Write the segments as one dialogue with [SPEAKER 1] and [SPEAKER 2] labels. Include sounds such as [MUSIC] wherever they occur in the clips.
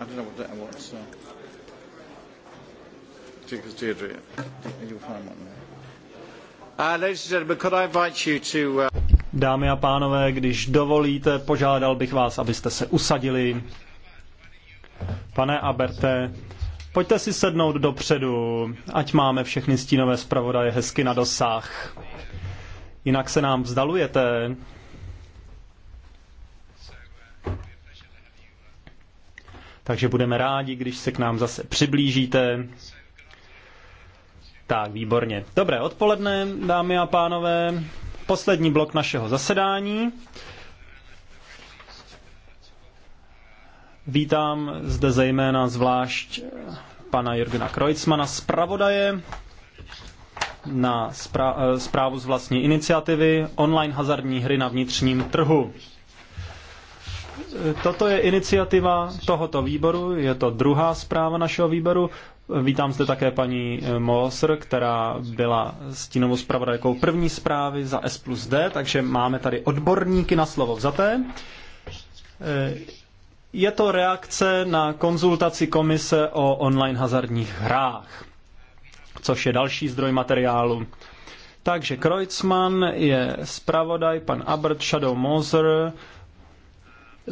[SPEAKER 1] I don't know what that was. Uh, Deirdre, you'll find one
[SPEAKER 2] there. Uh, uh,
[SPEAKER 3] Dámy a pánové, když dovolíte, požádal bych vás, abyste se usadili. Pane Aberte, pojďte si sednout dopředu, ať máme všechny stínové zpravodaje hezky na dosah. Jinak se nám vzdalujete. takže budeme rádi, když se k nám zase přiblížíte. Tak, výborně. Dobré odpoledne, dámy a pánové. Poslední blok našeho zasedání. Vítám zde zejména zvlášť pana Jurgena Kreutzmana, zpravodaje na eh, zprávu z vlastní iniciativy online hazardní hry na vnitřním trhu. Toto je iniciativa tohoto výboru, je to druhá zpráva našeho výboru. Vítám zde také paní eh, Mosr, která byla stínovou zpravodajkou první zprávy za S plus D, takže máme tady odborníky na slovo vzaté. Eh, je to reakce na konzultaci komise o online hazardních hrách, což je další zdroj materiálu. Takže Kreutzmann je zpravodaj, pan Abert Shadow Moser,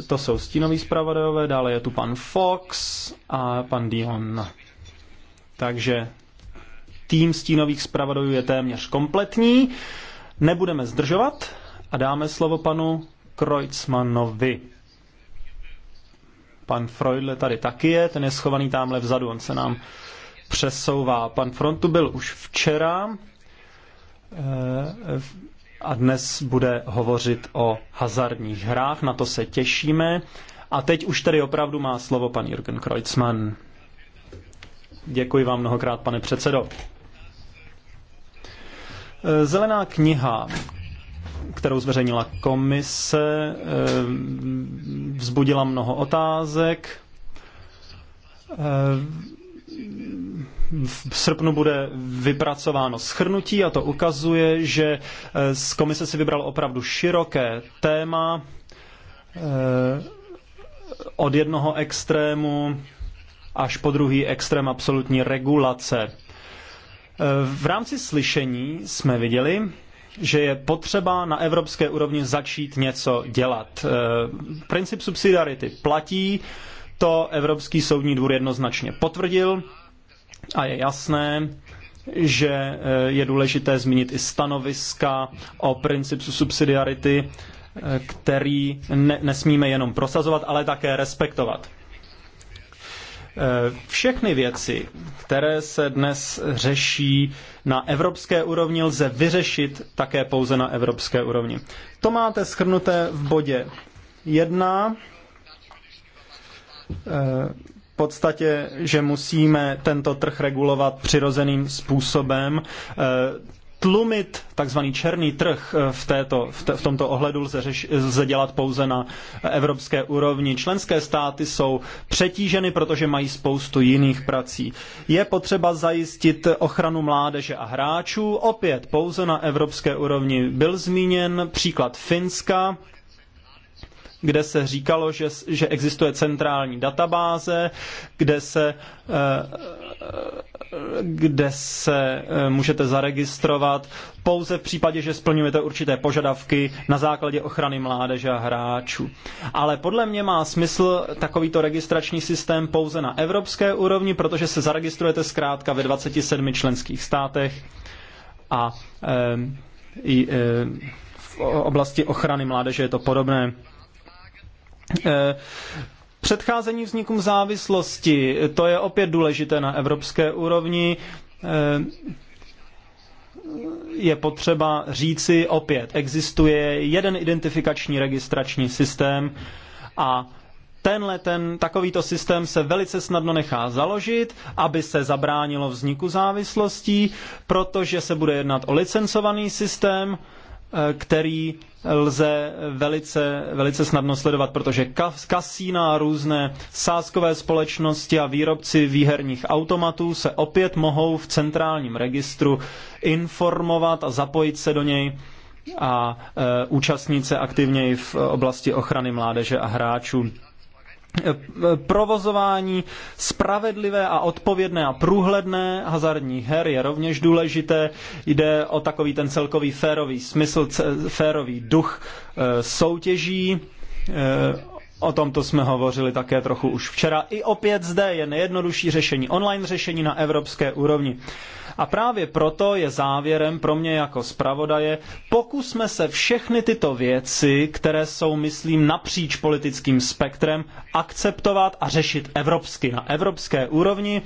[SPEAKER 3] to jsou stínoví zpravodajové, dále je tu pan Fox a pan Dion. Takže tým stínových zpravodajů je téměř kompletní. Nebudeme zdržovat a dáme slovo panu Kreutzmannovi. Pan Freudle tady taky je, ten je schovaný tamhle vzadu, on se nám přesouvá. Pan Frontu byl už včera. Eh, a dnes bude hovořit o hazardních hrách, na to se těšíme. A teď už tady opravdu má slovo pan Jürgen Kreutzmann. Děkuji vám mnohokrát, pane předsedo. Zelená kniha, kterou zveřejnila komise, eh, vzbudila mnoho otázek eh, v srpnu bude vypracováno schrnutí a to ukazuje, že eh, z komise si vybral opravdu široké téma eh, od jednoho extrému až po druhý extrém absolutní regulace. Eh, v rámci slyšení jsme viděli, že je potřeba na evropské úrovni začít něco dělat. Princip subsidiarity platí, to Evropský soudní dvůr jednoznačně potvrdil a je jasné, že eh, je důležité zmínit i stanoviska o principu subsidiarity, eh, který ne, nesmíme jenom prosazovat, ale také respektovat. Eh, všechny věci, které se dnes řeší na evropské úrovni, lze vyřešit také pouze na evropské úrovni. To máte schrnuté v bodě 1 podstatě, že musíme tento trh regulovat přirozeným způsobem. E, tlumit takzvaný černý trh e, v, této, v, te, v tomto ohledu lze, řeš, lze dělat pouze na evropské úrovni. Členské státy jsou přetíženy, protože mají spoustu jiných prací. Je potřeba zajistit ochranu mládeže a hráčů, opět pouze na evropské úrovni. Byl zmíněn příklad Finska, kde se říkalo, že, že existuje centrální databáze, kde se, eh, kde se eh, můžete zaregistrovat pouze v případě, že splňujete určité požadavky na základě ochrany mládeže a hráčů. Ale podle mě má smysl takovýto registrační systém pouze na evropské úrovni, protože se zaregistrujete zkrátka ve 27 členských státech a e, e, v oblasti ochrany mládeže je to podobné. Eh, předcházení vznikům závislosti, to je opět důležité na evropské úrovni eh, je potřeba říci opět, existuje jeden identifikační registrační systém a tenhle, ten, takovýto systém se velice snadno nechá založit, aby se zabránilo vzniku závislostí, protože se bude jednat o licencovaný systém který lze velice, velice snadno sledovat, protože kasína, různé sázkové společnosti a výrobci výherních automatů se opět mohou v centrálním registru informovat a zapojit se do něj a e, účastnit se aktivněji v oblasti ochrany mládeže a hráčů. Provozování spravedlivé a odpovědné a průhledné hazardní her je rovněž důležité. Jde o takový ten celkový férový smysl, férový duch e, soutěží. E, o tomto jsme hovořili také trochu už včera. I opět zde je nejjednodušší řešení online řešení na evropské úrovni. A právě proto je závěrem pro mě jako zpravodaje, pokusme se všechny tyto věci, které jsou, myslím, napříč politickým spektrem, akceptovat a řešit evropsky, na evropské úrovni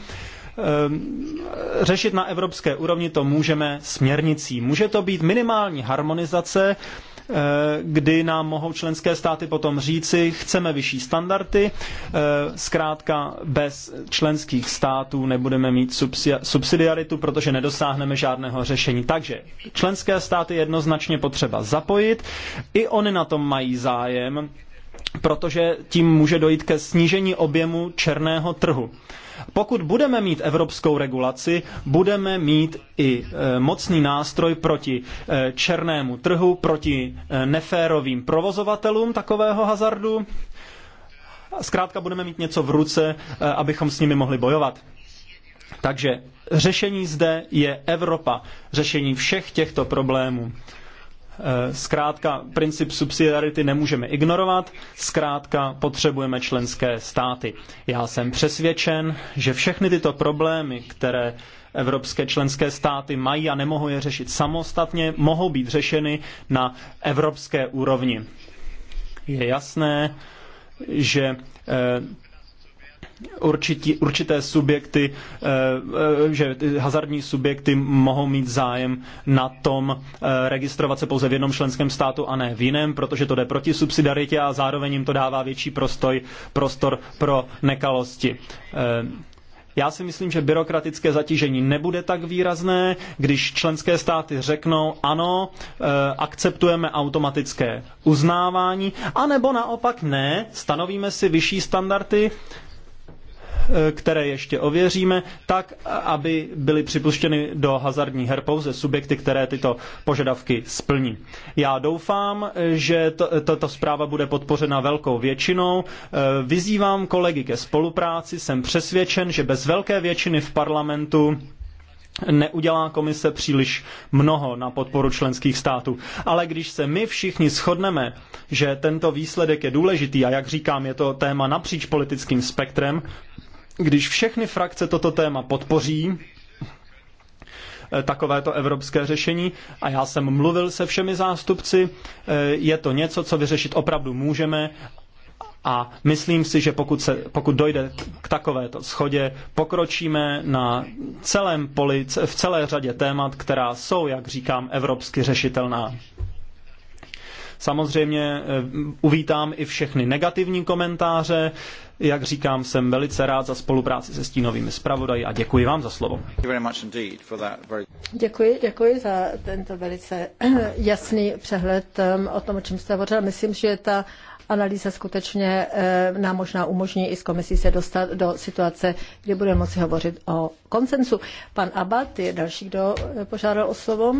[SPEAKER 3] ehm, řešit na evropské úrovni to můžeme směrnicí. Může to být minimální harmonizace Eh, kdy nám mohou členské státy potom říci, chceme vyšší standardy, eh, zkrátka bez členských států nebudeme mít subsidiaritu, protože nedosáhneme žádného řešení. Takže členské státy jednoznačně potřeba zapojit, i oni na tom mají zájem, protože tím může dojít ke snížení objemu černého trhu. Pokud budeme mít evropskou regulaci, budeme mít i e, mocný nástroj proti e, černému trhu, proti e, neférovým provozovatelům takového hazardu. Zkrátka budeme mít něco v ruce, abychom s nimi mohli bojovat. Takže řešení zde je Evropa, řešení všech těchto problémů. Eh, zkrátka, princip subsidiarity nemůžeme ignorovat, zkrátka potřebujeme členské státy. Já jsem přesvědčen, že všechny tyto problémy, které evropské členské státy mají a nemohou je řešit samostatně, mohou být řešeny na evropské úrovni. Je jasné, že eh, určití, určité subjekty, eh, eh, že hazardní subjekty mohou mít zájem na tom eh, registrovat se pouze v jednom členském státu a ne v jiném, protože to jde proti subsidiaritě a zároveň jim to dává větší prostoj, prostor pro nekalosti. Já si myslím, že byrokratické zatížení nebude tak výrazné, když členské státy řeknou ano, akceptujeme automatické uznávání, anebo naopak ne, stanovíme si vyšší standardy, Eh, které ještě ověříme, tak, aby byly připuštěny do hazardní her pouze subjekty, které tyto požadavky splní. Já doufám, že tato zpráva bude podpořena velkou většinou. Eh, vyzývám kolegy ke spolupráci, jsem přesvědčen, že bez velké většiny v parlamentu neudělá komise příliš mnoho na podporu členských států. Ale když se my všichni shodneme, že tento výsledek je důležitý a jak říkám, je to téma napříč politickým spektrem, když všechny frakce toto téma podpoří, eh, takovéto evropské řešení a já jsem mluvil se všemi zástupci, eh, je to něco, co vyřešit opravdu můžeme a myslím si, že pokud, se, pokud dojde k takovéto schodě, pokročíme na celém poli, v celé řadě témat, která jsou, jak říkám, evropsky řešitelná. Samozřejmě eh, uvítám i všechny negativní komentáře, jak říkám, jsem velice rád za spolupráci se stínovými zpravodaji a děkuji vám za slovo.
[SPEAKER 2] Děkuji, děkuji za tento velice [CLEARS THROAT] jasný přehled um, o tom, o čem jste hovořil. Myslím, že ta analýza skutečně eh, nám možná umožní i s komisí se dostat do situace, kdy budeme moci hovořit o konsensu. Pan Abad je další,
[SPEAKER 1] kdo eh, požádal o slovo.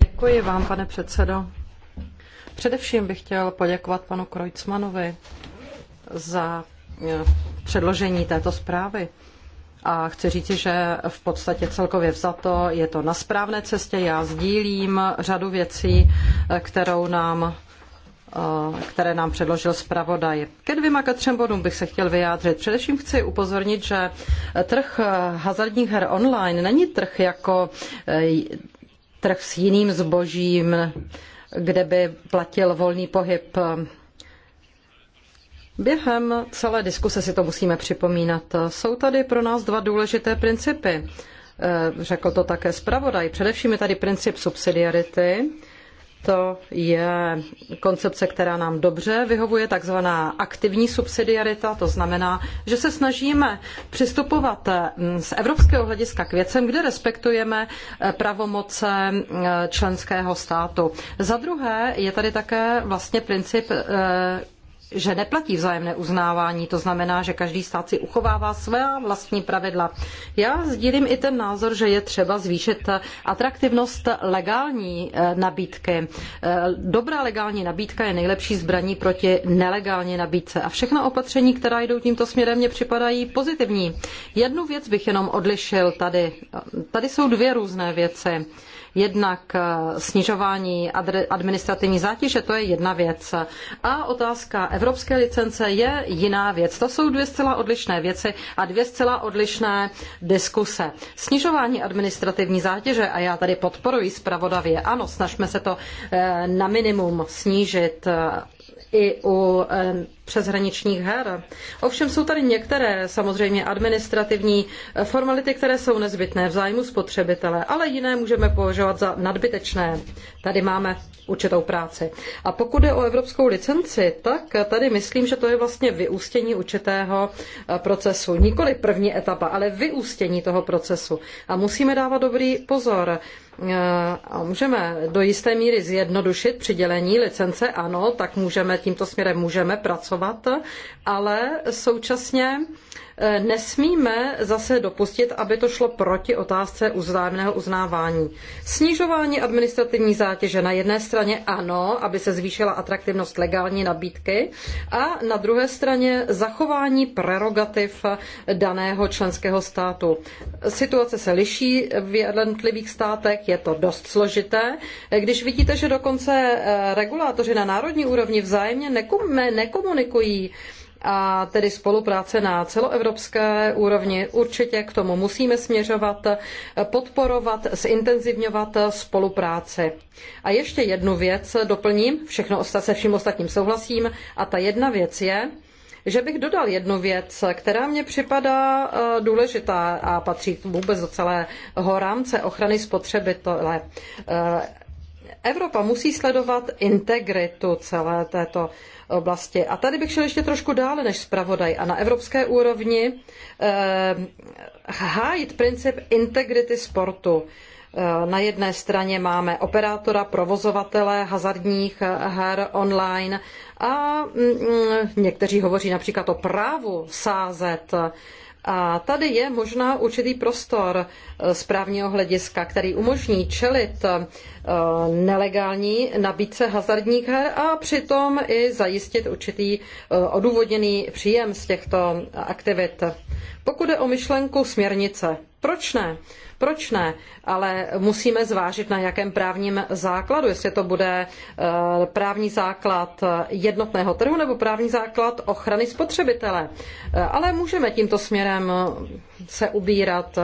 [SPEAKER 1] Děkuji vám, pane předsedo. Především bych chtěl poděkovat panu Krojcmanovi za eh, předložení této zprávy. A chci říct, že v podstatě celkově vzato je to na správné cestě. Já sdílím řadu věcí, eh, kterou nám eh, které nám předložil zpravodaj. Ke dvěma ke třem bodům bych se chtěl vyjádřit. Především chci upozornit, že trh hazardních her online není trh jako trh s jiným zbožím kde by platil volný pohyb. Během celé diskuse si to musíme připomínat. Jsou tady pro nás dva důležité principy. Eh, řekl to také zpravodaj. Především je tady princip subsidiarity, to je koncepce, která nám dobře vyhovuje, takzvaná aktivní subsidiarita, to znamená, že se snažíme přistupovat mm, z evropského hlediska k věcem, kde respektujeme eh, pravomoce eh, členského státu. Za druhé je tady také vlastně princip eh, že neplatí vzájemné uznávání, to znamená, že každý stát si uchovává svá vlastní pravidla. Já sdílím i ten názor, že je třeba zvýšit atraktivnost legální eh, nabídky. Eh, dobrá legální nabídka je nejlepší zbraní proti nelegální nabídce. A všechna opatření, která jdou tímto směrem, mě připadají pozitivní. Jednu věc bych jenom odlišil tady. Tady jsou dvě různé věci. Jednak eh, snižování administrativní zátěže, to je jedna věc. A otázka evropské licence je jiná věc. To jsou dvě zcela odlišné věci a dvě zcela odlišné diskuse. Snižování administrativní zátěže, a já tady podporuji zpravodavě, ano, snažme se to eh, na minimum snížit eh, i u přeshraničních her. Ovšem jsou tady některé samozřejmě administrativní eh, formality, které jsou nezbytné v zájmu spotřebitele, ale jiné můžeme považovat za nadbytečné. Tady máme určitou práci. A pokud je o evropskou licenci, tak tady myslím, že to je vlastně vyústění určitého eh, procesu. Nikoli první etapa, ale vyústění toho procesu. A musíme dávat dobrý pozor. Eh, a můžeme do jisté míry zjednodušit přidělení licence, ano, tak můžeme tímto směrem můžeme pracovat pracovat, ale současně nesmíme zase dopustit, aby to šlo proti otázce vzájemného uznávání. Snižování administrativní zátěže na jedné straně ano, aby se zvýšila atraktivnost legální nabídky a na druhé straně zachování prerogativ daného členského státu. Situace se liší v jednotlivých státech, je to dost složité. Když vidíte, že dokonce eh, regulátoři na národní úrovni vzájemně nekomunikují, a tedy spolupráce na celoevropské úrovni. Určitě k tomu musíme směřovat, podporovat, zintenzivňovat spolupráci. A ještě jednu věc doplním, všechno se vším ostatním souhlasím, a ta jedna věc je, že bych dodal jednu věc, která mně připadá eh, důležitá a patří vůbec do celého rámce ochrany spotřebitele. Eh, Evropa musí sledovat integritu celé této oblasti. A tady bych šel ještě trošku dále než zpravodaj a na evropské úrovni eh, hájit princip integrity sportu. Eh, na jedné straně máme operátora, provozovatele hazardních eh, her online a mm, mm, někteří hovoří například o právu sázet. A tady je možná určitý prostor eh, z právního hlediska, který umožní čelit eh, nelegální nabídce hazardních her a přitom i zajistit určitý eh, odůvodněný příjem z těchto aktivit. Pokud je o myšlenku směrnice, proč ne? Proč ne? ale musíme zvážit, na jakém právním základu, jestli to bude eh, právní základ jednotného trhu nebo právní základ ochrany spotřebitele. Eh, ale můžeme tímto směrem se ubírat.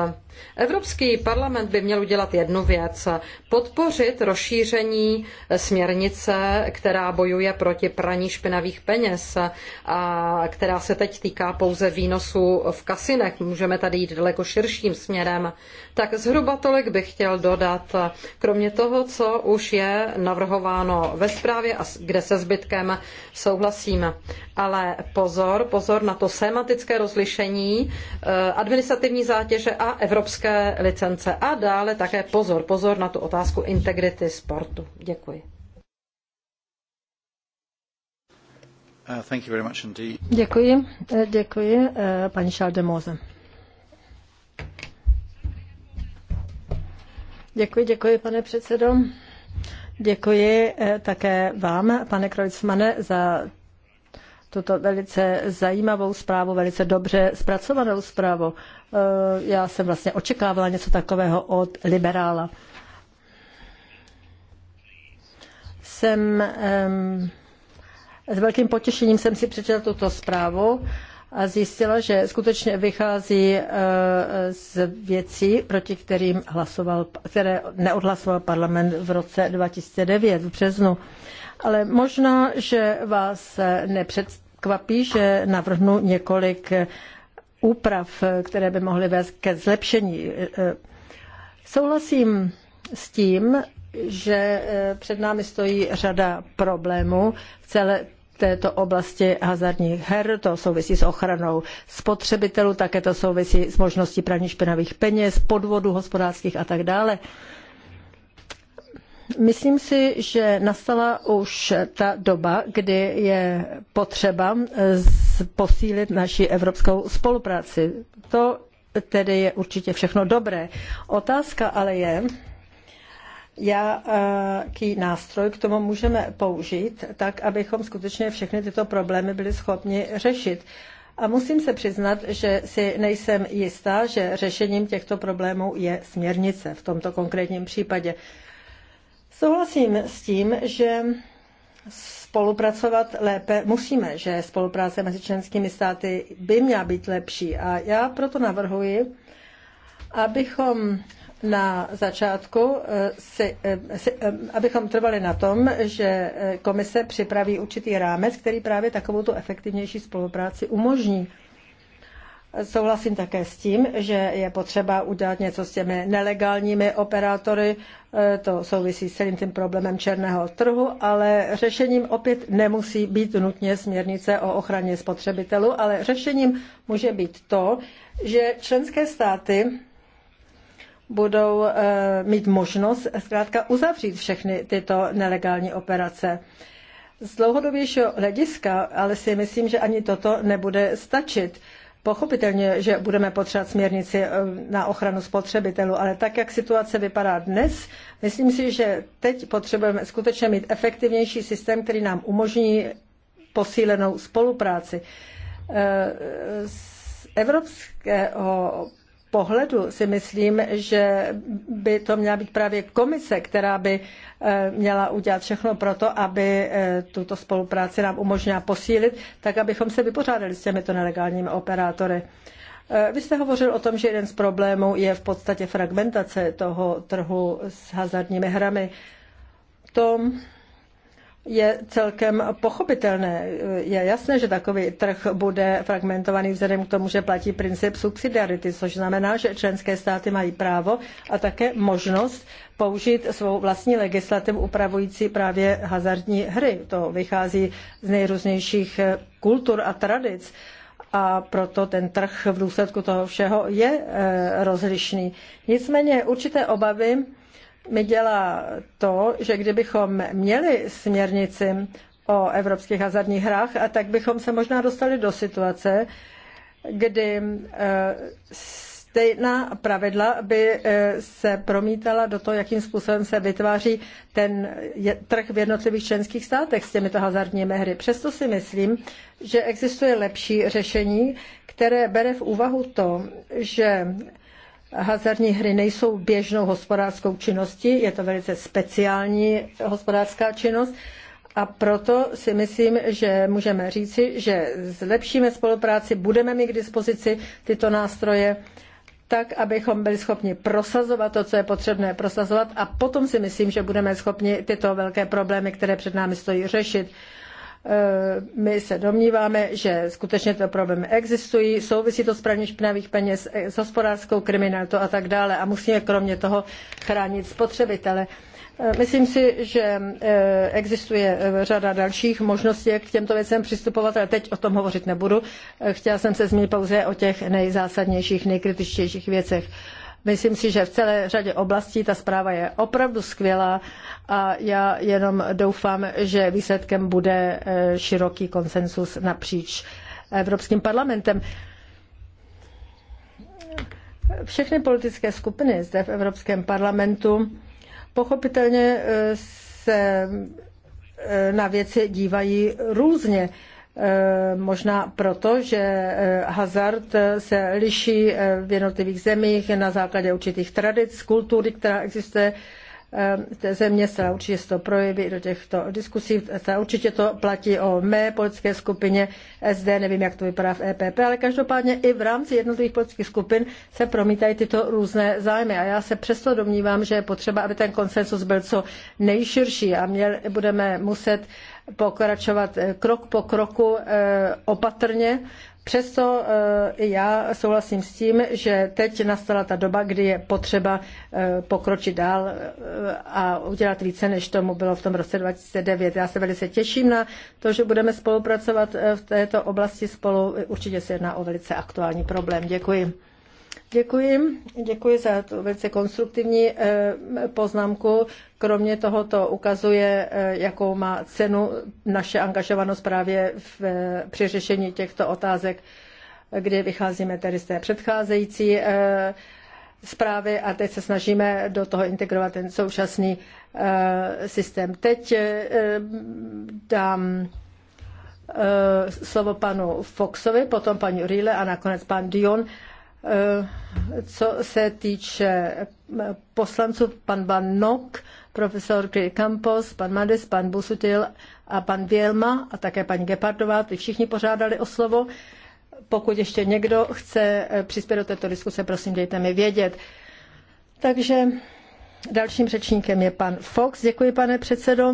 [SPEAKER 1] Evropský parlament by měl udělat jednu věc. Podpořit rozšíření směrnice, která bojuje proti praní špinavých peněz a která se teď týká pouze výnosů v kasinech. Můžeme tady jít daleko širším směrem. Tak zhruba tolik bych chtěl dodat, kromě toho, co už je navrhováno ve zprávě a kde se zbytkem souhlasím. Ale pozor, pozor na to sematické rozlišení eh, administrativní zátěže a evropské licence. A dále také pozor, pozor na tu otázku integrity sportu. Děkuji. Uh,
[SPEAKER 2] děkuji, eh, děkuji, eh, paní Šaldemose. Děkuji, děkuji, pane předsedo. Děkuji eh, také vám, pane Krojcmane, za tuto velice zajímavou zprávu, velice dobře zpracovanou zprávu. Eh, já jsem vlastně očekávala něco takového od liberála. Jsem ehm, s velkým potěšením jsem si přečetla tuto zprávu a zjistila, že skutečně vychází eh, z věcí, proti kterým hlasoval, které neodhlasoval parlament v roce 2009 v březnu. Ale možná, že vás nepředkvapí, že navrhnu několik úprav, které by mohly vést ke zlepšení. Eh, souhlasím s tím, že eh, před námi stojí řada problémů v celé této oblasti hazardních her, to souvisí s ochranou spotřebitelů, také to souvisí s možností praní špinavých peněz, podvodů hospodářských a tak dále. Myslím si, že nastala už ta doba, kdy je potřeba posílit naši evropskou spolupráci. To tedy je určitě všechno dobré. Otázka ale je, Eh, jaký nástroj k tomu můžeme použít, tak abychom skutečně všechny tyto problémy byli schopni řešit. A musím se přiznat, že si nejsem jistá, že řešením těchto problémů je směrnice v tomto konkrétním případě. Souhlasím s tím, že spolupracovat lépe musíme, že spolupráce mezi členskými státy by měla být lepší. A já proto navrhuji, abychom na začátku, eh, si, eh, si, eh, abychom trvali na tom, že komise připraví určitý rámec, který právě takovou tu efektivnější spolupráci umožní. Souhlasím také s tím, že je potřeba udělat něco s těmi nelegálními operátory. To souvisí s celým tím problémem černého trhu, ale řešením opět nemusí být nutně směrnice o ochraně spotřebitelů, ale řešením může být to, že členské státy budou eh, mít možnost zkrátka uzavřít všechny tyto nelegální operace. Z dlouhodobějšího hlediska ale si myslím, že ani toto nebude stačit. Pochopitelně, že budeme potřebovat směrnici eh, na ochranu spotřebitelů, ale tak, jak situace vypadá dnes, myslím si, že teď potřebujeme skutečně mít efektivnější systém, který nám umožní posílenou spolupráci. Eh, z evropského pohledu si myslím, že by to měla být právě komise, která by eh, měla udělat všechno pro to, aby eh, tuto spolupráci nám umožnila posílit, tak abychom se vypořádali s těmito nelegálními operátory. Eh, vy jste hovořil o tom, že jeden z problémů je v podstatě fragmentace toho trhu s hazardními hrami. To je celkem pochopitelné. Je jasné, že takový trh bude fragmentovaný vzhledem k tomu, že platí princip subsidiarity, což znamená, že členské státy mají právo a také možnost použít svou vlastní legislativu upravující právě hazardní hry. To vychází z nejrůznějších kultur a tradic a proto ten trh v důsledku toho všeho je eh, rozlišný. Nicméně určité obavy mi dělá to, že kdybychom měli směrnici o evropských hazardních hrách, a tak bychom se možná dostali do situace, kdy eh, stejná pravidla by eh, se promítala do toho, jakým způsobem se vytváří ten trh v jednotlivých členských státech s těmito hazardními hry. Přesto si myslím, že existuje lepší řešení, které bere v úvahu to, že Hazardní hry nejsou běžnou hospodářskou činností, je to velice speciální hospodářská činnost. A proto si myslím, že můžeme říci, že zlepšíme spolupráci, budeme mít k dispozici tyto nástroje, tak, abychom byli schopni prosazovat to, co je potřebné prosazovat a potom si myslím, že budeme schopni tyto velké problémy, které před námi stojí, řešit. Eh, my se domníváme, že skutečně ty problémy existují, souvisí to s praním špinavých peněz, eh, s hospodářskou kriminalitou a tak dále a musíme kromě toho chránit spotřebitele. Eh, myslím si, že existuje řada dalších možností, jak k těmto věcem přistupovat, ale teď o tom hovořit nebudu. Chtěla jsem se zmínit pouze o těch nejzásadnějších, nejkritičtějších věcech. Myslím si, že v celé řadě oblastí ta zpráva je opravdu skvělá a já jenom doufám, že výsledkem bude eh, široký konsensus napříč Evropským parlamentem. Všechny politické skupiny zde v Evropském parlamentu pochopitelně eh, se eh, na věci dívají různě. Eh, možná proto, že eh, hazard eh, se liší v jednotlivých zemích na základě určitých tradic, kultury, která existuje v té země, se určitě to projeví do těchto diskusí. Se určitě to platí o mé politické skupině SD, nevím, jak to vypadá v EPP, ale každopádně i v rámci jednotlivých politických skupin se promítají tyto různé zájmy. A já se přesto domnívám, že je potřeba, aby ten konsensus byl co nejširší a měl, budeme muset uh, pokračovat eh, krok po kroku eh, opatrně. Přesto eh, i já souhlasím s tím, že teď nastala ta doba, kdy je potřeba pokročit dál a udělat více, než tomu bylo v tom roce 2009. Já se velice těším na to, že budeme spolupracovat v této oblasti spolu. Určitě se jedná o velice aktuální problém. Děkuji. Děkuji, děkuji za tu velice konstruktivní eh, poznámku. Kromě toho to ukazuje, eh, jakou má cenu naše angažovanost právě v, eh, při řešení těchto otázek, kdy vycházíme tedy z té předcházející zprávy a teď se snažíme do toho integrovat ten současný systém. Teď dám slovo panu Foxovi, potom paní Rile a nakonec pan Dion. Eh, co se týče eh, poslanců, pan Van Nok, profesor Kri Campos, pan Mades, pan Busutil a pan Vělma a také paní Gepardová, ty všichni požádali o slovo. Pokud ještě někdo chce eh, přispět do této diskuse, prosím, dejte mi vědět. Takže dalším řečníkem je pan Fox. Děkuji, pane předsedo.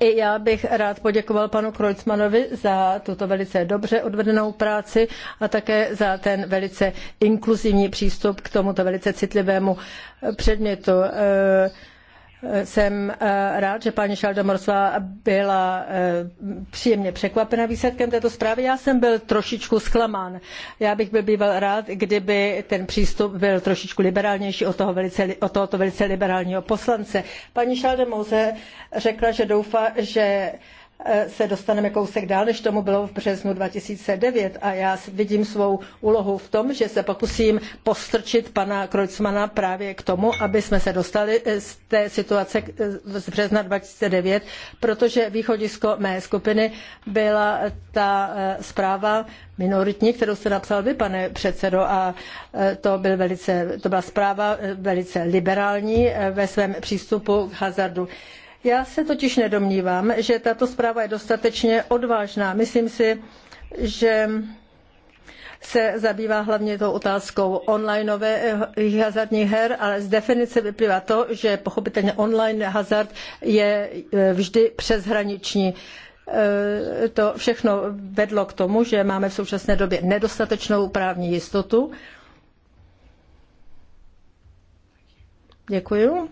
[SPEAKER 2] I já bych rád poděkoval panu Kreutzmanovi za tuto velice dobře odvedenou práci a také za ten velice inkluzivní přístup k tomuto velice citlivému předmětu. Eh, jsem eh, rád, že paní Šaldomorsová byla eh, příjemně překvapena výsledkem této zprávy. Já jsem byl trošičku zklamán. Já bych byl býval rád, kdyby ten přístup byl trošičku liberálnější od, toho velice, od tohoto velice liberálního poslance. Paní Šaldemose řekla, že doufá, že se dostaneme kousek dál, než tomu bylo v březnu 2009 a já vidím svou úlohu v tom, že se pokusím postrčit pana Kreutzmana právě k tomu, aby jsme se dostali eh, z té situace eh, z března 2009, protože východisko mé skupiny byla eh, ta zpráva minoritní, kterou jste napsal vy, pane předsedo, a to, byl velice, to byla zpráva velice liberální ve svém přístupu k hazardu. Já se totiž nedomnívám, že tato zpráva je dostatečně odvážná. Myslím si, že se zabývá hlavně tou otázkou onlineové eh, hazardních her, ale z definice vyplývá to, že pochopitelně online hazard je eh, vždy přeshraniční. Eh, to všechno vedlo k tomu, že máme v současné době nedostatečnou právní jistotu. Děkuji.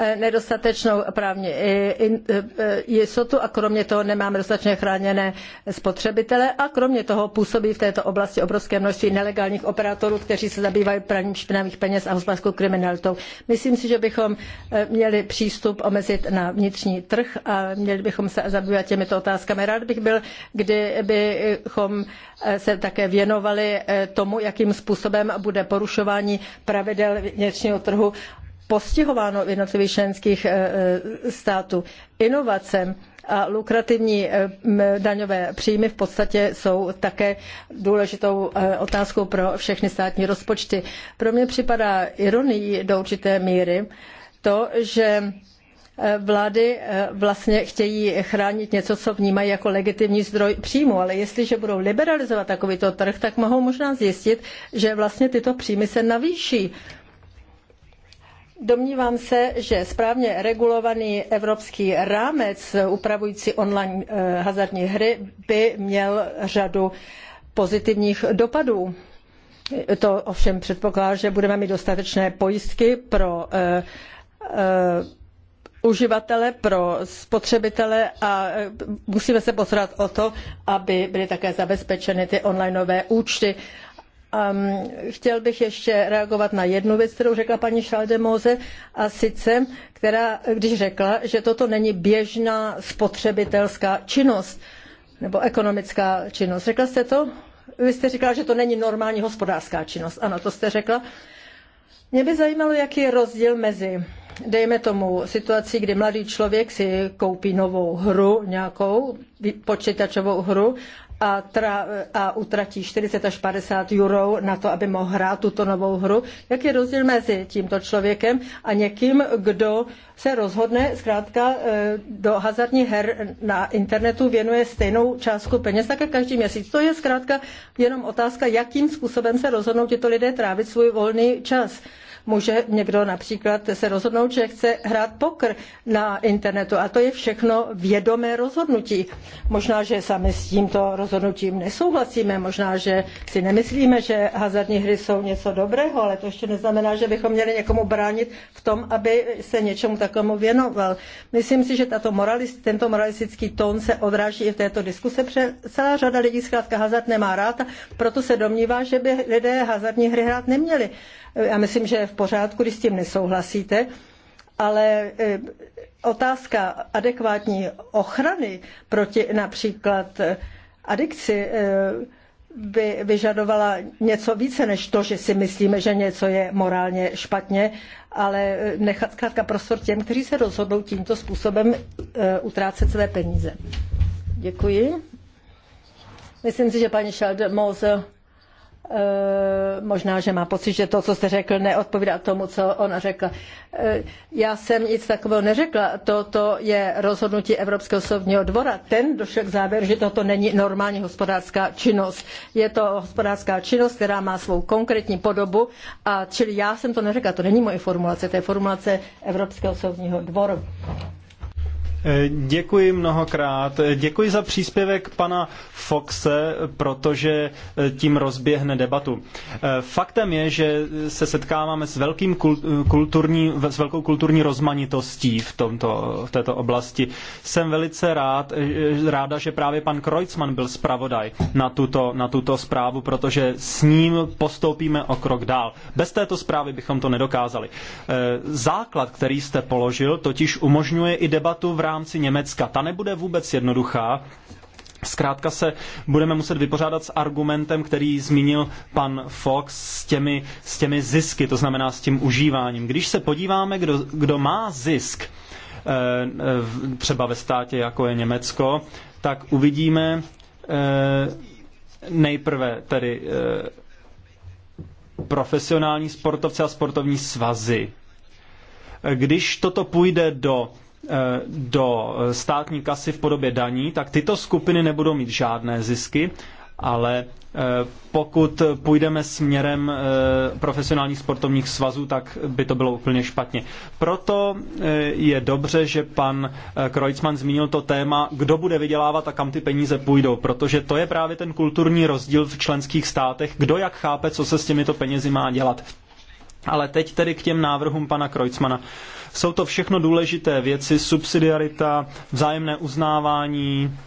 [SPEAKER 2] Eh, nedostatečnou právní eh, eh, jistotu a kromě toho nemáme dostatečně chráněné spotřebitele a kromě toho působí v této oblasti obrovské množství nelegálních operátorů, kteří se zabývají praním špinavých peněz a hospodářskou kriminalitou. Myslím si, že bychom měli přístup omezit na vnitřní trh a měli bychom se zabývat těmito otázkami. Rád bych byl, kdybychom se také věnovali tomu, jakým způsobem bude porušování pravidel vnitřního trhu postihováno v jednotlivých členských eh, eh, států. Inovace a lukrativní eh, daňové příjmy v podstatě jsou také důležitou otázkou pro všechny státní rozpočty. Pro mě připadá ironií do určité míry to, že vlády vlastně chtějí chránit něco, co vnímají jako legitimní zdroj příjmu, ale jestliže budou liberalizovat takovýto trh, tak mohou možná zjistit, že vlastně tyto příjmy se navýší Domnívám se, že správně regulovaný evropský rámec upravující online eh, hazardní hry by měl řadu pozitivních dopadů. To ovšem předpokládá, že budeme mít dostatečné pojistky pro eh, eh, uživatele, pro spotřebitele a musíme se postarat o to, aby byly také zabezpečeny ty onlineové účty Um, chtěl bych ještě reagovat na jednu věc, kterou řekla paní Schaldemose a sice, která, když řekla, že toto není běžná spotřebitelská činnost nebo ekonomická činnost. Řekla jste to? Vy jste říkala, že to není normální hospodářská činnost. Ano, to jste řekla. Mě by zajímalo, jaký je rozdíl mezi, dejme tomu, situací, kdy mladý člověk si koupí novou hru, nějakou počítačovou hru a, tra, a utratí 40 až 50 euro na to, aby mohl hrát tuto novou hru. Jak je rozdíl mezi tímto člověkem a někým, kdo se rozhodne zkrátka eh, do hazardních her na internetu věnuje stejnou částku peněz, také každý měsíc. To je zkrátka jenom otázka, jakým způsobem se rozhodnou tito lidé trávit svůj volný čas. Může někdo například se rozhodnout, že chce hrát pokr na internetu a to je všechno vědomé rozhodnutí. Možná, že sami s tímto rozhodnutím nesouhlasíme, možná, že si nemyslíme, že hazardní hry jsou něco dobrého, ale to ještě neznamená, že bychom měli někomu bránit v tom, aby se něčemu takovému věnoval. Myslím si, že tato moralist, tento moralistický tón se odráží i v této diskuse. Celá řada lidí zkrátka hazard nemá rád, a proto se domnívá, že by lidé hazardní hry hrát neměli. Já myslím, že je v pořádku, když s tím nesouhlasíte, ale eh, otázka adekvátní ochrany proti například eh, adikci eh, by vyžadovala něco více než to, že si myslíme, že něco je morálně špatně, ale nechat zkrátka prostor těm, kteří se rozhodnou tímto způsobem utrácet své peníze. Děkuji. Myslím si, že paní Schaldemose Eh, možná, že má pocit, že to, co jste řekl, neodpovídá tomu, co ona řekla. Eh, já jsem nic takového neřekla. Toto je rozhodnutí Evropského soudního dvora. Ten došel k závěru, že toto není normální hospodářská činnost. Je to hospodářská činnost, která má svou konkrétní podobu. A čili já jsem to neřekla, to není moje formulace, to je formulace Evropského soudního dvoru.
[SPEAKER 3] Děkuji mnohokrát. Děkuji za příspěvek pana Foxe, protože tím rozběhne debatu. Faktem je, že se setkáváme s, velkým kulturní, s velkou kulturní rozmanitostí v, tomto, v této oblasti. Jsem velice rád, ráda, že právě pan Kreutzmann byl zpravodaj na tuto, na tuto zprávu, protože s ním postoupíme o krok dál. Bez této zprávy bychom to nedokázali. Základ, který jste položil, totiž umožňuje i debatu v rámci rámci Německa. Ta nebude vůbec jednoduchá. Zkrátka se budeme muset vypořádat s argumentem, který zmínil pan Fox s těmi, s těmi zisky, to znamená s tím užíváním. Když se podíváme, kdo, kdo má zisk, eh, třeba ve státě, jako je Německo, tak uvidíme eh, nejprve tedy eh, profesionální sportovce a sportovní svazy. Když toto půjde do Eh, do státní kasy v podobě daní, tak tyto skupiny nebudou mít žádné zisky, ale eh, pokud půjdeme směrem eh, profesionálních sportovních svazů, tak by to bylo úplně špatně. Proto je dobře, že pan Kreuzmann zmínil to téma, kdo bude vydělávat a kam ty peníze půjdou, protože to je právě ten kulturní rozdíl v členských státech, kdo jak chápe, co se s těmito penězi má dělat. Ale teď tedy k těm návrhům pana Kreutzmana. Jsou to všechno důležité věci, subsidiarita, vzájemné uznávání,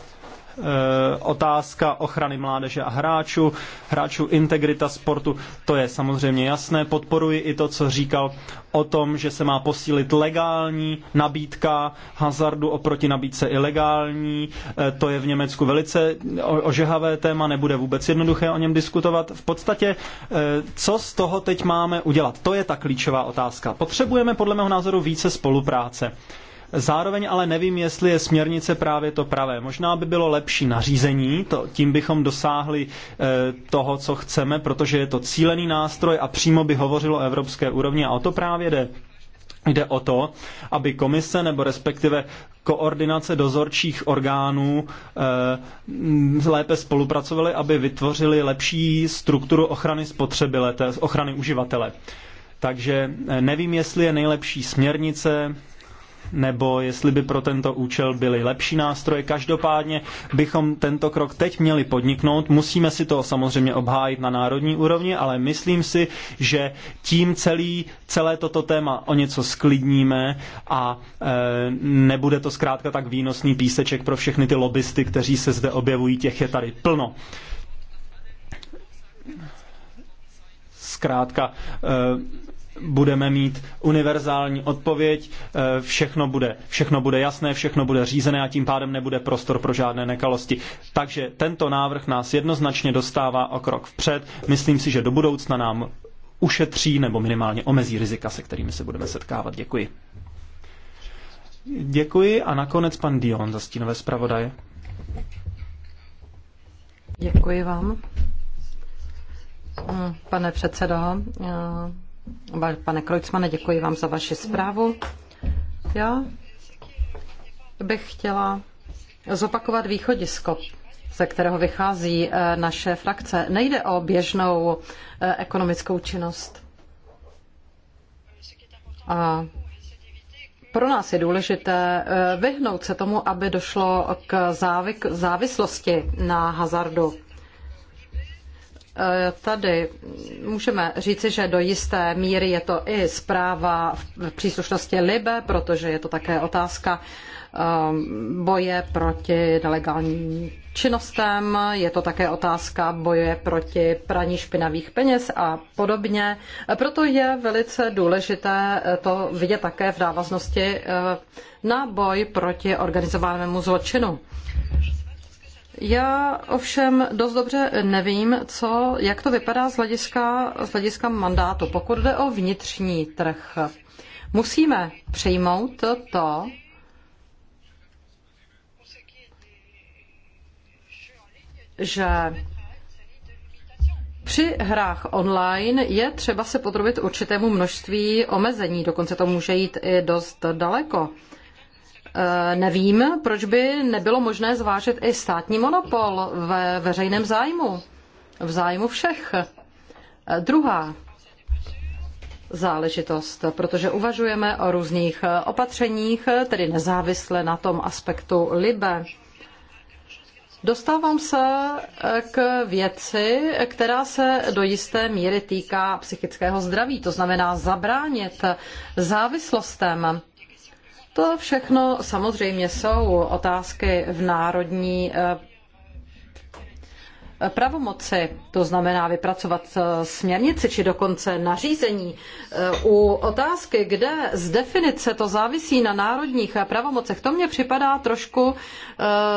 [SPEAKER 3] Eh, otázka ochrany mládeže a hráčů, hráčů integrita sportu, to je samozřejmě jasné. Podporuji i to, co říkal o tom, že se má posílit legální nabídka hazardu oproti nabídce ilegální. Eh, to je v Německu velice ožehavé téma, nebude vůbec jednoduché o něm diskutovat. V podstatě, eh, co z toho teď máme udělat? To je ta klíčová otázka. Potřebujeme podle mého názoru více spolupráce. Zároveň ale nevím, jestli je směrnice právě to pravé. Možná by bylo lepší nařízení, to, tím bychom dosáhli eh, toho, co chceme, protože je to cílený nástroj a přímo by hovořilo o evropské úrovni a o to právě jde. Jde o to, aby komise nebo respektive koordinace dozorčích orgánů e, lépe spolupracovaly, aby vytvořili lepší strukturu ochrany spotřebitele, ochrany uživatele. Takže eh, nevím, jestli je nejlepší směrnice, nebo jestli by pro tento účel byly lepší nástroje. Každopádně bychom tento krok teď měli podniknout. Musíme si to samozřejmě obhájit na národní úrovni, ale myslím si, že tím celý, celé toto téma o něco sklidníme a e, nebude to zkrátka tak výnosný píseček pro všechny ty lobbysty, kteří se zde objevují, těch je tady plno. Zkrátka, e, budeme mít univerzální odpověď, eh, všechno bude, všechno bude jasné, všechno bude řízené a tím pádem nebude prostor pro žádné nekalosti. Takže tento návrh nás jednoznačně dostává o krok vpřed. Myslím si, že do budoucna nám ušetří nebo minimálně omezí rizika, se kterými se budeme setkávat. Děkuji. Děkuji a nakonec pan Dion za stínové zpravodaje.
[SPEAKER 1] Děkuji vám. Hm, pane předsedo, hm, Pane Krojcmane, děkuji vám za vaši zprávu. Já bych chtěla zopakovat východisko, ze kterého vychází eh, naše frakce. Nejde o běžnou eh, ekonomickou činnost. A pro nás je důležité eh, vyhnout se tomu, aby došlo k závislosti na hazardu. Tady můžeme říci, že do jisté míry je to i zpráva v příslušnosti Libe, protože je to také otázka um, boje proti nelegálním činnostem, je to také otázka boje proti praní špinavých peněz a podobně. Proto je velice důležité to vidět také v návaznosti uh, na boj proti organizovanému zločinu. Já ovšem dost dobře nevím, co, jak to vypadá z hlediska, z hlediska mandátu, pokud jde o vnitřní trh. Musíme přijmout to, že při hrách online je třeba se podrobit určitému množství omezení, dokonce to může jít i dost daleko. Eh, nevím, proč by nebylo možné zvážit i státní monopol ve veřejném zájmu, v zájmu všech. Eh, druhá záležitost, protože uvažujeme o různých eh, opatřeních, tedy nezávisle na tom aspektu libe. Dostávám se k věci, která se do jisté míry týká psychického zdraví, to znamená zabránit závislostem to všechno samozřejmě jsou otázky v národní eh, pravomoci, to znamená vypracovat eh, směrnici či dokonce nařízení. Eh, u otázky, kde z definice to závisí na národních pravomocech, to mně připadá trošku,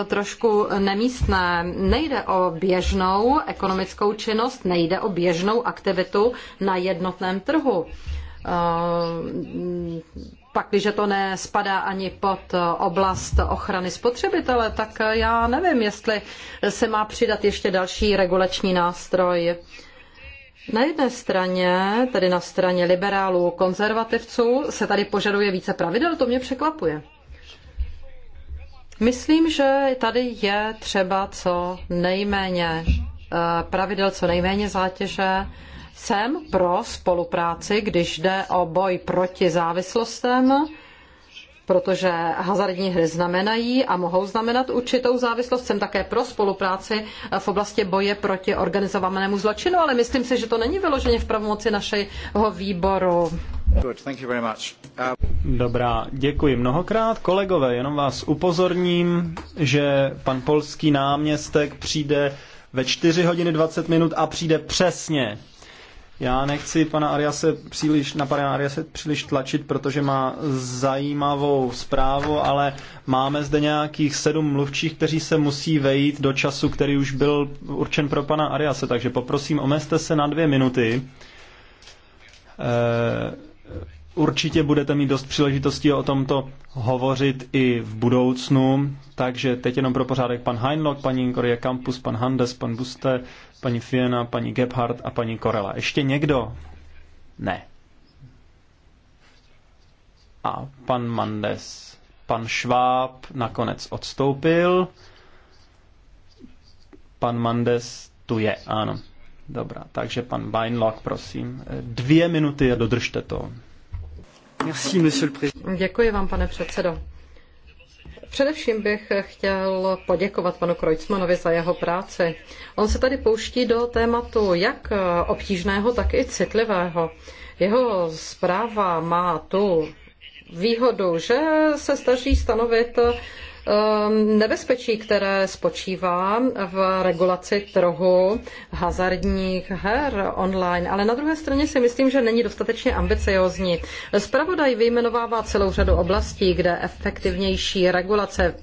[SPEAKER 1] trošku nemístné. Nejde o běžnou ekonomickou činnost, nejde o běžnou aktivitu na jednotném trhu pakliže to nespadá ani pod eh, oblast ochrany spotřebitele, tak eh, já nevím, jestli se má přidat ještě další regulační nástroj. Na jedné straně, tedy na straně liberálů, konzervativců, se tady požaduje více pravidel, to mě překvapuje. Myslím, že tady je třeba co nejméně eh, pravidel, co nejméně zátěže, jsem pro spolupráci, když jde o boj proti závislostem, protože hazardní hry znamenají a mohou znamenat určitou závislost. Jsem také pro spolupráci v oblasti boje proti organizovanému zločinu, ale myslím si, že to není vyloženě v pravomoci našeho výboru.
[SPEAKER 3] Uh, Dobrá, děkuji mnohokrát. Kolegové, jenom vás upozorním, že pan polský náměstek přijde ve 4 hodiny 20 minut a přijde přesně. Já nechci pana Ariase příliš, na pana Ariase příliš tlačit, protože má zajímavou zprávu, ale máme zde nějakých sedm mluvčích, kteří se musí vejít do času, který už byl určen pro pana Ariase, takže poprosím, omezte se na dvě minuty. E Určitě budete mít dost příležitostí o tomto hovořit i v budoucnu, takže teď jenom pro pořádek pan Heinlock, paní Korea Campus, pan Handes, pan Buste, paní Fiena, paní Gebhardt a paní Korela. Ještě někdo? Ne. A pan Mandes, pan Šváb nakonec odstoupil. Pan Mandes tu je, ano. Dobrá, takže pan Beinlock, prosím. Dvě minuty a dodržte to.
[SPEAKER 1] Merci, monsieur le président. Děkuji vám, pane předsedo. Především bych chtěl poděkovat panu Kreutzmanovi za jeho práci. On se tady pouští do tématu jak obtížného, tak i citlivého. Jeho zpráva má tu výhodu, že se staží stanovit Ehm, nebezpečí, které spočívá v regulaci trhu hazardních her online, ale na druhé straně si myslím, že není dostatečně ambiciozní. Spravodaj vyjmenovává celou řadu oblastí, kde efektivnější regulace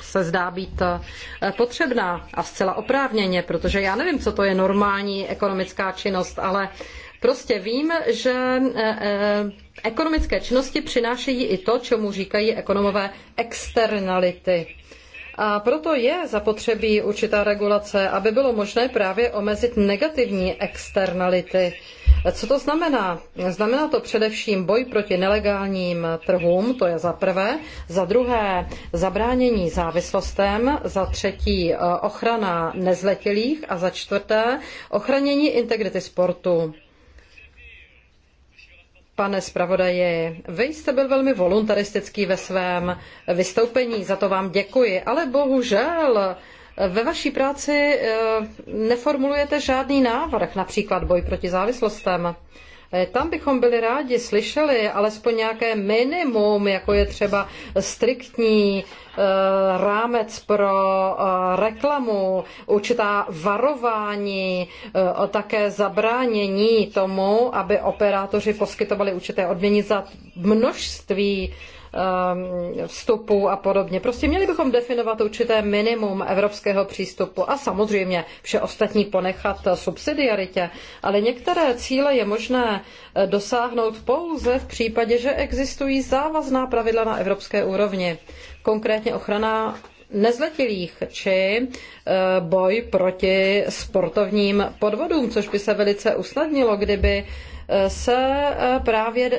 [SPEAKER 1] se zdá být eh, potřebná a zcela oprávněně, protože já nevím, co to je normální ekonomická činnost, ale Prostě vím, že e, e, ekonomické činnosti přinášejí i to, čemu říkají ekonomové externality. A proto je zapotřebí určitá regulace, aby bylo možné právě omezit negativní externality. Co to znamená? Znamená to především boj proti nelegálním trhům, to je za prvé, za druhé zabránění závislostem, za třetí ochrana nezletilých a za čtvrté ochranění integrity sportu. Pane zpravodaji, vy jste byl velmi voluntaristický ve svém vystoupení, za to vám děkuji, ale bohužel ve vaší práci eh, neformulujete žádný návrh, například boj proti závislostem. Eh, tam bychom byli rádi slyšeli alespoň nějaké minimum, jako je třeba striktní eh, rámec pro eh, reklamu, určitá varování, také zabránění tomu, aby operátoři poskytovali určité odměny za množství Um, vstupu a podobně. Prostě měli bychom definovat určité minimum evropského přístupu a samozřejmě vše ostatní ponechat subsidiaritě, ale některé cíle je možné eh, dosáhnout pouze v případě, že existují závazná pravidla na evropské úrovni, konkrétně ochrana nezletilých či eh, boj proti sportovním podvodům, což by se velice usnadnilo, kdyby eh, se právě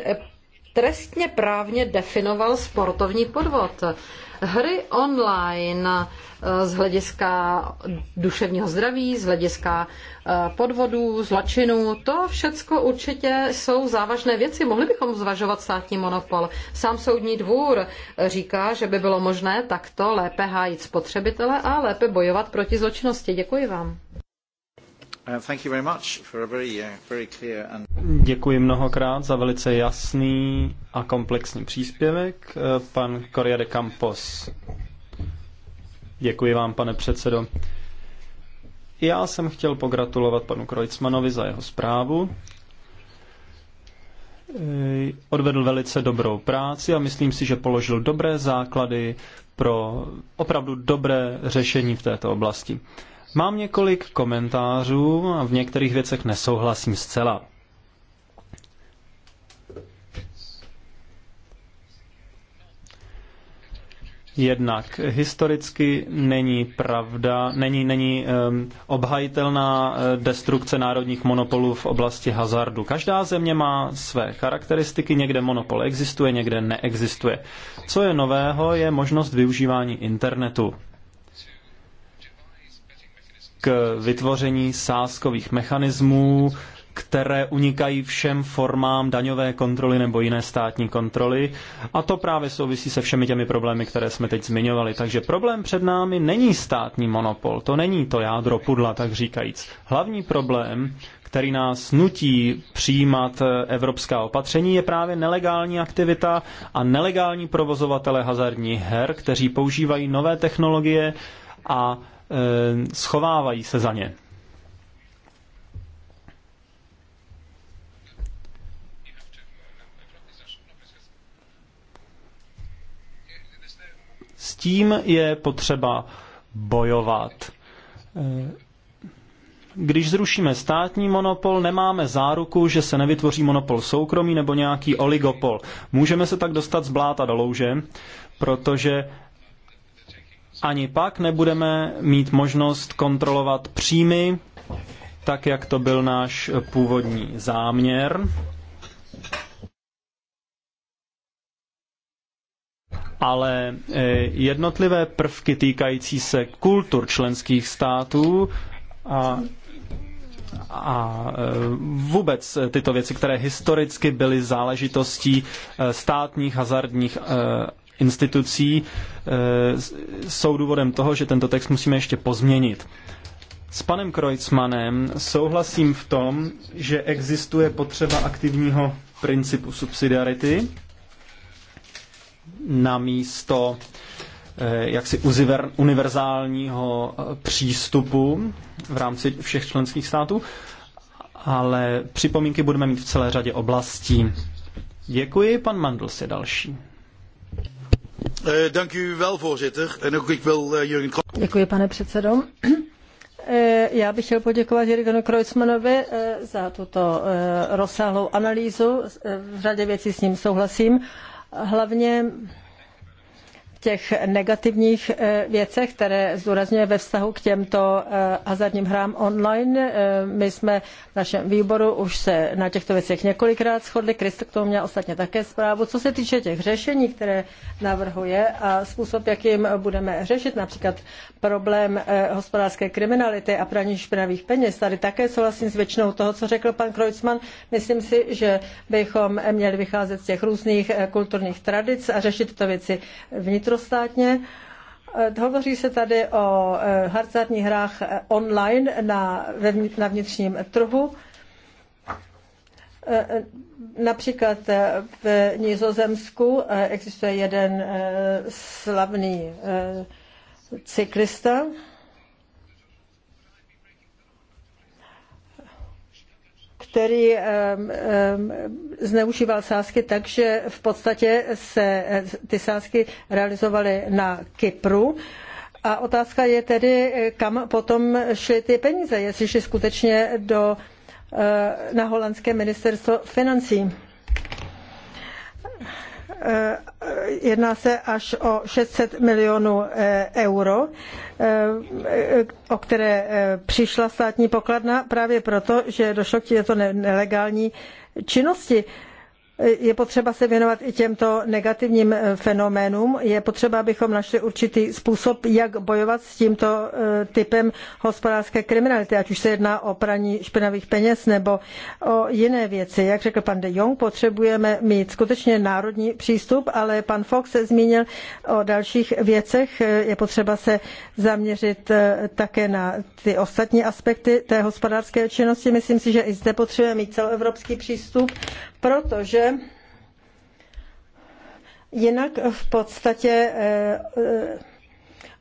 [SPEAKER 1] trestně právně definoval sportovní podvod. Hry online eh, z hlediska duševního zdraví, z hlediska eh, podvodů, zločinů, to všecko určitě jsou závažné věci. Mohli bychom zvažovat státní monopol. Sám soudní dvůr říká, že by bylo možné takto lépe hájit spotřebitele a lépe bojovat proti zločinnosti. Děkuji vám.
[SPEAKER 3] Děkuji mnohokrát za velice jasný a komplexní příspěvek. Uh, pan Coria de Campos. Děkuji vám, pane předsedo. Já jsem chtěl pogratulovat panu Krojcmanovi za jeho zprávu. Eh, odvedl velice dobrou práci a myslím si, že položil dobré základy pro opravdu dobré řešení v této oblasti. Mám několik komentářů a v některých věcech nesouhlasím zcela. Jednak historicky není pravda, není, není um, obhajitelná eh, destrukce národních monopolů v oblasti hazardu. Každá země má své charakteristiky, někde monopol existuje, někde neexistuje. Co je nového, je možnost využívání internetu k vytvoření sázkových mechanismů, které unikají všem formám daňové kontroly nebo jiné státní kontroly. A to právě souvisí se všemi těmi problémy, které jsme teď zmiňovali. Takže problém před námi není státní monopol, to není to jádro pudla, tak říkajíc. Hlavní problém, který nás nutí přijímat evropská opatření, je právě nelegální aktivita a nelegální provozovatele hazardních her, kteří používají nové technologie a Eh, schovávají se za ně. S tím je potřeba bojovat. Eh, když zrušíme státní monopol, nemáme záruku, že se nevytvoří monopol soukromý nebo nějaký oligopol. Můžeme se tak dostat z bláta do louže, protože ani pak nebudeme mít možnost kontrolovat příjmy, tak jak to byl náš původní záměr. ale eh, jednotlivé prvky týkající se kultur členských států a, a eh, vůbec tyto věci, které historicky byly záležitostí eh, státních hazardních institucí eh, jsou důvodem toho, že tento text musíme ještě pozměnit. S panem Kreutzmanem souhlasím v tom, že existuje potřeba aktivního principu subsidiarity na místo eh, jaksi uziver, univerzálního eh, přístupu v rámci všech členských států, ale připomínky budeme mít v celé řadě oblastí. Děkuji, pan Mandl je další. Děkuji, pane
[SPEAKER 2] předsedo. [CLEARS THROAT] Eh, já bych chtěl poděkovat Jirgenu Kreutzmanovi eh, za tuto eh, rozsáhlou analýzu. V řadě věcí s ním souhlasím. Hlavně těch negativních eh, věcech, které zdůrazňuje ve vztahu k těmto eh, hazardním hrám online. Eh, my jsme v našem výboru už se na těchto věcech několikrát shodli. Krist k tomu měl ostatně také zprávu. Co se týče těch řešení, které navrhuje a způsob, jakým budeme řešit například problém hospodářské kriminality a praní špinavých peněz, tady také souhlasím s většinou toho, co řekl pan Kreutzmann. Myslím si, že bychom měli vycházet z těch různých kulturních tradic a řešit to věci vnitro vnitrostátně. Eh, hovoří se tady o eh, hazardních hrách eh, online na, na vnitřním trhu. Například v Nizozemsku existuje jeden slavný cyklista, který eh, eh, zneužíval sázky tak, že v podstatě se eh, ty sázky realizovaly na Kypru. A otázka je tedy, kam potom šly ty peníze, jestli šly skutečně do, na holandské ministerstvo financí. Eh, jedná se až o 600 milionů eh, euro, eh, o které přišla státní pokladna právě proto, že došlo k této nelegální činnosti je potřeba se věnovat i těmto negativním eh, fenoménům. Je potřeba, abychom našli určitý způsob, jak bojovat s tímto eh, typem hospodářské kriminality, ať už se jedná o praní špinavých peněz nebo o jiné věci. Jak řekl pan de Jong, potřebujeme mít skutečně národní přístup, ale pan Fox se zmínil o dalších věcech. Eh, je potřeba se zaměřit také na ty ostatní aspekty té hospodářské činnosti. Myslím si, že i zde potřebujeme mít celoevropský přístup protože jinak v podstatě eh,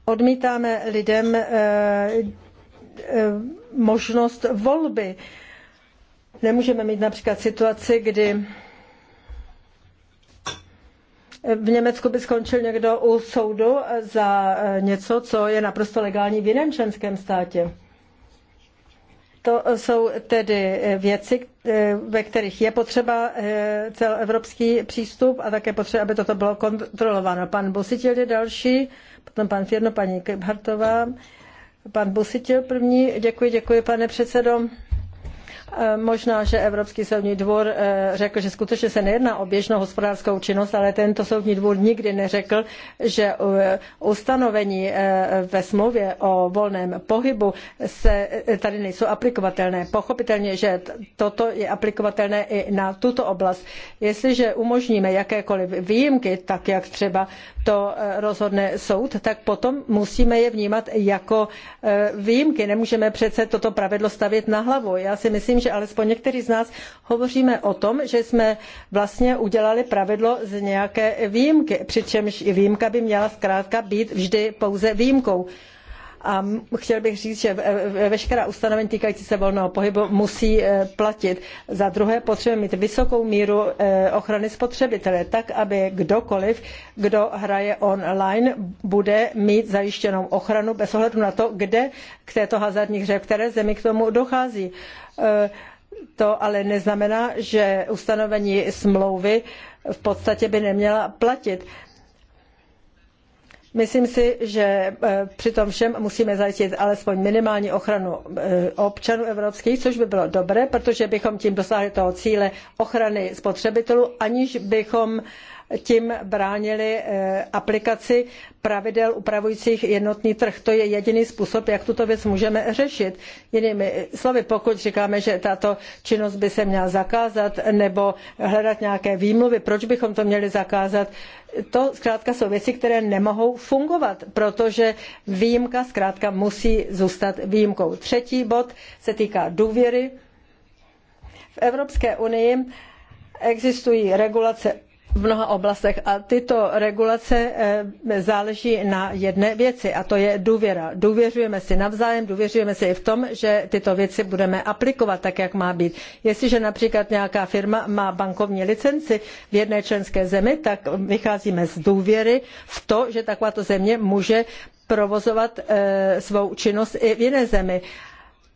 [SPEAKER 2] odmítáme lidem eh, eh, možnost volby. Nemůžeme mít například situaci, kdy v Německu by skončil někdo u soudu za něco, co je naprosto legální v jiném členském státě. To jsou tedy věci, ve kterých je potřeba eh, celoevropský přístup a také potřeba, aby toto bylo kontrolováno. Pan Busitil je další, potom pan Firno, paní Kebhartová, Pan Busitil první. Děkuji, děkuji, pane předsedo. Eh, možná, že Evropský soudní dvor eh, řekl, že skutečně se nejedná o běžnou hospodářskou činnost, ale tento soudní dvor nikdy neřekl, že eh, ustanovení ve smlouvě o volném pohybu se tady nejsou aplikovatelné. Pochopitelně, že toto je aplikovatelné i na tuto oblast. Jestliže umožníme jakékoliv výjimky, tak jak třeba to rozhodne soud, tak potom musíme je vnímat jako výjimky. Nemůžeme přece toto pravidlo stavět na hlavu. Já si myslím, že alespoň někteří z nás hovoříme o tom, že jsme vlastně udělali pravidlo z nějaké výjimky, přičemž i výjimka by měla zkrátka být vždy pouze výjimkou. A chtěl bych říct, že veškerá ustanovení týkající se volného pohybu musí eh, platit. Za druhé potřebujeme mít vysokou míru eh, ochrany spotřebitele, tak aby kdokoliv, kdo hraje online, bude mít zajištěnou ochranu bez ohledu na to, kde k této hazardní hře, v které zemi k tomu dochází. Eh, to ale neznamená, že ustanovení smlouvy v podstatě by neměla platit Myslím si, že eh, při tom všem musíme zajistit alespoň minimální ochranu eh, občanů evropských, což by bylo dobré, protože bychom tím dosáhli toho cíle ochrany spotřebitelů, aniž bychom tím bránili eh, aplikaci pravidel upravujících jednotný trh. To je jediný způsob, jak tuto věc můžeme řešit. Jinými slovy, pokud říkáme, že tato činnost by se měla zakázat nebo hledat nějaké výmluvy, proč bychom to měli zakázat, to zkrátka jsou věci, které nemohou fungovat, protože výjimka zkrátka musí zůstat výjimkou. Třetí bod se týká důvěry. V Evropské unii existují regulace v mnoha oblastech a tyto regulace eh, záleží na jedné věci a to je důvěra. Důvěřujeme si navzájem, důvěřujeme si i v tom, že tyto věci budeme aplikovat tak, jak má být. Jestliže například nějaká firma má bankovní licenci v jedné členské zemi, tak vycházíme z důvěry v to, že takováto země může provozovat eh, svou činnost i v jiné zemi.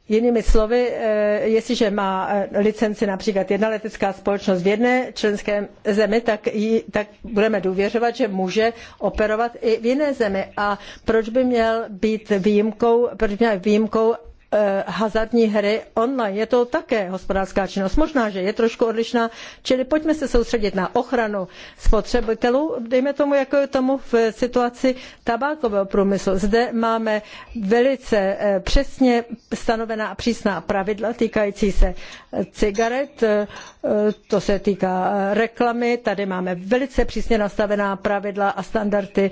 [SPEAKER 2] Jinými slovy, eh, jestliže má eh, licenci například jedna letecká společnost v jedné členské zemi, tak, jí, tak budeme důvěřovat, že může operovat i v jiné zemi. A proč by měl být výjimkou, proč by měl výjimkou Eh, hazardní hry online. Je to také hospodářská činnost. Možná, že je trošku odlišná, čili pojďme se soustředit na ochranu spotřebitelů, dejme tomu, jako je tomu v situaci tabákového průmyslu. Zde máme velice eh, přesně stanovená a přísná pravidla týkající se eh, cigaret, to se týká reklamy, tady máme velice přísně nastavená pravidla a standardy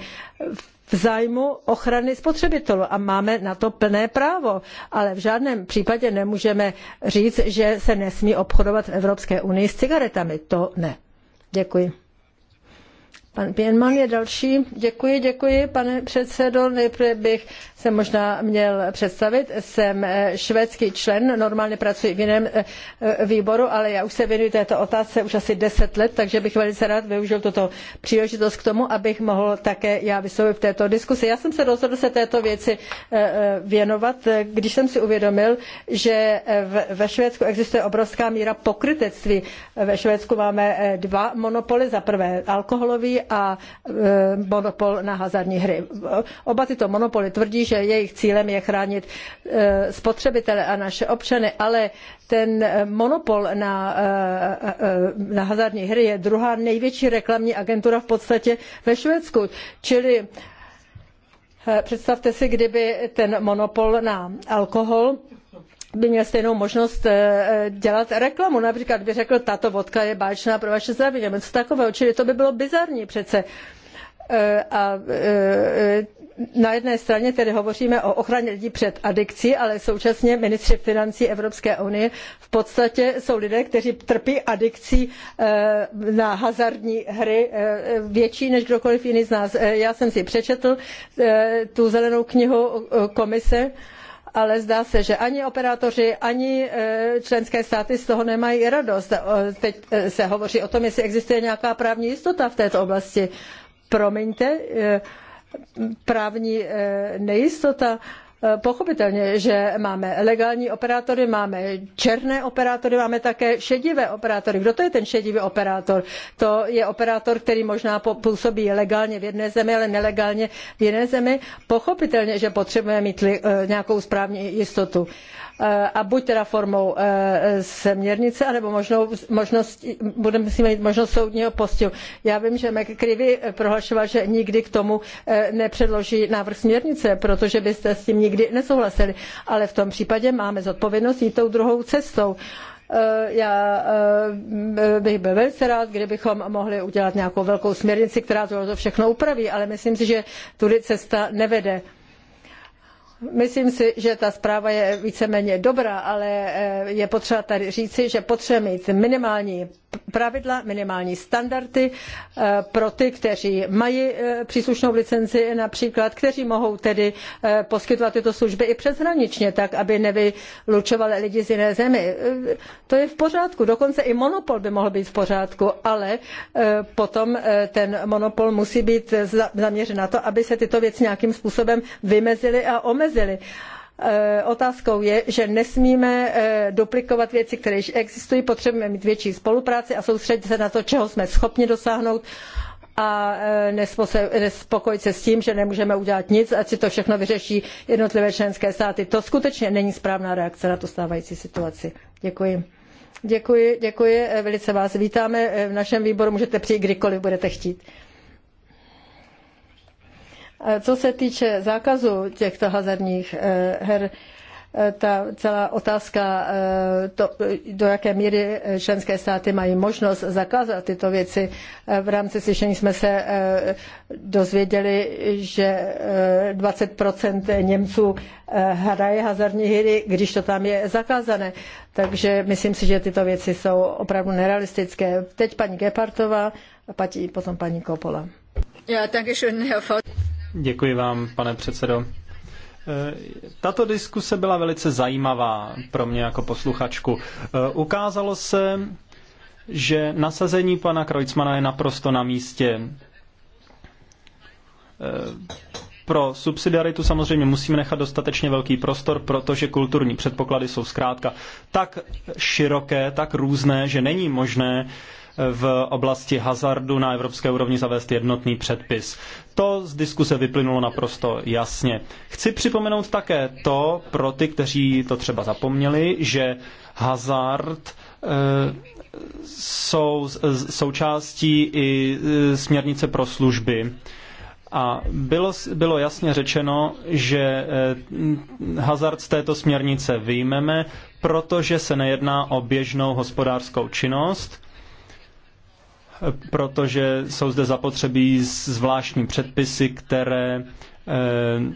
[SPEAKER 2] v v zájmu ochrany spotřebitelů a máme na to plné právo, ale v žádném případě nemůžeme říct, že se nesmí obchodovat v Evropské unii s cigaretami. To ne. Děkuji. Pan Pěnman je další. Děkuji, děkuji, pane předsedo. Nejprve bych se možná měl představit. Jsem eh, švédský člen, normálně pracuji v jiném eh, eh, výboru, ale já už se věnuji této otázce už asi deset let, takže bych velice rád využil tuto příležitost k tomu, abych mohl také já vyslovit v této diskusi. Já jsem se rozhodl se této věci věnovat, když jsem si uvědomil, že ve Švédsku existuje obrovská míra pokrytectví. Ve Švédsku máme dva monopoly, za prvé alkoholový a e, monopol na hazardní hry. Oba tyto monopoly tvrdí, že jejich cílem je chránit e, spotřebitele a naše občany, ale ten monopol na, e, na hazardní hry je druhá největší reklamní agentura v podstatě ve Švédsku. Čili představte si, kdyby ten monopol na alkohol by měl stejnou možnost eh, eh, dělat reklamu. Například by řekl, tato vodka je báčná pro vaše zdraví, nebo něco takového. Čili to by bylo bizarní přece. Eh, a na jedné straně tedy hovoříme o ochraně lidí před adikcí, ale současně ministři financí Evropské unie v podstatě jsou lidé, kteří trpí adikcí na hazardní hry větší než kdokoliv jiný z nás. Já jsem si přečetl tu zelenou knihu komise, ale zdá se, že ani operátoři, ani e, členské státy z toho nemají radost. E, teď e, se hovoří o tom, jestli existuje nějaká právní jistota v této oblasti. Promiňte, právní nejistota Eh, pochopitelně, že máme legální operátory, máme černé operátory, máme také šedivé operátory. Kdo to je ten šedivý operátor? To je operátor, který možná působí legálně v jedné zemi, ale nelegálně v jiné zemi. Pochopitelně, že potřebujeme mít eh, nějakou správní jistotu eh, a buď teda formou směrnice, anebo možnou, možnost, budeme si mít možnost soudního postihu. Já vím, že McCreevy prohlašoval, že nikdy k tomu nepředloží návrh směrnice, protože byste s tím nikdy nikdy nesouhlasili. Ale v tom případě máme zodpovědnost jít tou druhou cestou eh, já eh, bych byl velice rád, kdybychom mohli udělat nějakou velkou směrnici, která to všechno upraví, ale myslím si, že tudy cesta nevede. Myslím si, že ta zpráva je víceméně dobrá, ale eh, je potřeba tady říci, že potřebujeme mít minimální pravidla, minimální standardy eh, pro ty, kteří mají eh, příslušnou licenci například, kteří mohou tedy eh, poskytovat tyto služby i přeshraničně, tak aby nevylučovali lidi z jiné zemi. To je v pořádku, dokonce i monopol by mohl být v pořádku, ale potom ten monopol musí být zaměřen na to, aby se tyto věci nějakým způsobem vymezily a omezily. Eh, otázkou je, že nesmíme eh, duplikovat věci, které již existují, potřebujeme mít větší spolupráci a soustředit se na to, čeho jsme schopni dosáhnout a eh, nespokojit se s tím, že nemůžeme udělat nic, ať si to všechno vyřeší jednotlivé členské státy. To skutečně není správná reakce na tu stávající situaci. Děkuji. Děkuji, děkuji, velice vás vítáme v našem výboru, můžete přijít kdykoliv budete chtít. Co se týče zákazu těchto hazardních eh, her, eh, ta celá otázka, eh, to, do jaké míry členské státy mají možnost zakázat tyto věci. V rámci slyšení jsme se dozvěděli, že 20 Němců hraje hazardní hry, když to tam je zakázané. Takže myslím si, že tyto věci jsou opravdu nerealistické. Teď paní Gepartová a potom paní Kopola.
[SPEAKER 1] Ja, danke schön, Herr
[SPEAKER 3] Děkuji vám, pane předsedo. Eh, tato diskuse byla velice zajímavá pro mě jako posluchačku. Eh, ukázalo se, že nasazení pana Kreutzmana je naprosto na místě. Eh, pro subsidiaritu samozřejmě musíme nechat dostatečně velký prostor, protože kulturní předpoklady jsou zkrátka tak široké, tak různé, že není možné uh, v oblasti hazardu na evropské úrovni zavést jednotný předpis. To z diskuse vyplynulo naprosto jasně. Chci připomenout také to pro ty, kteří to třeba zapomněli, že hazard eh, jsou součástí i eh, směrnice pro služby. A bylo, bylo jasně řečeno, že eh, hazard z této směrnice vyjmeme, protože se nejedná o běžnou hospodářskou činnost protože jsou zde zapotřebí zvláštní předpisy, které, eh,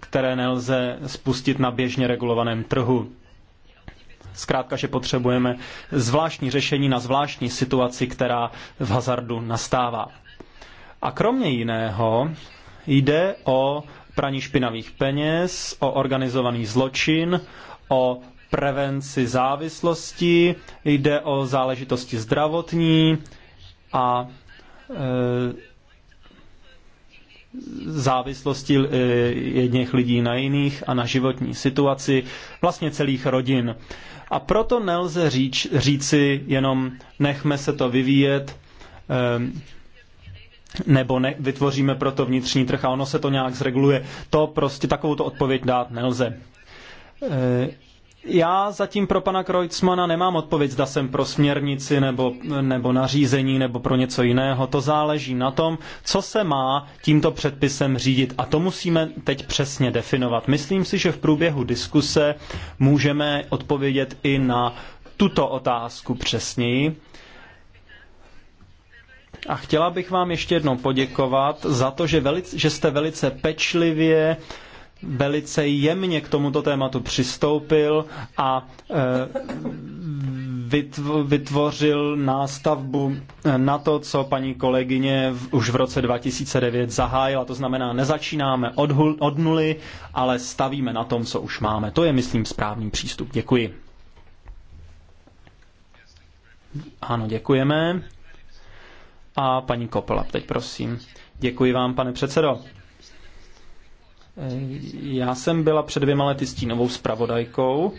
[SPEAKER 3] které nelze spustit na běžně regulovaném trhu. Zkrátka, že potřebujeme zvláštní řešení na zvláštní situaci, která v hazardu nastává. A kromě jiného jde o praní špinavých peněz, o organizovaný zločin, o prevenci závislosti, jde o záležitosti zdravotní, a e, závislosti e, jedněch lidí na jiných a na životní situaci vlastně celých rodin. A proto nelze říč, říci jenom nechme se to vyvíjet, e, nebo ne, vytvoříme proto vnitřní trh a ono se to nějak zreguluje. To prostě takovou odpověď dát nelze. Já zatím pro pana Kreutzmana nemám odpověď, zda jsem pro směrnici nebo, nebo nařízení nebo pro něco jiného. To záleží na tom, co se má tímto předpisem řídit. A to musíme teď přesně definovat. Myslím si, že v průběhu diskuse můžeme odpovědět i na tuto otázku přesněji. A chtěla bych vám ještě jednou poděkovat za to, že, velice, že jste velice pečlivě uh, velice jemně k tomuto tématu přistoupil a e, vytvořil nástavbu e, na to, co paní kolegyně už v roce 2009 zahájila. To znamená, nezačínáme od, od nuly, ale stavíme na tom, co už máme. To je, myslím, správný přístup. Děkuji. Ano, děkujeme. A paní Kopola, teď prosím. Děkuji vám, pane předsedo. Eh, já jsem byla před dvěma lety stínovou zpravodajkou.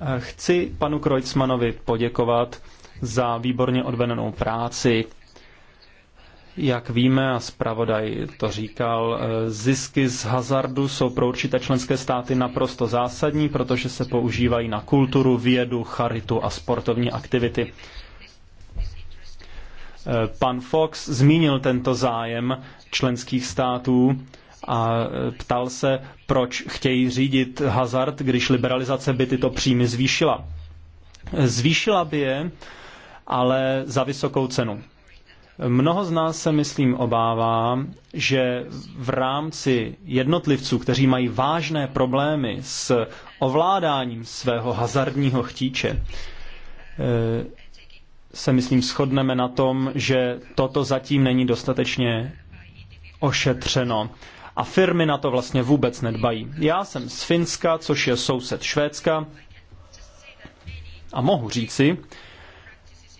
[SPEAKER 3] Eh, chci panu Krojcmanovi poděkovat za výborně odvedenou práci. Jak víme, a zpravodaj to říkal, eh, zisky z hazardu jsou pro určité členské státy naprosto zásadní, protože se používají na kulturu, vědu, charitu a sportovní aktivity. Pan Fox zmínil tento zájem členských států a e, ptal se, proč chtějí řídit hazard, když liberalizace by tyto příjmy zvýšila. Zvýšila by je, ale za vysokou cenu. Mnoho z nás se, myslím, obává, že v rámci jednotlivců, kteří mají vážné problémy s ovládáním svého hazardního chtíče, e, se, myslím, shodneme na tom, že toto zatím není dostatečně ošetřeno a firmy na to vlastně vůbec nedbají. Já jsem z Finska, což je soused Švédska a mohu říci,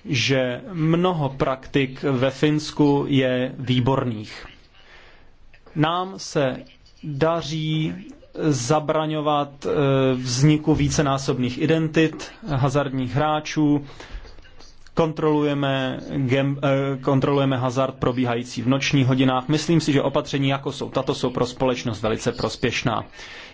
[SPEAKER 3] že mnoho praktik ve Finsku je výborných. Nám se daří zabraňovat eh, vzniku vícenásobných identit hazardních hráčů, kontrolujeme, gem, eh, kontrolujeme hazard probíhající v nočních hodinách. Myslím si, že opatření jako jsou tato jsou pro společnost velice prospěšná.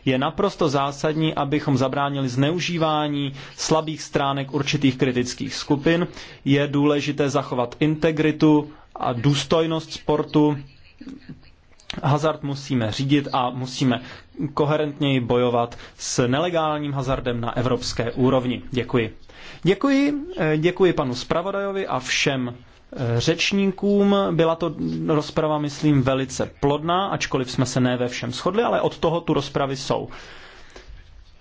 [SPEAKER 3] Je naprosto zásadní, abychom zabránili zneužívání slabých stránek určitých kritických skupin. Je důležité zachovat integritu a důstojnost sportu hazard musíme řídit a musíme koherentněji bojovat s nelegálním hazardem na evropské úrovni. Děkuji. Děkuji, eh, děkuji panu zpravodajovi a všem eh, řečníkům. Byla to rozprava, myslím, velice plodná, ačkoliv jsme se ne ve všem shodli, ale od toho tu rozpravy jsou.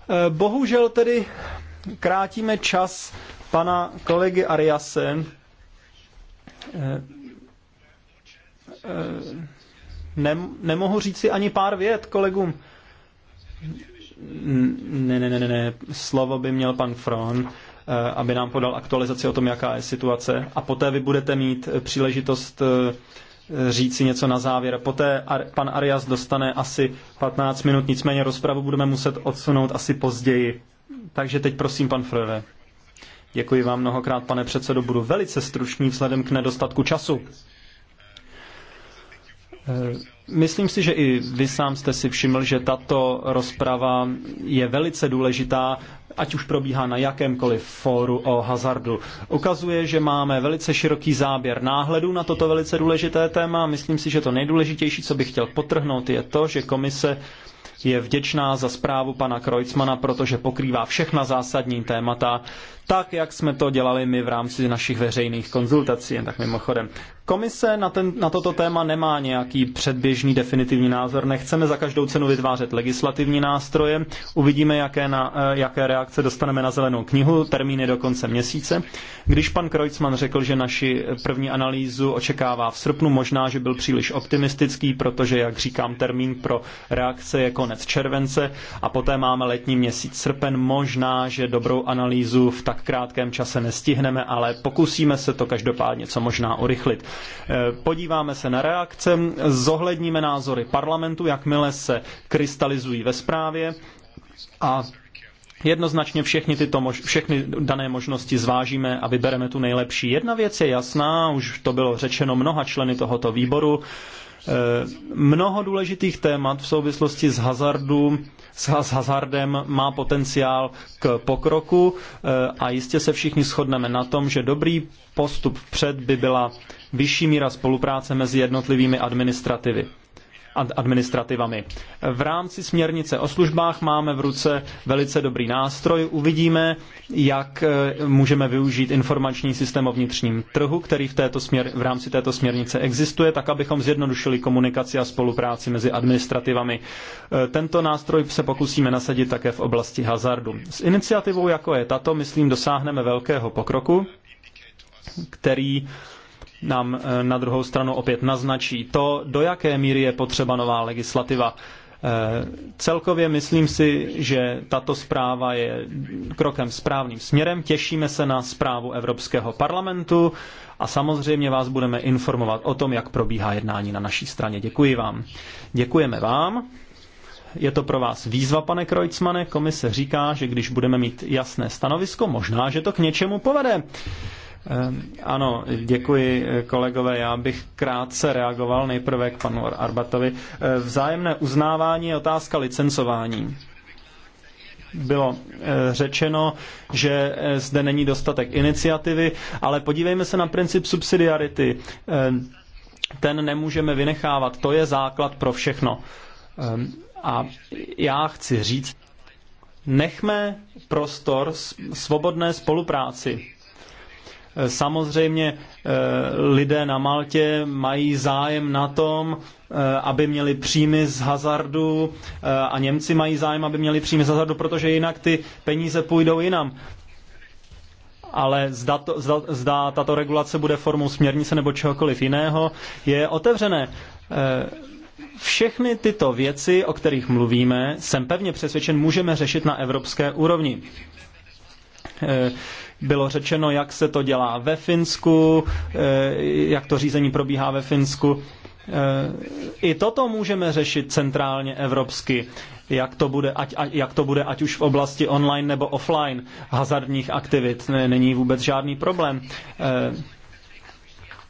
[SPEAKER 3] Eh, bohužel tedy krátíme čas pana kolegy Ariasen. Nem, nemohu říci ani pár vět kolegům. Ne, ne, ne, ne, ne. Slovo by měl pan Fron, eh, aby nám podal aktualizaci o tom, jaká je situace. A poté vy budete mít příležitost eh, říci něco na závěr. Poté pan Arias dostane asi 15 minut, nicméně rozpravu budeme muset odsunout asi později. Takže teď prosím, pan Frere. Děkuji vám mnohokrát, pane předsedo. Budu velice stručný vzhledem k nedostatku času. Eh, myslím si, že i vy sám jste si všiml, že tato rozprava je velice důležitá, ať už probíhá na jakémkoliv fóru o hazardu. Ukazuje, že máme velice široký záběr náhledů na toto velice důležité téma. Myslím si, že to nejdůležitější, co bych chtěl potrhnout, je to, že komise je vděčná za zprávu pana Kreutzmana, protože pokrývá všechna zásadní témata, tak jak jsme to dělali my v rámci našich veřejných konzultací, jen tak mimochodem. Komise na, ten, na toto téma nemá nějaký předběžný definitivní názor. Nechceme za každou cenu vytvářet legislativní nástroje. Uvidíme, jaké, na, eh, jaké reakce dostaneme na zelenou knihu. Termín je do konce měsíce. Když pan Kreutzmann řekl, že naši první analýzu očekává v srpnu, možná, že byl příliš optimistický, protože, jak říkám, termín pro reakce je konec července a poté máme letní měsíc srpen. Možná, že dobrou analýzu v tak tak krátkém čase nestihneme, ale pokusíme se to každopádně co možná urychlit. Eh, podíváme se na reakce, zohledníme názory parlamentu, jakmile se krystalizují ve zprávě a Jednoznačně všechny, tyto mož- všechny dané možnosti zvážíme a vybereme tu nejlepší. Jedna věc je jasná, už to bylo řečeno mnoha členy tohoto výboru. Eh, mnoho důležitých témat v souvislosti s, hazardu, s hazardem má potenciál k pokroku eh, a jistě se všichni shodneme na tom, že dobrý postup vpřed by byla vyšší míra spolupráce mezi jednotlivými administrativy administrativami. V rámci směrnice o službách máme v ruce velice dobrý nástroj. Uvidíme, jak e, můžeme využít informační systém o vnitřním trhu, který v, této směr, v rámci této směrnice existuje, tak abychom zjednodušili komunikaci a spolupráci mezi administrativami. E, tento nástroj se pokusíme nasadit také v oblasti hazardu. S iniciativou jako je tato, myslím, dosáhneme velkého pokroku, který nám eh, na druhou stranu opět naznačí to, do jaké míry je potřeba nová legislativa. Eh, celkově myslím si, že tato zpráva je krokem správným směrem. Těšíme se na zprávu Evropského parlamentu a samozřejmě vás budeme informovat o tom, jak probíhá jednání na naší straně. Děkuji vám. Děkujeme vám. Je to pro vás výzva, pane Krojcmane. Komise říká, že když budeme mít jasné stanovisko, možná, že to k něčemu povede. Ehm, ano, děkuji kolegové. Já bych krátce reagoval nejprve k panu Arbatovi. Ehm, vzájemné uznávání je otázka licencování bylo ehm, řečeno, že zde není dostatek iniciativy, ale podívejme se na princip subsidiarity. Ten nemůžeme vynechávat, to je základ pro všechno. A já chci říct, nechme prostor svobodné spolupráci Samozřejmě eh, lidé na Maltě mají zájem na tom, eh, aby měli příjmy z hazardu eh, a Němci mají zájem, aby měli příjmy z hazardu, protože jinak ty peníze půjdou jinam. Ale zda, to, zda, zda tato regulace bude formou směrnice nebo čehokoliv jiného, je otevřené. Všechny tyto věci, o kterých mluvíme, jsem pevně přesvědčen, můžeme řešit na evropské úrovni bylo řečeno, jak se to dělá ve Finsku, eh, jak to řízení probíhá ve Finsku. Eh, I toto můžeme řešit centrálně evropsky, jak to bude, ať, jak to bude, ať už v oblasti online nebo offline hazardních aktivit. Není vůbec žádný problém. Eh,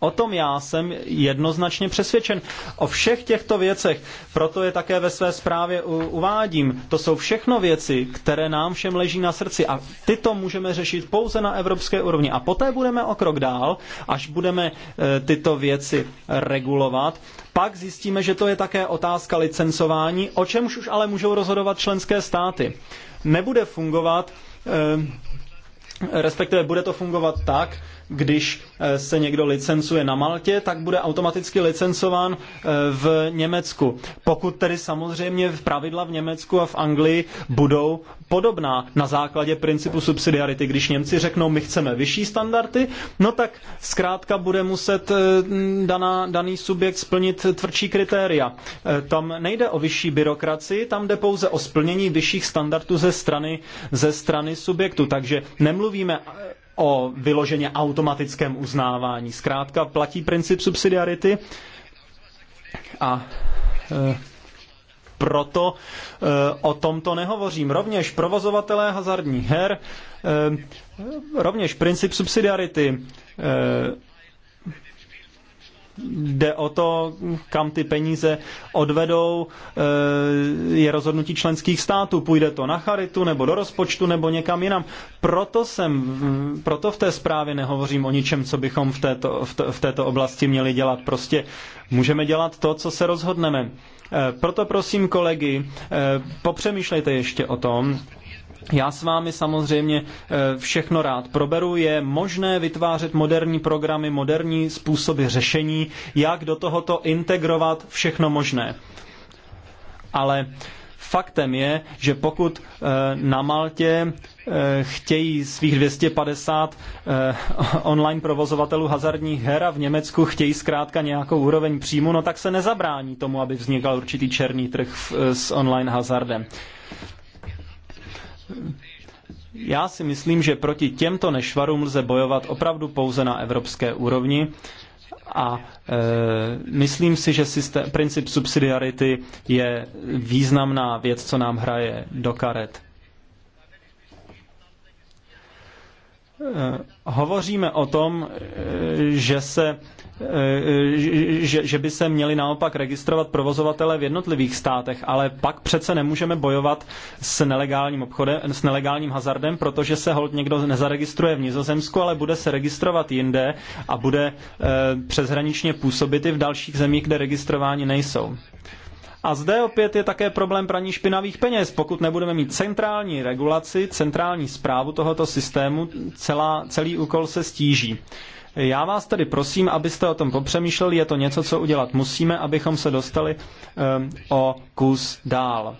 [SPEAKER 3] O tom já jsem jednoznačně přesvědčen. O všech těchto věcech, proto je také ve své zprávě uvádím. To jsou všechno věci, které nám všem leží na srdci a tyto můžeme řešit pouze na evropské úrovni. A poté budeme o krok dál, až budeme e, tyto věci regulovat. Pak zjistíme, že to je také otázka licencování, o čemž už ale můžou rozhodovat členské státy. Nebude fungovat e, respektive bude to fungovat tak, když eh, se někdo licencuje na Maltě, tak bude automaticky licencován eh, v Německu. Pokud tedy samozřejmě v pravidla v Německu a v Anglii budou podobná na základě principu subsidiarity. Když Němci řeknou, my chceme vyšší standardy, no tak zkrátka bude muset eh, daná, daný subjekt splnit tvrdší kritéria. Tam nejde o vyšší byrokracii, tam jde pouze o splnění vyšších standardů ze strany, ze strany subjektu. Takže nemluvíme o vyloženě automatickém uznávání. Zkrátka platí princip subsidiarity a e, proto e, o tomto nehovořím. Rovněž provozovatelé hazardních her, e, rovněž princip subsidiarity. E, jde o to, kam ty peníze odvedou, eh, je rozhodnutí členských států. Půjde to na charitu, nebo do rozpočtu, nebo někam jinam. Proto, jsem, proto v té zprávě nehovořím o ničem, co bychom v této, v této oblasti měli dělat. Prostě můžeme dělat to, co se rozhodneme. Eh, proto prosím kolegy, eh, popřemýšlejte ještě o tom, já s vámi samozřejmě eh, všechno rád proberu. Je možné vytvářet moderní programy, moderní způsoby řešení, jak do tohoto integrovat všechno možné. Ale faktem je, že pokud eh, na Maltě eh, chtějí svých 250 [LAUGHS] online provozovatelů hazardních her a v Německu chtějí zkrátka nějakou úroveň příjmu, no tak se nezabrání tomu, aby vznikal určitý černý trh s online hazardem. Já si myslím, že proti těmto nešvarům lze bojovat opravdu pouze na evropské úrovni a e, myslím si, že systém, princip subsidiarity je významná věc, co nám hraje do karet. E, hovoříme o tom, e, že se Eh, eh, že, že by se měli naopak registrovat provozovatele v jednotlivých státech, ale pak přece nemůžeme bojovat s nelegálním obchodem, s nelegálním hazardem, protože se hold někdo nezaregistruje v Nizozemsku, ale bude se registrovat jinde a bude eh, přeshraničně působit i v dalších zemích, kde registrováni nejsou. A zde opět je také problém praní špinavých peněz. Pokud nebudeme mít centrální regulaci, centrální zprávu tohoto systému, celá, celý úkol se stíží. Já vás tedy prosím, abyste o tom popřemýšleli, je to něco, co udělat musíme, abychom se dostali um, o kus dál.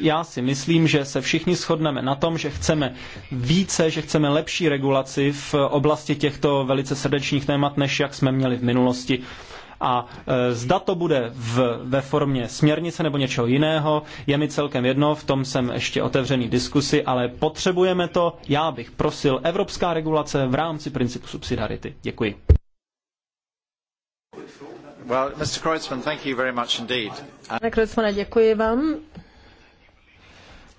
[SPEAKER 3] Já si myslím, že se všichni shodneme na tom, že chceme více, že chceme lepší regulaci v oblasti těchto velice srdečních témat, než jak jsme měli v minulosti. A e, zda to bude v, ve formě směrnice nebo něčeho jiného, je mi celkem jedno, v tom jsem ještě otevřený diskusi, ale potřebujeme to. Já bych prosil evropská regulace v rámci principu subsidiarity. Děkuji. Well, Mr.
[SPEAKER 1] Kreutzmann, thank you very much indeed.
[SPEAKER 2] Pane Kreutzmane, děkuji vám.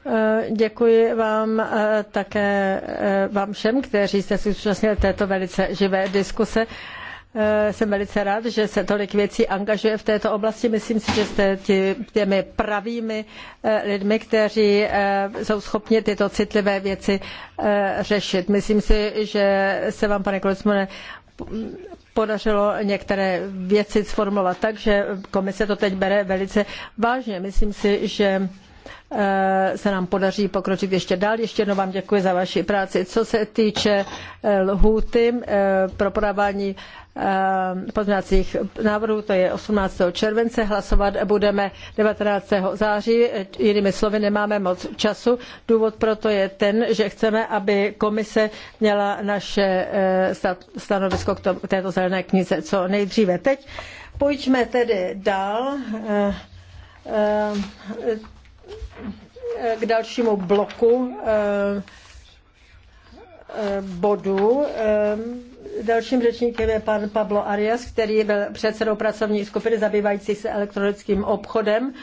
[SPEAKER 2] E, děkuji vám e, také vám všem, kteří jste si účastnili této velice živé diskuse. Eh, jsem velice rád, že se tolik věcí angažuje v této oblasti. Myslím si, že jste těmi pravými eh, lidmi, kteří eh, jsou schopni tyto citlivé věci řešit. Myslím si, že se vám, pane Kolesmane, podařilo některé věci sformulovat tak, že komise to teď bere velice vážně. Myslím si, že se nám podaří pokročit ještě dál. Ještě jednou vám děkuji za vaši práci. Co se týče lhůty pro podávání Eh, pozměňovacích návrhů, to je 18. července, hlasovat budeme 19. září, jinými slovy nemáme moc času. Důvod pro to je ten, že chceme, aby komise měla naše eh, stanovisko k této zelené knize co nejdříve. Teď pojďme tedy dál eh, k dalšímu bloku Eh, bodu. Dalším řečníkem je pan Pablo Arias, který byl předsedou pracovní skupiny zabývající se elektronickým obchodem.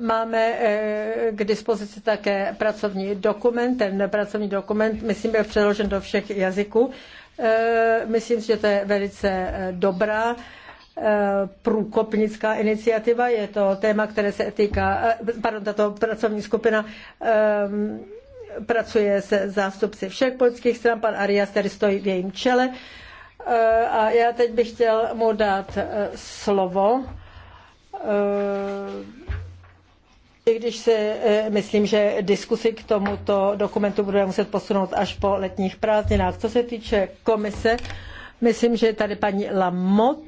[SPEAKER 2] Máme eh, k dispozici také pracovní dokument. Ten pracovní dokument, myslím, byl přeložen do všech jazyků. Eh, myslím, že to je velice dobrá průkopnická iniciativa. Je to téma, které se týká, pardon, tato pracovní skupina pracuje se zástupci všech politických stran, pan Arias tady stojí v jejím čele. Eh, a já teď bych chtěl mu dát eh, slovo, eh, i když si myslím, že diskusi k tomuto dokumentu budeme muset posunout až po letních prázdninách. Co se týče komise, myslím, že je tady paní Lamot,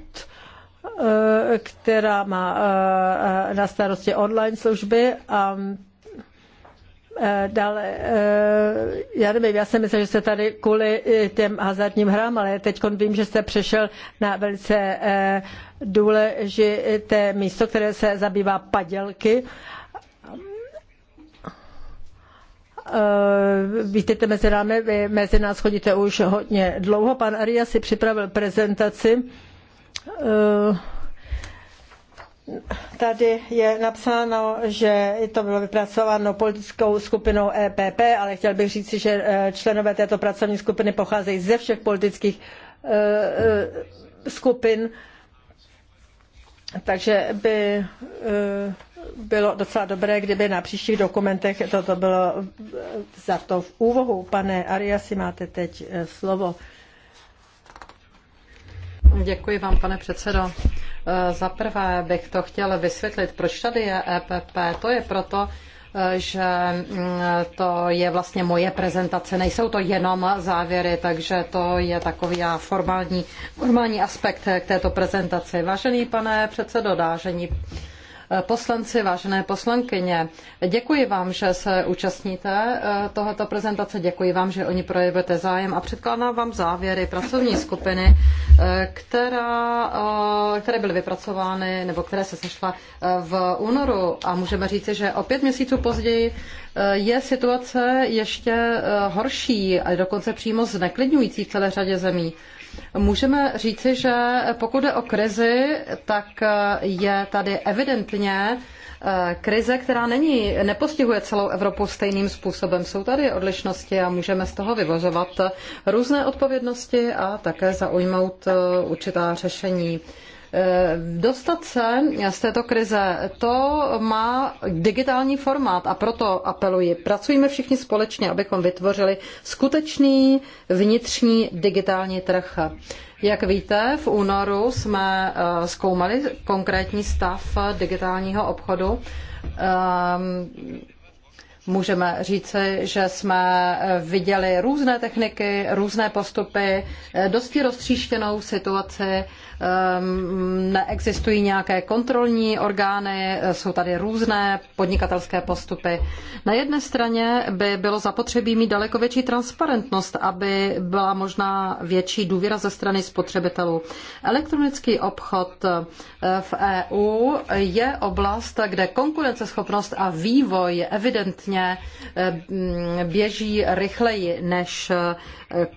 [SPEAKER 2] která má na starosti online služby a Eh, dále, eh, já nevím, já jsem myslel, že jste tady kvůli eh, těm hazardním hrám, ale teď vím, že jste přešel na velice důležité místo, které se zabývá padělky. Vítejte mezi námi, vy mezi nás chodíte už hodně dlouho. Pan Aria si připravil prezentaci Tady je napsáno, že to bylo vypracováno politickou skupinou EPP, ale chtěl bych říci, že e, členové této pracovní skupiny pocházejí ze všech politických e, e, skupin, takže by bylo docela dobré, kdyby na příštích dokumentech toto bylo za to v úvahu. Pane Ariasi, máte teď slovo.
[SPEAKER 1] Děkuji vám, pane předsedo. Eh, za prvé bych to chtěl vysvětlit, proč tady je EPP. To je proto, eh, že mm, to je vlastně moje prezentace, nejsou to jenom závěry, takže to je takový formální, formální aspekt k této prezentaci. Vážený pane předsedo, dážení poslanci, vážené poslankyně. Děkuji vám, že se účastníte eh, tohoto prezentace, děkuji vám, že oni projevujete zájem a předkládám vám závěry pracovní skupiny, eh, která, eh, které byly vypracovány nebo které se sešla v únoru a můžeme říci, že o pět měsíců později je situace ještě horší, a dokonce přímo zneklidňující v celé řadě zemí. Můžeme říci, že pokud jde o krizi, tak je tady evidentně eh, krize, která není, nepostihuje celou Evropu stejným způsobem. Jsou tady odlišnosti a můžeme z toho vyvozovat různé odpovědnosti a také zaujmout eh, určitá řešení. Eh, dostat se z této krize, to má digitální formát a proto apeluji, pracujeme všichni společně, abychom vytvořili skutečný vnitřní digitální trh. Jak víte, v únoru jsme eh, zkoumali konkrétní stav digitálního obchodu. Ehm, můžeme říci, že jsme viděli různé techniky, různé postupy, eh, dosti roztříštěnou situaci Ehm, neexistují nějaké kontrolní orgány, jsou tady různé podnikatelské postupy. Na jedné straně by bylo zapotřebí mít daleko větší transparentnost, aby byla možná větší důvěra ze strany spotřebitelů. Elektronický obchod eh, v EU je oblast, kde konkurenceschopnost a vývoj evidentně ehm, běží rychleji než eh,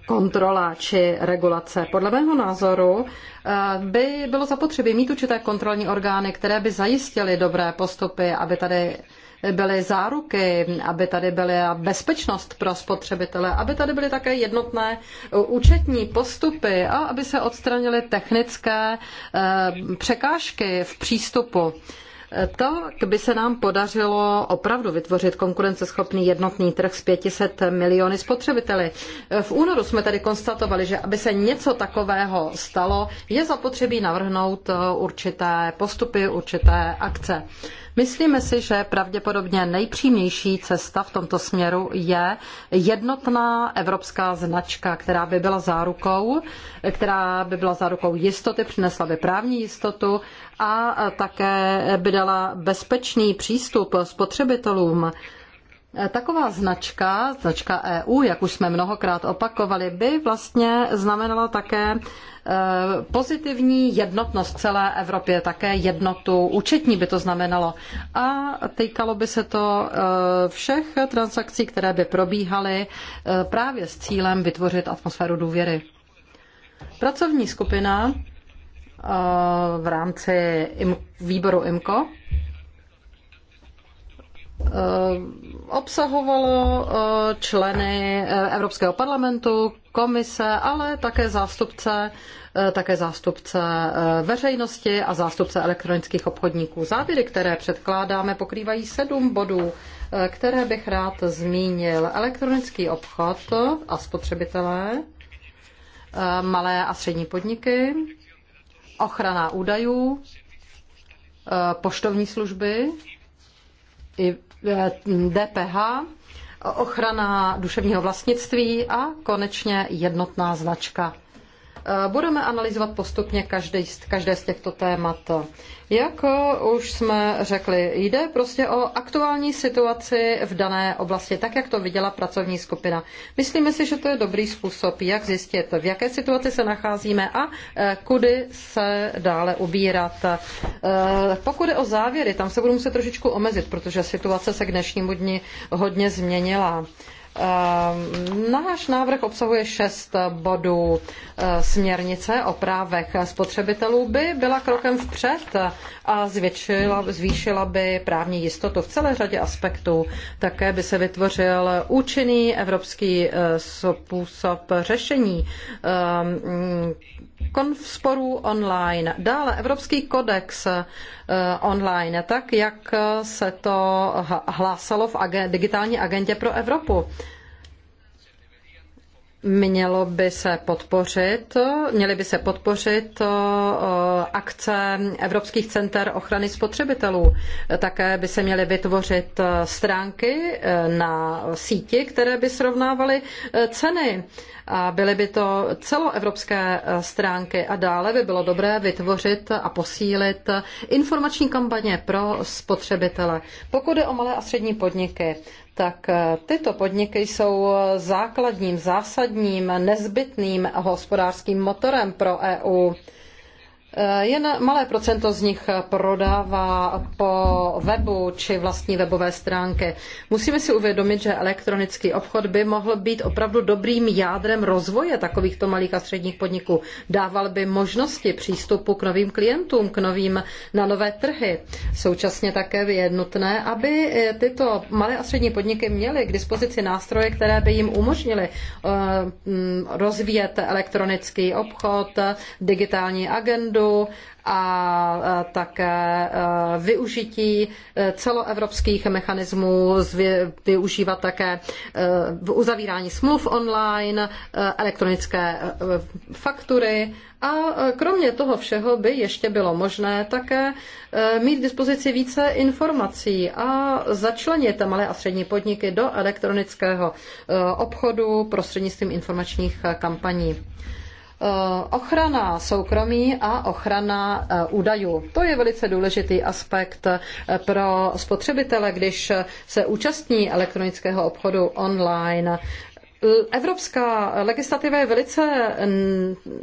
[SPEAKER 1] kontrola či regulace. Podle mého názoru by bylo zapotřebí mít určité kontrolní orgány, které by zajistily dobré postupy, aby tady byly záruky, aby tady byla bezpečnost pro spotřebitele, aby tady byly také jednotné e, účetní postupy a aby se odstranily technické e, překážky v přístupu tak by se nám podařilo opravdu vytvořit konkurenceschopný jednotný trh s 500 miliony spotřebiteli. V únoru jsme tedy konstatovali, že aby se něco takového stalo, je zapotřebí navrhnout určité postupy, určité akce. Myslíme si, že pravděpodobně nejpřímější cesta v tomto směru je jednotná evropská značka, která by byla zárukou, která by byla zárukou jistoty, přinesla by právní jistotu a také by dala bezpečný přístup spotřebitelům Eh, taková značka, značka EU, jak už jsme mnohokrát opakovali, by vlastně znamenala také eh, pozitivní jednotnost celé Evropě, také jednotu účetní by to znamenalo. A týkalo by se to eh, všech transakcí, které by probíhaly právě s cílem vytvořit atmosféru důvěry. Pracovní skupina v rámci výboru IMCO Eh, obsahovalo eh, členy eh, Evropského parlamentu, komise, ale také zástupce, také zástupce veřejnosti a zástupce elektronických obchodníků. Závěry, které předkládáme, pokrývají sedm bodů, které bych rád zmínil. Elektronický obchod a spotřebitelé, malé a střední podniky, ochrana údajů, poštovní služby, i DPH, eh, ochrana duševního vlastnictví a konečně jednotná značka. Eh, budeme analyzovat postupně každý, každé z těchto témat. Jak eh, už jsme řekli, jde prostě o aktuální situaci v dané oblasti, tak jak to viděla pracovní skupina. Myslíme si, že to je dobrý způsob, jak zjistit, v jaké situaci se nacházíme a eh, kudy se dále ubírat. Pokud je o závěry, tam se budu muset trošičku omezit, protože situace se k dnešnímu dni hodně změnila. Ehm, no, náš návrh obsahuje šest bodů. Ehm, směrnice o právech spotřebitelů by byla krokem vpřed a zvětšila, zvýšila by právní jistotu v celé řadě aspektů. Také by se vytvořil účinný evropský ehm, způsob řešení konf online. Dále Evropský kodex eh, online, tak jak se to hlásalo v digitální agentě pro Evropu. Mělo by se podpořit, měly by se podpořit akce Evropských center ochrany spotřebitelů. Také by se měly vytvořit stránky e, na síti, které by srovnávaly e, ceny. A byly by to celoevropské e, stránky a dále by bylo dobré vytvořit a posílit informační kampaně pro spotřebitele. Pokud je o malé a střední podniky, tak eh, tyto podniky jsou základním, zásadním, nezbytným hospodářským motorem pro EU. Eh, jen malé procento z nich prodává po webu či vlastní webové stránky. Musíme si uvědomit, že elektronický obchod by mohl být opravdu dobrým jádrem rozvoje takovýchto malých a středních podniků. Dával by možnosti přístupu k novým klientům, k novým na nové trhy. Současně také je nutné, aby eh, tyto malé a střední podniky měly k dispozici nástroje, které by jim umožnily eh, mm, rozvíjet elektronický obchod, digitální agendu, obchodu a také e, využití e, celoevropských mechanismů, využívat také e, v uzavírání smluv online, elektronické faktury a kromě toho všeho by ještě bylo možné také mít k dispozici více informací a začlenit malé a střední podniky do elektronického obchodu prostřednictvím informačních kampaní. Eh, ochrana soukromí a ochrana eh, údajů. To je velice důležitý aspekt eh, pro spotřebitele, když se účastní elektronického obchodu online. Evropská legislativa je velice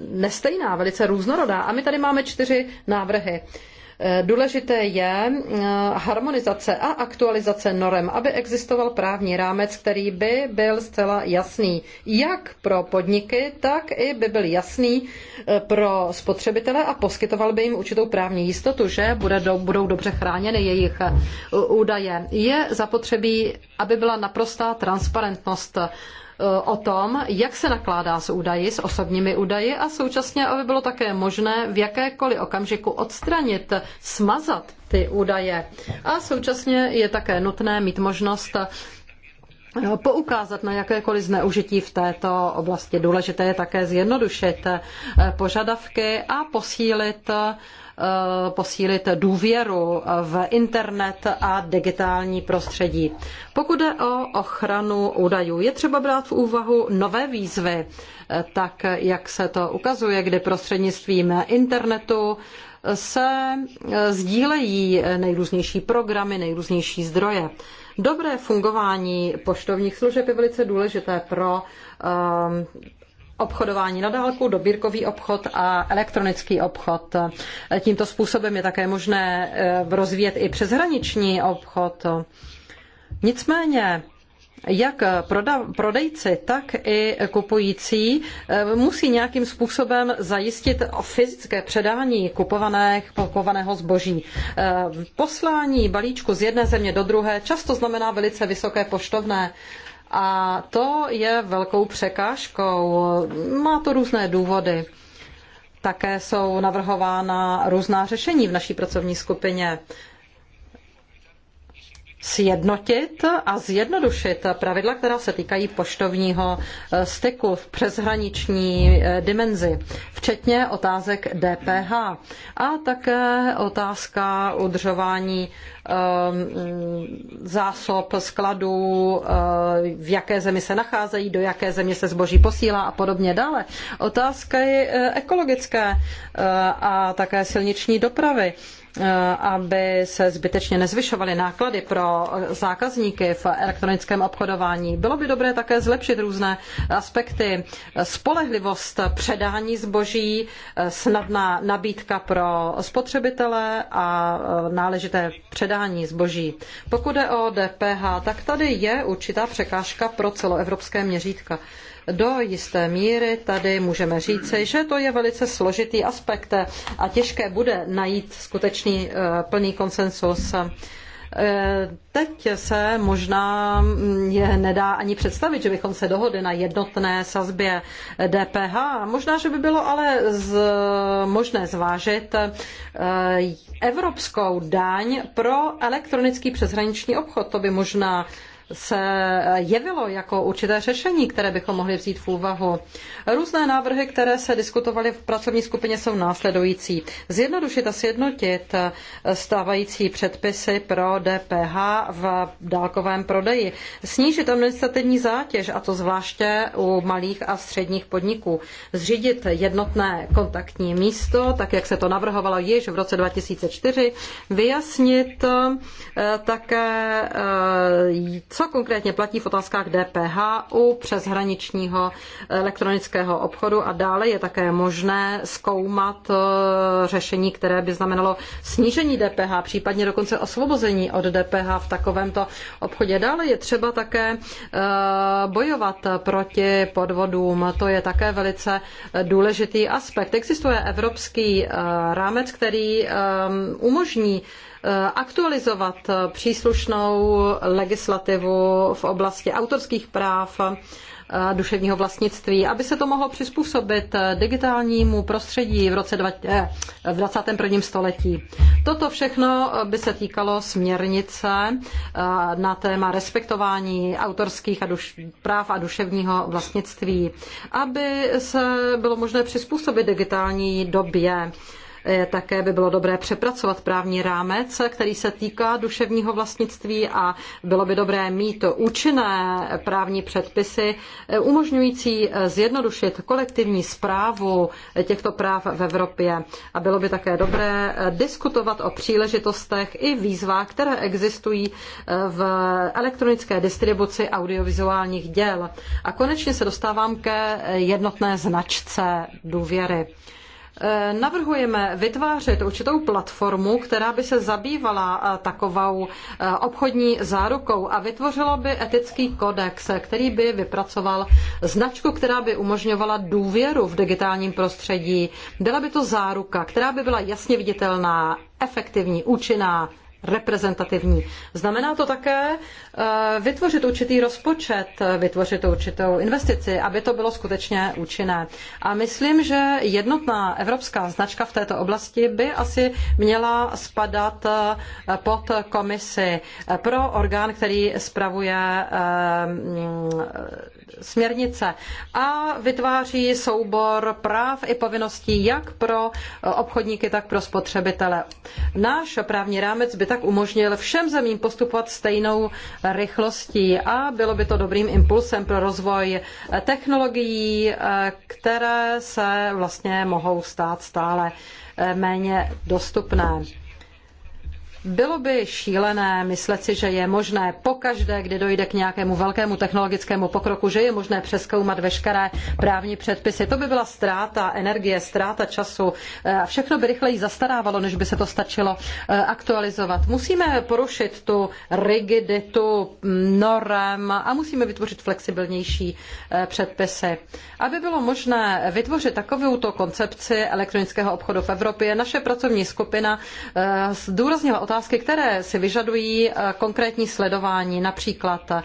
[SPEAKER 1] nestejná, velice různorodá a my tady máme čtyři návrhy. Důležité je eh, harmonizace a aktualizace norem, aby existoval právní rámec, který by byl zcela jasný jak pro podniky, tak i by byl jasný eh, pro spotřebitele a poskytoval by jim určitou právní jistotu, že bude do, budou dobře chráněny jejich eh, údaje. Je zapotřebí, aby byla naprostá transparentnost o tom, jak se nakládá s údaji, s osobními údaji a současně, aby bylo také možné v jakékoliv okamžiku odstranit, smazat ty údaje. A současně je také nutné mít možnost eh, poukázat na jakékoliv zneužití v této oblasti. Důležité je také zjednodušit eh, požadavky a posílit Eh, posílit důvěru v internet a digitální prostředí. Pokud jde o ochranu údajů, je třeba brát v úvahu nové výzvy, eh, tak jak se to ukazuje, kdy prostřednictvím internetu se eh, sdílejí nejrůznější programy, nejrůznější zdroje. Dobré fungování poštovních služeb je velice důležité pro obchodování na dálku, dobírkový obchod a elektronický obchod. Tímto způsobem je také možné eh, rozvíjet i přeshraniční obchod. Nicméně jak prodejci, tak i kupující eh, musí nějakým způsobem zajistit fyzické předání kupovaného zboží. Eh, poslání balíčku z jedné země do druhé často znamená velice vysoké poštovné a to je velkou překážkou. Má to různé důvody. Také jsou navrhována různá řešení v naší pracovní skupině. Sjednotit a zjednodušit pravidla, která se týkají poštovního eh, styku v přeshraniční eh, dimenzi, včetně otázek DPH a také otázka udržování Um, zásob skladů, uh, v jaké zemi se nacházejí, do jaké země se zboží posílá a podobně dále. Otázka je eh, ekologické eh, a také silniční dopravy eh, aby se zbytečně nezvyšovaly náklady pro zákazníky v elektronickém obchodování. Bylo by dobré také zlepšit různé aspekty. Spolehlivost předání zboží, snadná nabídka pro spotřebitele a náležité předání hledání zboží. Pokud je o DPH, tak tady je určitá překážka pro celoevropské měřítka. Do jisté míry tady můžeme říci, že to je velice složitý aspekt a těžké bude najít skutečný eh, plný konsensus. Eh, teď se možná je nedá ani představit, že bychom se dohodli na jednotné sazbě DPH. Možná, že by bylo ale z, možné zvážit eh, evropskou daň pro elektronický přeshraniční obchod. To by možná se jevilo jako určité řešení, které bychom mohli vzít v úvahu. Různé návrhy, které se diskutovaly v pracovní skupině, jsou následující. Zjednodušit a sjednotit stávající předpisy pro DPH v dálkovém prodeji. Snížit administrativní zátěž, a to zvláště u malých a středních podniků. Zřídit jednotné kontaktní místo, tak jak se to navrhovalo již v roce 2004. Vyjasnit eh, také, co eh, co konkrétně platí v otázkách DPH u přeshraničního elektronického obchodu a dále je také možné zkoumat eh, řešení, které by znamenalo snížení DPH, případně dokonce osvobození od DPH v takovémto obchodě. Dále je třeba také eh, bojovat proti podvodům. To je také velice důležitý aspekt. Existuje evropský eh, rámec, který umožní Eh, aktualizovat příslušnou legislativu v oblasti autorských práv a eh, duševního vlastnictví, aby se to mohlo přizpůsobit eh, digitálnímu prostředí v roce dva, v 21. století. Toto všechno by se týkalo směrnice na téma respektování autorských a duš, práv a duševního vlastnictví, aby se bylo možné přizpůsobit digitální době Eh, také by bylo dobré přepracovat právní rámec, který se týká duševního vlastnictví a bylo by dobré mít účinné právní předpisy eh, umožňující eh, zjednodušit kolektivní zprávu těchto práv v Evropě. A bylo by také dobré diskutovat o příležitostech i výzvách, které existují v elektronické distribuci audiovizuálních děl. A konečně se dostávám ke jednotné značce důvěry. Eh, navrhujeme vytvářet určitou platformu, která by se zabývala eh, takovou eh, obchodní zárukou a vytvořila by etický kodex, který by vypracoval značku, která by umožňovala důvěru v digitálním prostředí. Byla by to záruka, která by byla jasně viditelná, efektivní, účinná reprezentativní. Znamená to také eh, vytvořit určitý rozpočet, vytvořit určitou investici, aby to bylo skutečně účinné. A myslím, že jednotná evropská značka v této oblasti by asi měla spadat eh, pod komisi eh, pro orgán, který spravuje mm, směrnice a vytváří soubor práv i povinností jak pro obchodníky, tak pro spotřebitele. Náš právní rámec by tak umožnil všem zemím postupovat stejnou rychlostí a bylo by to dobrým impulsem pro rozvoj technologií, které se vlastně mohou stát stále méně dostupné. Bylo by šílené myslet si, že je možné pokaždé, kdy dojde k nějakému velkému technologickému pokroku, že je možné přeskoumat veškeré právní předpisy. To by byla ztráta energie, ztráta času e, a všechno by rychleji zastarávalo, než by se to stačilo e, aktualizovat. Musíme porušit tu rigiditu norem a musíme vytvořit flexibilnější e, předpisy. Aby bylo možné vytvořit takovouto koncepci elektronického obchodu v Evropě, naše pracovní skupina zdůraznila otázky, které si vyžadují eh, konkrétní sledování, například eh,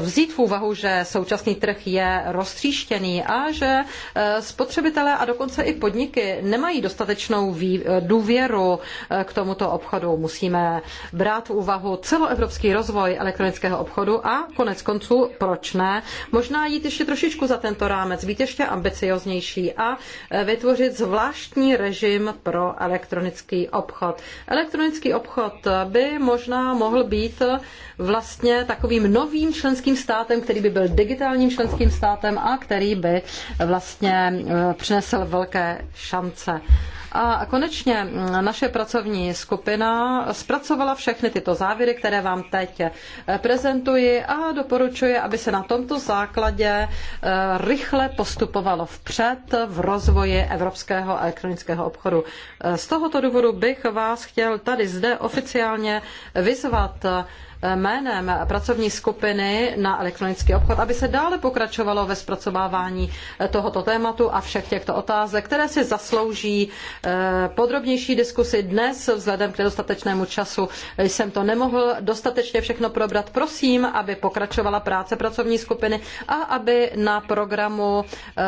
[SPEAKER 1] vzít v úvahu, že současný trh je roztříštěný a že eh, spotřebitelé a dokonce i podniky nemají dostatečnou důvěru k tomuto obchodu. Musíme brát v úvahu celoevropský rozvoj elektronického obchodu a konec konců, proč ne, možná jít ještě trošičku za tento rámec, být ještě ambicioznější a vytvořit zvláštní režim pro elektronický obchod. Elektronický elektronický obchod by možná mohl být vlastně takovým novým členským státem, který by byl digitálním členským státem a který by vlastně eh, přinesl velké šance. A konečně mm, naše pracovní skupina zpracovala všechny tyto závěry, které vám teď eh, prezentuji a doporučuji, aby se na tomto základě eh, rychle postupovalo vpřed v rozvoji evropského elektronického obchodu. Eh, z tohoto důvodu bych vás chtěl tady zde oficiálně vyzvat, jménem pracovní skupiny na elektronický obchod, aby se dále pokračovalo ve zpracovávání tohoto tématu a všech těchto otázek, které si zaslouží eh, podrobnější diskusi dnes vzhledem k nedostatečnému času. Jsem to nemohl dostatečně všechno probrat. Prosím, aby pokračovala práce pracovní skupiny a aby na programu eh,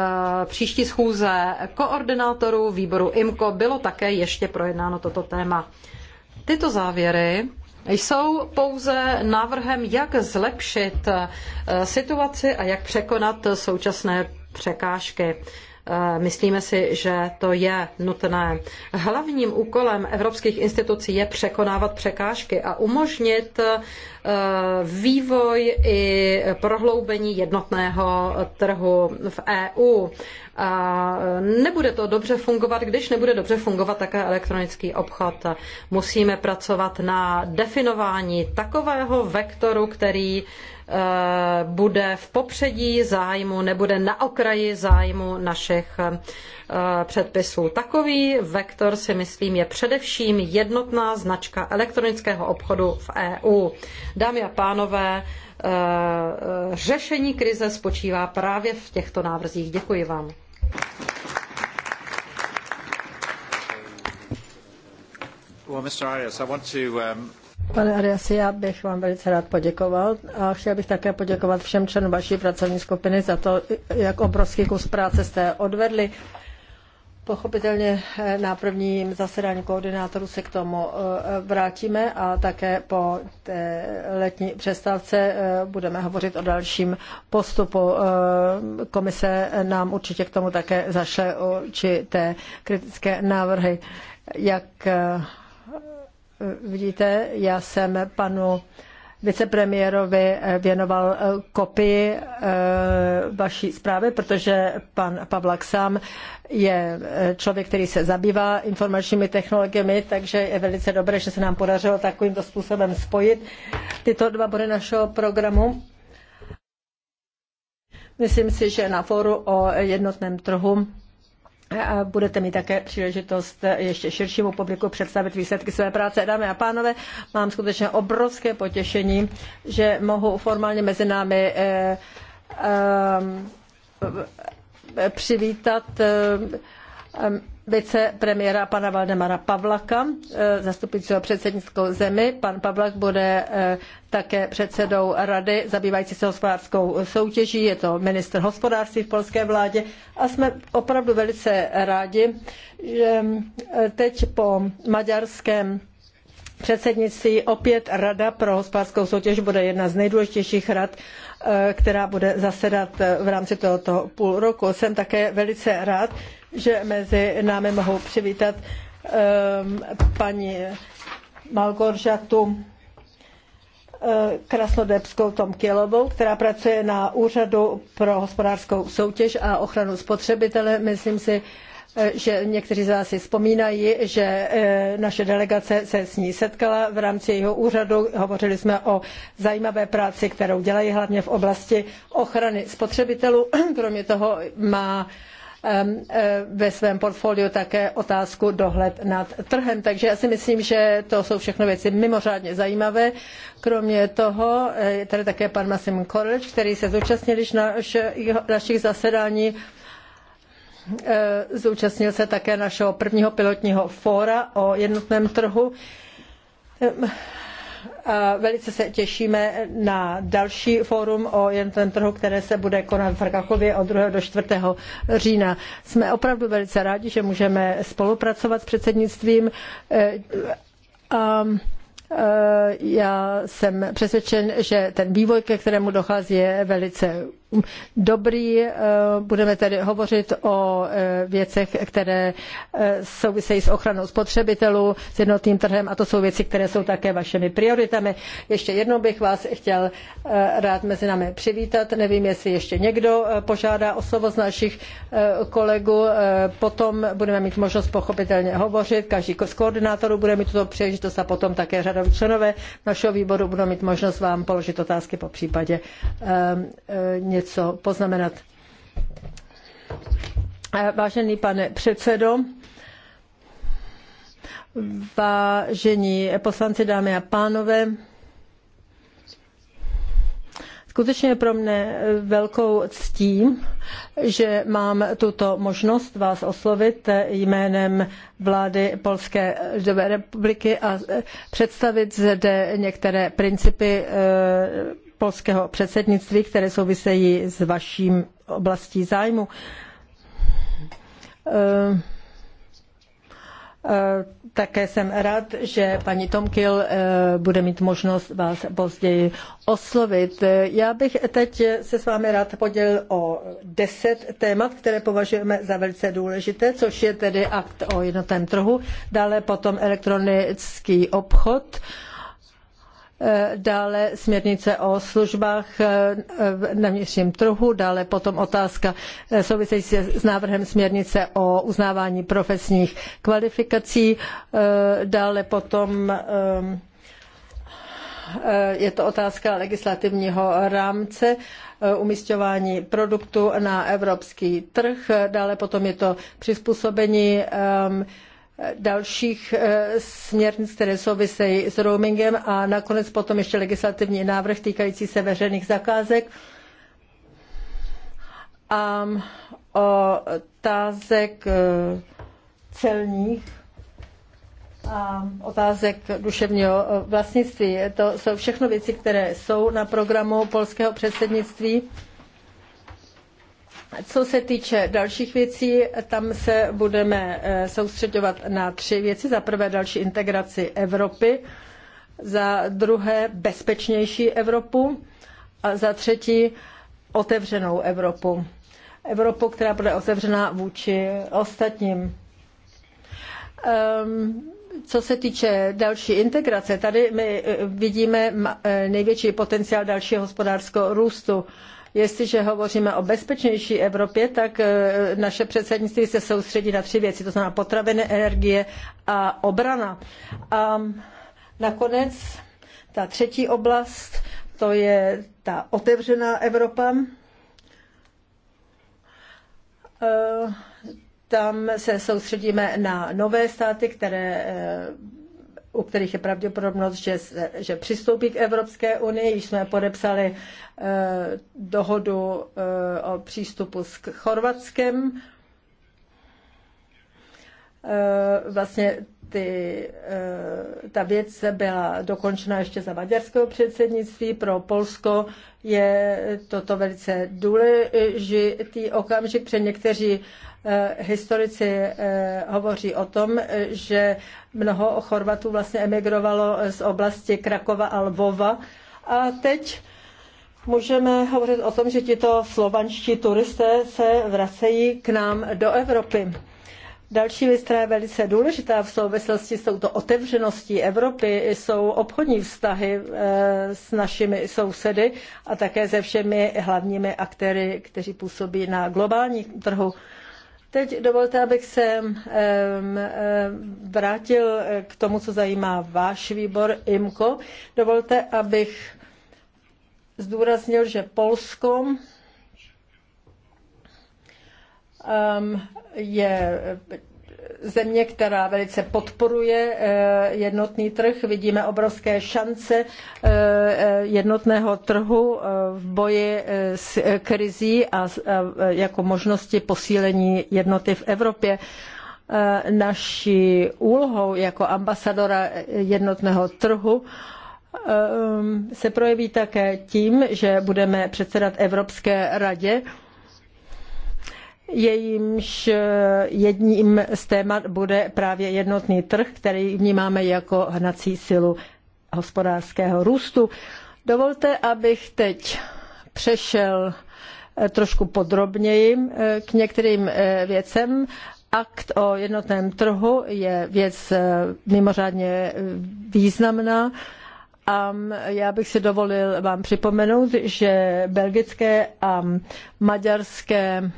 [SPEAKER 1] příští schůze koordinátorů výboru IMCO bylo také ještě projednáno toto téma. Tyto závěry jsou pouze návrhem, jak zlepšit eh, situaci a jak překonat současné překážky. Myslíme si, že to je nutné. Hlavním úkolem evropských institucí je překonávat překážky a umožnit e, vývoj i prohloubení jednotného trhu v EU. A nebude to dobře fungovat, když nebude dobře fungovat také elektronický obchod. Musíme pracovat na definování takového vektoru, který Eh, bude v popředí zájmu, nebude na okraji zájmu našich eh, předpisů. Takový vektor si myslím je především jednotná značka elektronického obchodu v EU. Dámy a pánové, eh, řešení krize spočívá právě v těchto návrzích. Děkuji vám. Well, Mr. Arias, I want to um,
[SPEAKER 2] Pane Ariasi, já bych vám velice rád poděkoval a chtěl bych také poděkovat všem členům vaší pracovní skupiny za to, jak obrovský kus práce jste odvedli. Pochopitelně eh, na prvním zasedání koordinátorů se k tomu eh, vrátíme a také po té letní přestávce eh, budeme hovořit o dalším postupu. Komise nám určitě k tomu také zašle určité kritické návrhy, jak Vidíte, já jsem panu vicepremiérovi věnoval kopii eh, vaší zprávy, protože pan Pavlak sám je eh, člověk, který se zabývá informačními technologiemi, takže je velice dobré, že se nám podařilo takovýmto způsobem spojit tyto dva body našeho programu. Myslím si, že na fóru o jednotném trhu a budete mít také příležitost ještě širšímu publiku představit výsledky své práce. Dámy a pánové, mám skutečně obrovské potěšení, že mohu formálně mezi námi eh, eh, přivítat eh, vicepremiéra pana Valdemara Pavlaka, eh, zastupujícího předsednickou zemi. Pan Pavlak bude eh, také předsedou rady zabývající se hospodářskou soutěží, je to minister hospodářství v polské vládě a jsme opravdu velice rádi, že eh, teď po maďarském předsednictví opět Rada pro hospodářskou soutěž bude jedna z nejdůležitějších rad, která bude zasedat v rámci tohoto půl roku. Jsem také velice rád, že mezi námi mohou přivítat ehm, paní Malgoržatu ehm, Krasnodebskou Tomkilovou, která pracuje na Úřadu pro hospodářskou soutěž a ochranu spotřebitele. Myslím si, ehm, že někteří z vás si vzpomínají, že naše delegace se s ní setkala v rámci jeho úřadu. Hovořili jsme o zajímavé práci, kterou dělají hlavně v oblasti ochrany spotřebitelů. [CLEARS THROAT] Kromě toho má Um, eh, ve svém portfoliu také otázku dohled nad trhem. Takže já si myslím, že to jsou všechno věci mimořádně zajímavé. Kromě toho eh, je tady také pan Masim Korleč, který se zúčastnil již našich zasedání eh, zúčastnil se také našeho prvního pilotního fóra o jednotném trhu velice se těšíme na další fórum o jednotném trhu, které se bude konat v Rakově od 2. do 4. října. Jsme opravdu velice rádi, že můžeme spolupracovat s předsednictvím e, a e, já jsem přesvědčen, že ten vývoj, ke kterému dochází, je velice dobrý. Eh, budeme tedy hovořit o eh, věcech, které eh, souvisejí s ochranou spotřebitelů, s jednotným trhem a to jsou věci, které jsou také vašimi prioritami. Ještě jednou bych vás chtěl rád mezi námi přivítat. Nevím, jestli ještě někdo požádá o slovo z našich kolegů. Potom budeme mít možnost pochopitelně hovořit. Každý z koordinátorů bude mít tuto příležitost a potom také řadoví členové našeho výboru budou mít možnost vám položit otázky po případě ehm, něco co poznamenat. Vážený pane předsedo, vážení poslanci, dámy a pánové, Skutečně pro mne velkou ctí, že mám tuto možnost vás oslovit jménem vlády Polské lidové republiky a představit zde některé principy eh, polského předsednictví, které souvisejí s vaším oblastí zájmu. Eh, eh, také jsem rád, že paní Tomkil eh, bude mít možnost vás později oslovit. Já bych teď se s vámi rád podělil o deset témat, které považujeme za velice důležité, což je tedy akt o jednotném trhu, dále potom elektronický obchod, Eh, dále směrnice o službách eh, eh, na vnitřním trhu, dále potom otázka související s návrhem směrnice o uznávání profesních kvalifikací, dále potom je to otázka legislativního rámce umístování produktů na evropský trh, dále potom je to přizpůsobení dalších eh, směrnic, které souvisejí s roamingem a nakonec potom ještě legislativní návrh týkající se veřejných zakázek a otázek eh, celních a otázek duševního eh, vlastnictví. To jsou všechno věci, které jsou na programu polského předsednictví. Co se týče dalších věcí, tam se budeme eh, soustředovat na tři věci. Za prvé další integraci Evropy, za druhé bezpečnější Evropu a za třetí otevřenou Evropu. Evropu, která bude otevřená vůči ostatním. Um, co se týče další integrace, tady my eh, vidíme eh, největší potenciál dalšího hospodářského růstu. Jestliže hovoříme o bezpečnější Evropě, tak e, naše předsednictví se soustředí na tři věci, to znamená potraviny, energie a obrana. A nakonec ta třetí oblast, to je ta otevřená Evropa. E, tam se soustředíme na nové státy, které e, u kterých je pravděpodobnost, že, že přistoupí k Evropské unii. Již jsme podepsali eh, dohodu eh, o přístupu s Chorvatskem. Eh, vlastně ty, eh, ta věc byla dokončena ještě za maďarského předsednictví. Pro Polsko je toto velice důležitý okamžik, protože někteří eh, historici eh, hovoří o tom, že mnoho Chorvatů vlastně emigrovalo z oblasti Krakova a Lvova a teď můžeme hovořit o tom, že tito slovanští turisté se vracejí k nám do Evropy. Další věc, která je velice důležitá v souvislosti s touto otevřeností Evropy, jsou obchodní vztahy eh, s našimi sousedy a také se všemi hlavními aktéry, kteří působí na globálním trhu. Teď dovolte, abych se eh, vrátil k tomu, co zajímá váš výbor IMCO. Dovolte, abych zdůraznil, že Polsko Um, je eh, země, která velice podporuje eh, jednotný trh. Vidíme obrovské šance eh, jednotného trhu v boji s krizí a jako možnosti posílení jednoty v Evropě. Naší úlohou jako ambasadora jednotného trhu um, se projeví také tím, že budeme předsedat Evropské radě jejímž eh, jedním z témat bude právě jednotný trh, který vnímáme jako hnací silu hospodářského růstu. Dovolte, abych teď přešel eh, trošku podrobněji eh, k některým věcem. Akt o jednotném trhu je věc mimořádně významná. A já bych si dovolil vám připomenout, že belgické a maďarské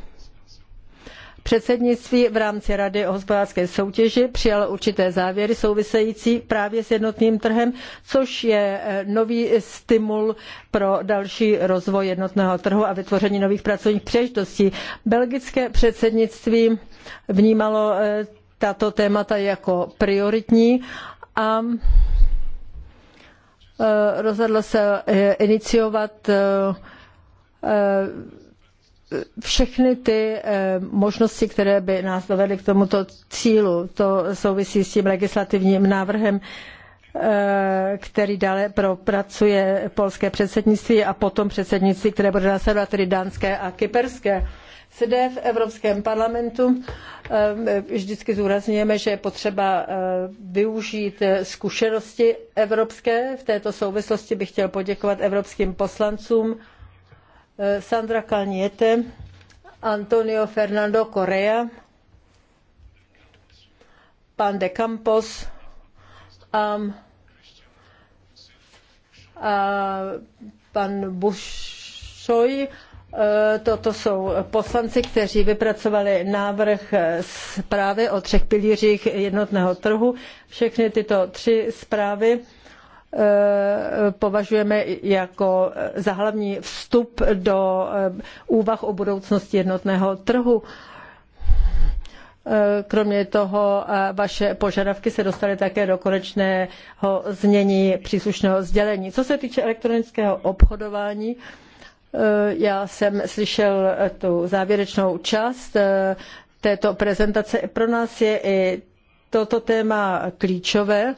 [SPEAKER 2] Předsednictví v rámci Rady o hospodářské soutěži přijalo určité závěry související právě s jednotným trhem, což je eh, nový stimul pro další rozvoj jednotného trhu a vytvoření nových pracovních příležitostí. Belgické předsednictví vnímalo eh, tato témata jako prioritní a eh, rozhodlo se iniciovat všechny ty eh, možnosti, které by nás dovedly k tomuto cílu, to souvisí s tím legislativním návrhem, eh, který dále propracuje polské předsednictví a potom předsednictví, které bude následovat tedy dánské a kyperské. Zde v Evropském parlamentu eh, vždycky zúrazňujeme, že je potřeba využít zkušenosti evropské. V této souvislosti bych chtěl poděkovat evropským poslancům, Eh, Sandra Kalniete, Antonio Fernando Correa, pan de Campos a, a pan Bušoj. Eh, toto jsou poslanci, kteří vypracovali návrh zprávy o třech pilířích jednotného trhu. Všechny tyto tři zprávy Eh, považujeme jako za hlavní vstup do eh, úvah o budoucnosti jednotného trhu. Eh, kromě toho vaše požadavky se dostaly také do konečného znění příslušného sdělení. Co se týče elektronického obchodování, já jsem slyšel tu závěrečnou část této prezentace. Pro nás je i toto téma klíčové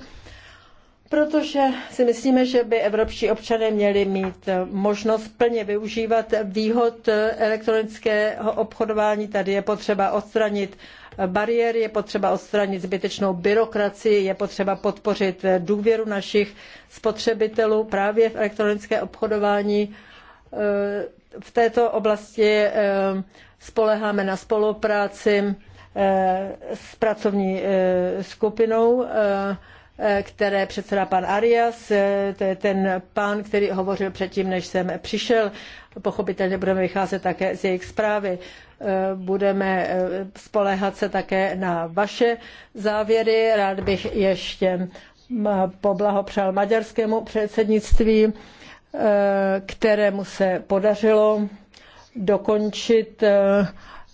[SPEAKER 2] protože si myslíme, že by evropští občané měli mít možnost plně využívat výhod elektronického obchodování. Tady je potřeba odstranit bariéry, je potřeba odstranit zbytečnou byrokracii, je potřeba podpořit důvěru našich spotřebitelů právě v elektronické obchodování. V této oblasti eh, spoleháme na spolupráci eh, s pracovní eh, skupinou Eh, které předseda pan Arias, eh, to je ten pán, který hovořil předtím, než jsem přišel. Pochopitelně budeme vycházet také z jejich zprávy. Eh, budeme spoléhat se také na vaše závěry. Rád bych ještě mm, poblahopřál maďarskému předsednictví, kterému se podařilo dokončit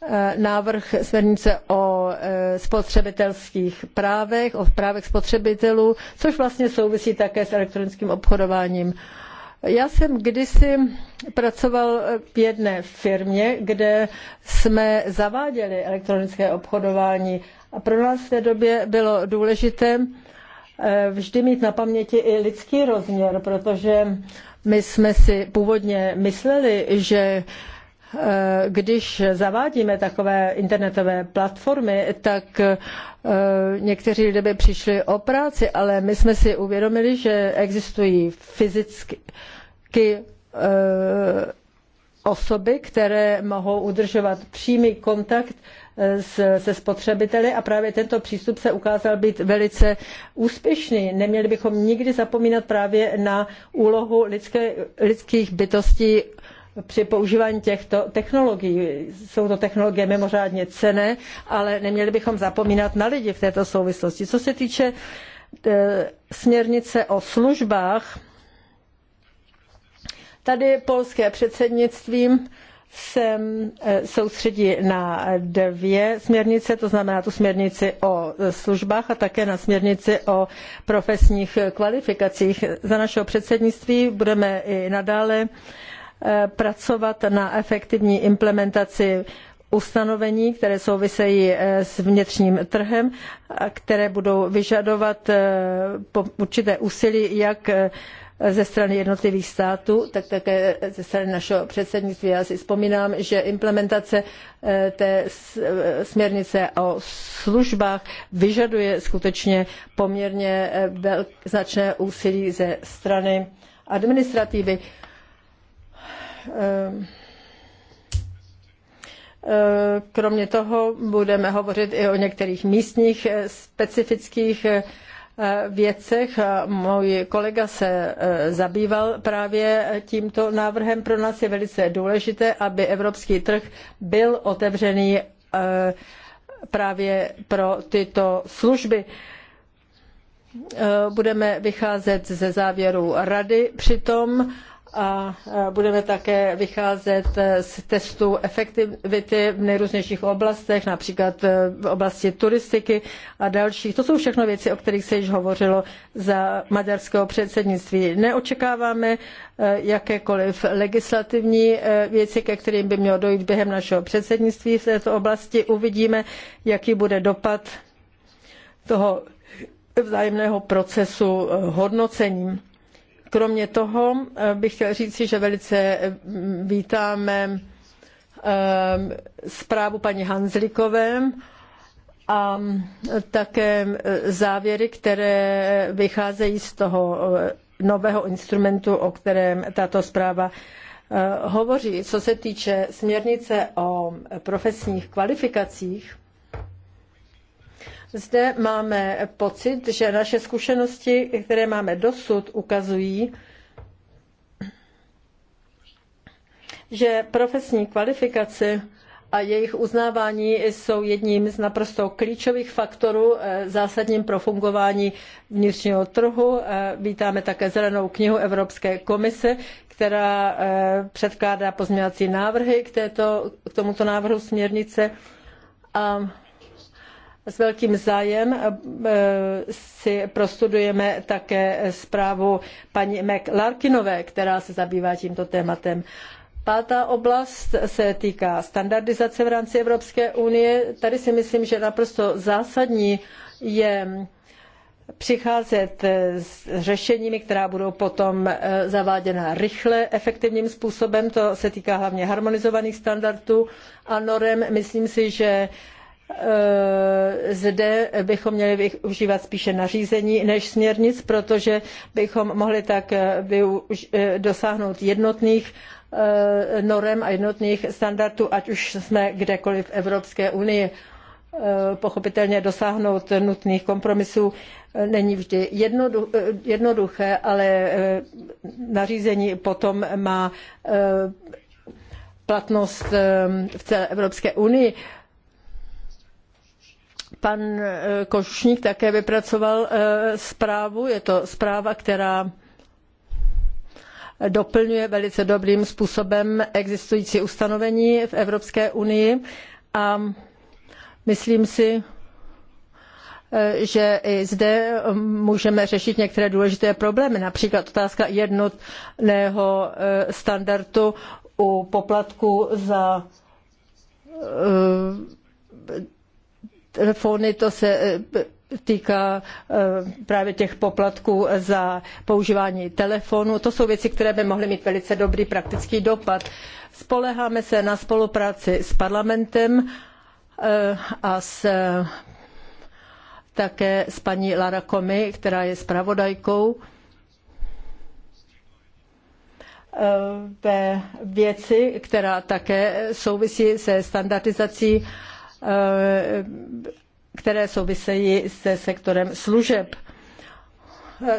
[SPEAKER 2] Eh, návrh směrnice o eh, spotřebitelských právech, o právech spotřebitelů, což vlastně souvisí také s elektronickým obchodováním. Já jsem kdysi pracoval v jedné firmě, kde jsme zaváděli elektronické obchodování a pro nás v té době bylo důležité eh, vždy mít na paměti i lidský rozměr, protože my jsme si původně mysleli, že Eh, když zavádíme takové internetové platformy, tak eh, někteří lidé by přišli o práci, ale my jsme si uvědomili, že existují fyzicky eh, osoby, které mohou udržovat přímý kontakt se spotřebiteli a právě tento přístup se ukázal být velice úspěšný. Neměli bychom nikdy zapomínat právě na úlohu lidské, lidských bytostí při používání těchto technologií. Jsou to technologie mimořádně cené, ale neměli bychom zapomínat na lidi v této souvislosti. Co se týče e, směrnice o službách, tady polské předsednictví se e, soustředí na dvě směrnice, to znamená tu směrnici o službách a také na směrnici o profesních kvalifikacích. Za našeho předsednictví budeme i nadále Eh, pracovat na efektivní implementaci ustanovení, které souvisejí eh, s vnitřním trhem, a které budou vyžadovat eh, určité úsilí, jak ze strany jednotlivých států, tak také ze strany našeho předsednictví. Já si vzpomínám, že implementace té směrnice o službách vyžaduje skutečně poměrně velk, značné úsilí ze strany administrativy. Eh, eh, kromě toho budeme hovořit i o některých místních eh, specifických věcech. Můj kolega se zabýval právě tímto návrhem. Pro nás je velice důležité, aby evropský trh byl otevřený právě pro tyto služby. Budeme vycházet ze závěru rady přitom a budeme také vycházet z testů efektivity v nejrůznějších oblastech, například v oblasti turistiky a dalších. To jsou všechno věci, o kterých se již hovořilo za maďarského předsednictví. Neočekáváme e, jakékoliv legislativní e, věci, ke kterým by mělo dojít během našeho předsednictví v této oblasti. Uvidíme, jaký bude dopad toho vzájemného procesu e, hodnocením. Kromě toho eh, bych chtěl říci, že velice eh, vítáme eh, zprávu paní Hanzlikové a také závěry, které vycházejí z toho nového instrumentu, o kterém tato zpráva hovoří. Co se týče směrnice o profesních kvalifikacích, zde máme pocit, že naše zkušenosti, které máme dosud, ukazují, že profesní kvalifikace a jejich uznávání jsou jedním z naprosto klíčových faktorů eh, zásadním pro fungování vnitřního trhu. Eh, vítáme také zelenou knihu Evropské komise, která eh, předkládá pozměňovací návrhy k, této, k tomuto návrhu směrnice. A s velkým zájem eh, si prostudujeme také zprávu paní McLarkinové, která se zabývá tímto tématem. Pátá oblast se týká standardizace v rámci Evropské unie. Tady si myslím, že naprosto zásadní je přicházet s řešeními, která budou potom eh, zaváděna rychle, efektivním způsobem. To se týká hlavně harmonizovaných standardů a norem. Myslím si, že Eh, zde bychom měli využívat spíše nařízení než směrnic, protože bychom mohli tak eh, eh, dosáhnout jednotných norem a jednotných standardů, ať už jsme kdekoliv v Evropské unii. Pochopitelně dosáhnout nutných kompromisů není vždy jednoduché, ale nařízení potom má platnost v celé Evropské unii. Pan eh, Košník také vypracoval eh, zprávu, je to zpráva, která doplňuje velice dobrým způsobem existující ustanovení v Evropské unii a myslím si, eh, že i zde můžeme řešit některé důležité problémy, například otázka jednotného standardu u poplatku za telefony, to se eh, týká eh, právě těch poplatků za používání telefonu. To jsou věci, které by mohly mít velice dobrý praktický dopad. Spoleháme se na spolupráci s parlamentem eh, a s také s paní Lara Komi, která je zpravodajkou ve věci, která také souvisí se standardizací Eh, které souvisejí se sektorem služeb.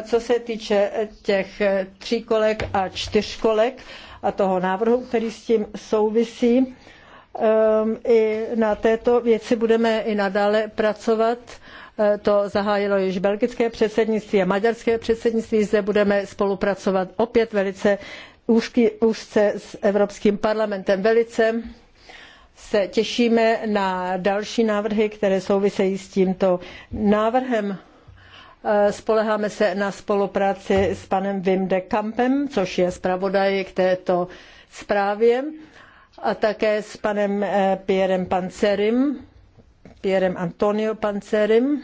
[SPEAKER 2] Co se týče těch tříkolek a čtyřkolek a toho návrhu, který s tím souvisí, eh, i na této věci budeme i nadále pracovat. Eh, to zahájilo již belgické předsednictví a maďarské předsednictví. Zde budeme spolupracovat opět velice úzce s Evropským parlamentem. Velice se těšíme na další návrhy, které souvisejí s tímto návrhem. Eh, spoleháme se na spolupráci s panem Wim de Kampem, což je zpravodaj k této zprávě, a také s panem eh, Pierrem Pancerim, Pierrem Antonio Pancerim.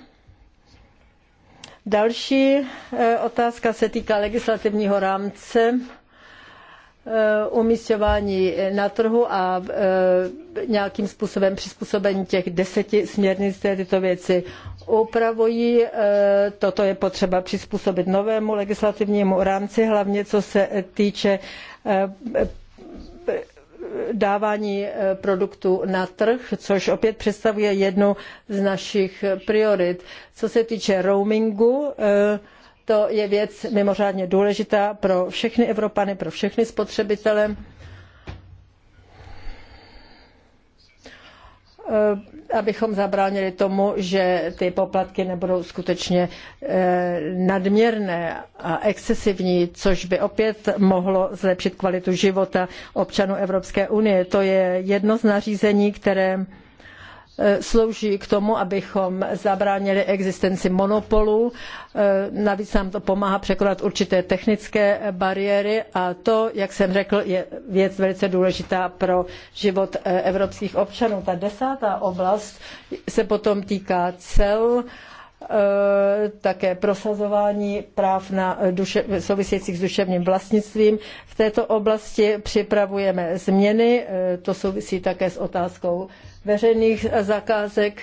[SPEAKER 2] Další eh, otázka se týká legislativního rámce Eh, umístování na trhu a eh, nějakým způsobem přizpůsobení těch deseti směrnic které tyto věci upravují. Eh, toto je potřeba přizpůsobit novému legislativnímu rámci, hlavně co se týče dávání produktů na trh, což opět představuje jednu z našich priorit. Co se týče roamingu, to je věc mimořádně důležitá pro všechny Evropany, pro všechny spotřebitele. Eh, abychom zabránili tomu, že ty poplatky nebudou skutečně eh, nadměrné a excesivní, což by opět mohlo zlepšit kvalitu života občanů Evropské unie. To je jedno z nařízení, které E, slouží k tomu, abychom zabránili existenci monopolů. E, navíc nám to pomáhá překonat určité technické bariéry a to, jak jsem řekl, je věc velice důležitá pro život e, evropských občanů. Ta desátá oblast se potom týká cel Eh, také prosazování práv na duše, souvisejících s duševním vlastnictvím. V této oblasti připravujeme změny, eh, to souvisí také s otázkou veřejných zakázek.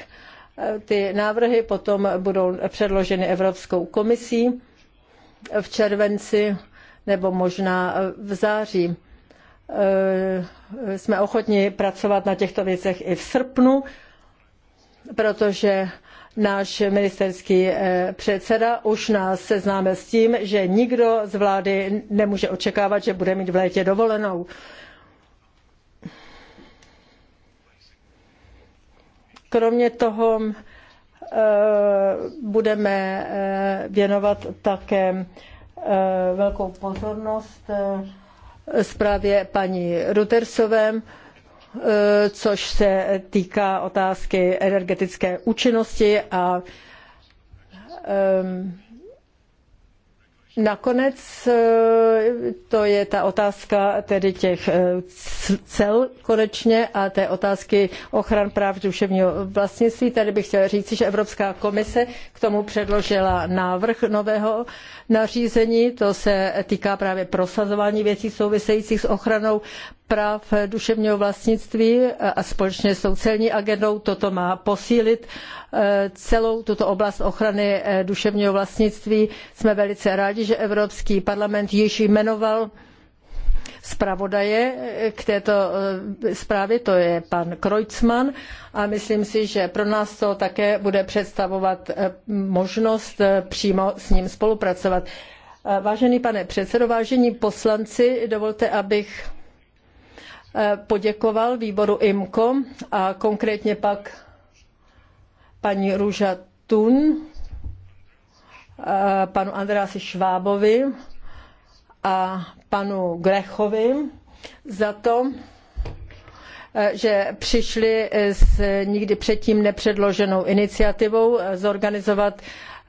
[SPEAKER 2] Eh, ty návrhy potom budou předloženy Evropskou komisí v červenci nebo možná v září. Jsme ochotni pracovat na těchto věcech i v srpnu, protože Náš ministerský eh, předseda už nás seznámil s tím, že nikdo z vlády nemůže očekávat, že bude mít v létě dovolenou. Kromě toho eh, budeme eh, věnovat také velkou pozornost zprávě paní Rutersové. Eh, což se týká otázky energetické účinnosti a ehm, Nakonec eh, to je ta otázka tedy těch eh, cel konečně a té otázky ochran práv duševního vlastnictví. Tady bych chtěla říct, že Evropská komise k tomu předložila návrh nového nařízení. To se týká právě prosazování věcí souvisejících s ochranou práv duševního vlastnictví a společně s tou celní agendou toto má posílit eh, celou tuto oblast ochrany eh, duševního vlastnictví. Jsme velice rádi, že Evropský parlament již jmenoval zpravodaje eh, k této zprávě, to je pan Kreutzmann a myslím si, že pro nás to také bude představovat možnost přímo s ním spolupracovat. Vážený pane předsedo, vážení poslanci, dovolte, abych Eh, poděkoval výboru IMCO a konkrétně pak paní Růža Tun, eh, panu Andreasi Švábovi a panu Grechovi za to, eh, že přišli s nikdy předtím nepředloženou iniciativou zorganizovat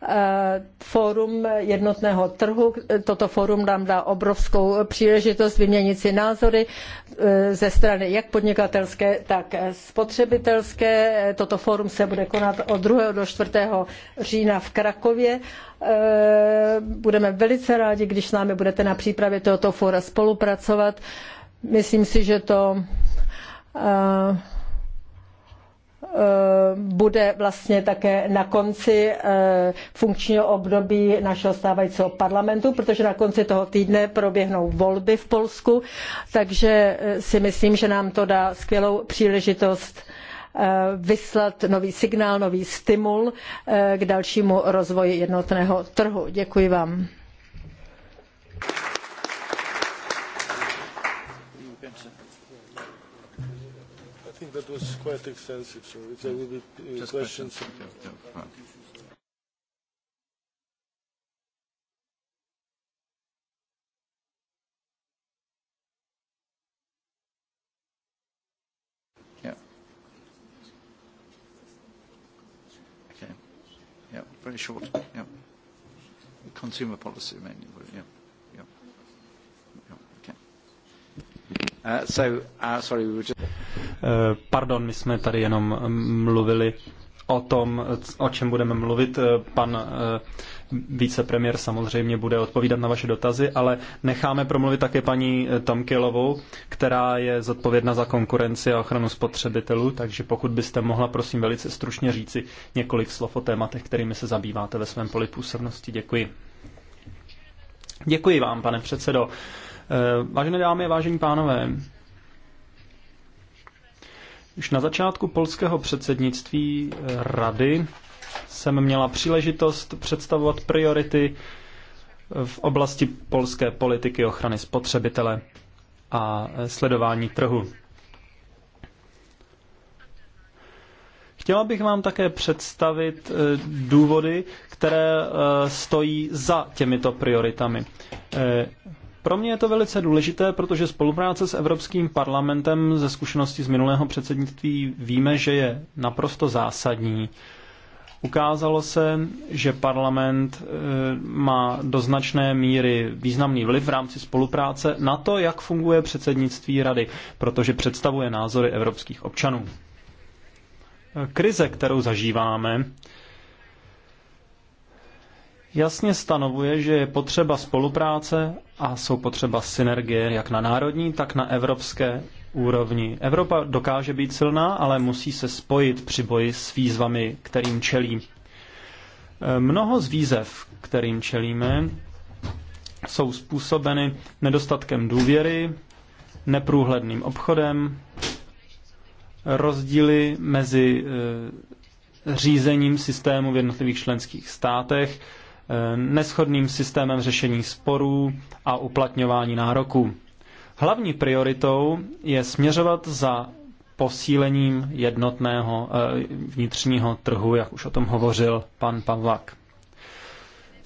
[SPEAKER 2] Eh, fórum jednotného trhu. Toto fórum nám dá obrovskou příležitost vyměnit si názory eh, ze strany jak podnikatelské, tak spotřebitelské. Toto fórum se bude konat od 2. do 4. října v Krakově. Eh, budeme velice rádi, když s námi budete na přípravě tohoto fóra spolupracovat. Myslím si, že to Eh, bude vlastně také na konci eh, funkčního období našeho stávajícího parlamentu, protože na konci toho týdne proběhnou volby v Polsku, takže eh, si myslím, že nám to dá skvělou příležitost vyslat nový signál, nový stimul k dalšímu rozvoji jednotného trhu. Děkuji vám.
[SPEAKER 3] that was quite extensive, so if there will be uh, questions. questions.
[SPEAKER 1] Yeah, yeah. very short. Yeah. Consumer policy mainly. Yeah.
[SPEAKER 3] Uh, uh, eh, pardon, my jsme tady jenom mm, mluvili o tom, o čem budeme mluvit. Eh, pan eh, vicepremiér samozřejmě bude odpovídat na vaše dotazy, ale necháme promluvit také paní Tomkilovou, která je zodpovědná za konkurenci a ochranu spotřebitelů, takže pokud byste mohla, prosím, velice stručně říci několik slov o tématech, kterými se zabýváte ve svém poli působnosti. Děkuji. Děkuji vám, pane předsedo. Eh, vážené dámy, vážení pánové, už na začátku polského předsednictví eh, rady jsem měla příležitost představovat priority eh, v oblasti polské politiky ochrany spotřebitele a sledování trhu. Chtěla bych vám také představit důvody, které stojí za těmito prioritami. Pro mě je to velice důležité, protože spolupráce s Evropským parlamentem ze zkušenosti z minulého předsednictví víme, že je naprosto zásadní. Ukázalo se, že parlament eh, má do značné míry významný vliv v rámci spolupráce na to, jak funguje předsednictví rady, protože představuje názory evropských občanů. Krize, kterou zažíváme, jasně stanovuje, že je potřeba spolupráce a jsou potřeba synergie jak na národní, tak na evropské úrovni. Evropa dokáže být silná, ale musí se spojit při boji s výzvami, kterým čelí. Mnoho z výzev, kterým čelíme, jsou způsobeny nedostatkem důvěry, neprůhledným obchodem, rozdíly mezi eh, řízením systému v jednotlivých členských státech, neschodným systémem řešení sporů a uplatňování nároků. Hlavní prioritou je směřovat za posílením jednotného eh, vnitřního trhu, jak už o tom hovořil pan Pavlak.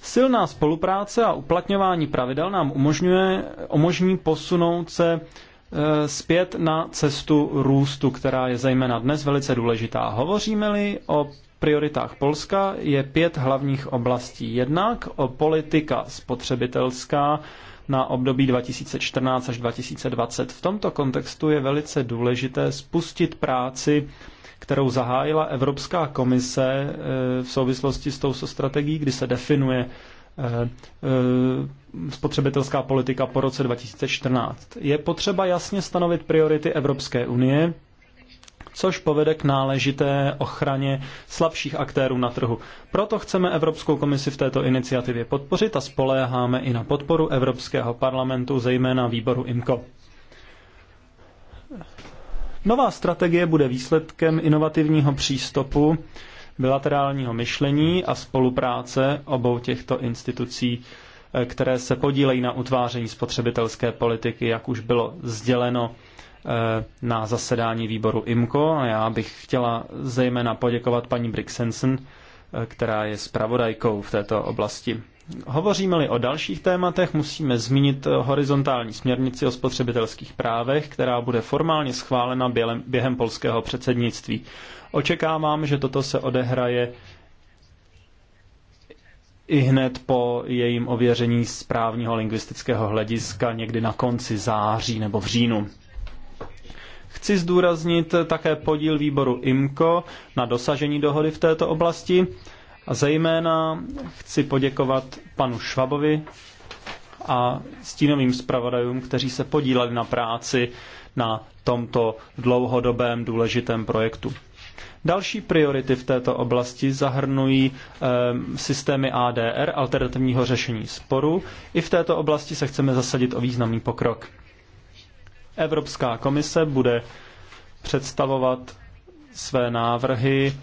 [SPEAKER 3] Silná spolupráce a uplatňování pravidel nám umožňuje, umožní posunout se eh, zpět na cestu růstu, která je zejména dnes velice důležitá. Hovoříme-li o prioritách Polska je pět hlavních oblastí. Jednak politika spotřebitelská na období 2014 až 2020. V tomto kontextu je velice důležité spustit práci, kterou zahájila Evropská komise eh, v souvislosti s touto strategií, kdy se definuje eh, eh, spotřebitelská politika po roce 2014. Je potřeba jasně stanovit priority Evropské unie, což povede k náležité ochraně slabších aktérů na trhu. Proto chceme Evropskou komisi v této iniciativě podpořit a spoléháme i na podporu Evropského parlamentu, zejména výboru IMCO. Nová strategie bude výsledkem inovativního přístupu, bilaterálního myšlení a spolupráce obou těchto institucí, eh, které se podílejí na utváření spotřebitelské politiky, jak už bylo sděleno na zasedání výboru IMCO. Já bych chtěla zejména poděkovat paní Brixensen, eh, která je zpravodajkou v této oblasti. Hovoříme-li o dalších tématech, musíme zmínit horizontální směrnici o spotřebitelských právech, která bude formálně schválena během, polského předsednictví. Očekávám, že toto se odehraje i hned po jejím ověření z právního lingvistického hlediska někdy na konci září nebo v říjnu. Chci zdůraznit také podíl výboru IMCO na dosažení dohody v této oblasti a zejména chci poděkovat panu Švabovi a stínovým zpravodajům, kteří se podíleli na práci na tomto dlouhodobém důležitém projektu. Další priority v této oblasti zahrnují e, systémy ADR, alternativního řešení sporu. I v této oblasti se chceme zasadit o významný pokrok. Evropská komise bude představovat své návrhy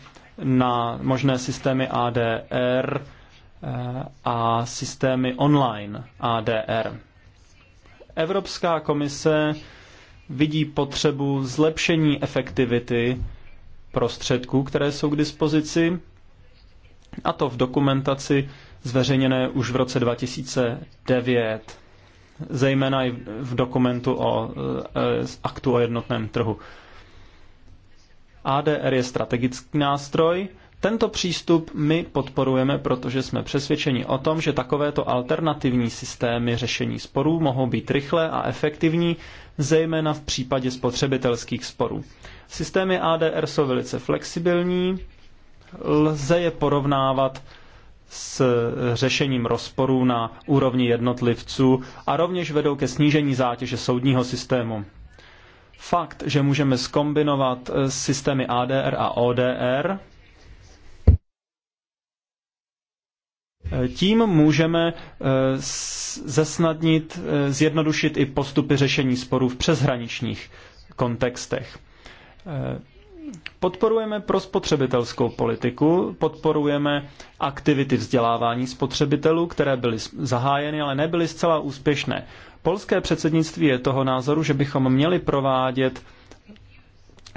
[SPEAKER 3] na možné systémy ADR eh, a systémy online ADR. Evropská komise vidí potřebu zlepšení efektivity prostředků, které jsou k dispozici, a to v dokumentaci zveřejněné už v roce 2009 zejména i v dokumentu o eh, aktu o jednotném trhu. ADR je strategický nástroj. Tento přístup my podporujeme, protože jsme přesvědčeni o tom, že takovéto alternativní systémy řešení sporů mohou být rychlé a efektivní, zejména v případě spotřebitelských sporů. Systémy ADR jsou velice flexibilní, lze je porovnávat s řešením rozporů na úrovni jednotlivců a rovněž vedou ke snížení zátěže soudního systému. Fakt, že můžeme skombinovat eh, systémy ADR a ODR, eh, Tím můžeme eh, zesnadnit, zjednodušit i postupy řešení sporů v přeshraničních kontextech. Podporujeme prospotřebitelskou politiku, podporujeme aktivity vzdělávání spotřebitelů, které byly zahájeny, ale nebyly zcela úspěšné. Polské předsednictví je toho názoru, že bychom měli provádět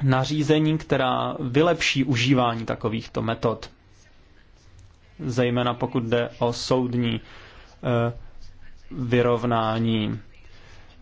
[SPEAKER 3] nařízení, která vylepší užívání takovýchto metod. Zejména pokud jde o soudní eh, vyrovnání.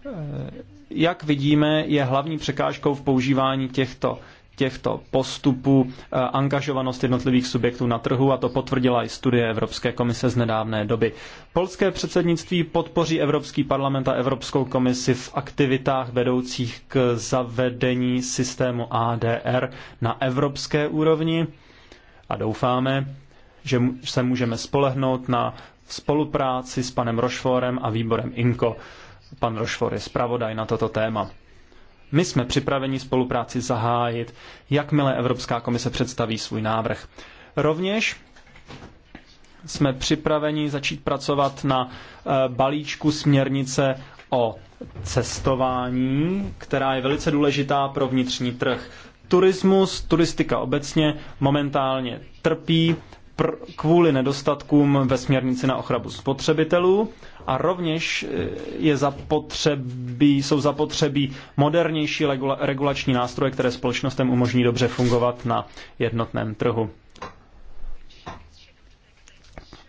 [SPEAKER 3] Eh, jak vidíme, je hlavní překážkou v používání těchto těchto postupů eh, angažovanost jednotlivých subjektů na trhu a to potvrdila i studie Evropské komise z nedávné doby. Polské předsednictví podpoří Evropský parlament a Evropskou komisi v aktivitách vedoucích k zavedení systému ADR na evropské úrovni a doufáme, že se můžeme spolehnout na spolupráci s panem Rošforem a výborem INKO. Pan Rošfor je zpravodaj na toto téma. My jsme připraveni spolupráci zahájit, jakmile Evropská komise představí svůj návrh. Rovněž jsme připraveni začít pracovat na e, balíčku směrnice o cestování, která je velice důležitá pro vnitřní trh. Turismus, turistika obecně momentálně trpí kvůli nedostatkům ve směrnici na ochranu spotřebitelů a rovněž eh, je zapotřebí, jsou zapotřebí modernější regula, regulační nástroje, které společnostem umožní dobře fungovat na jednotném trhu.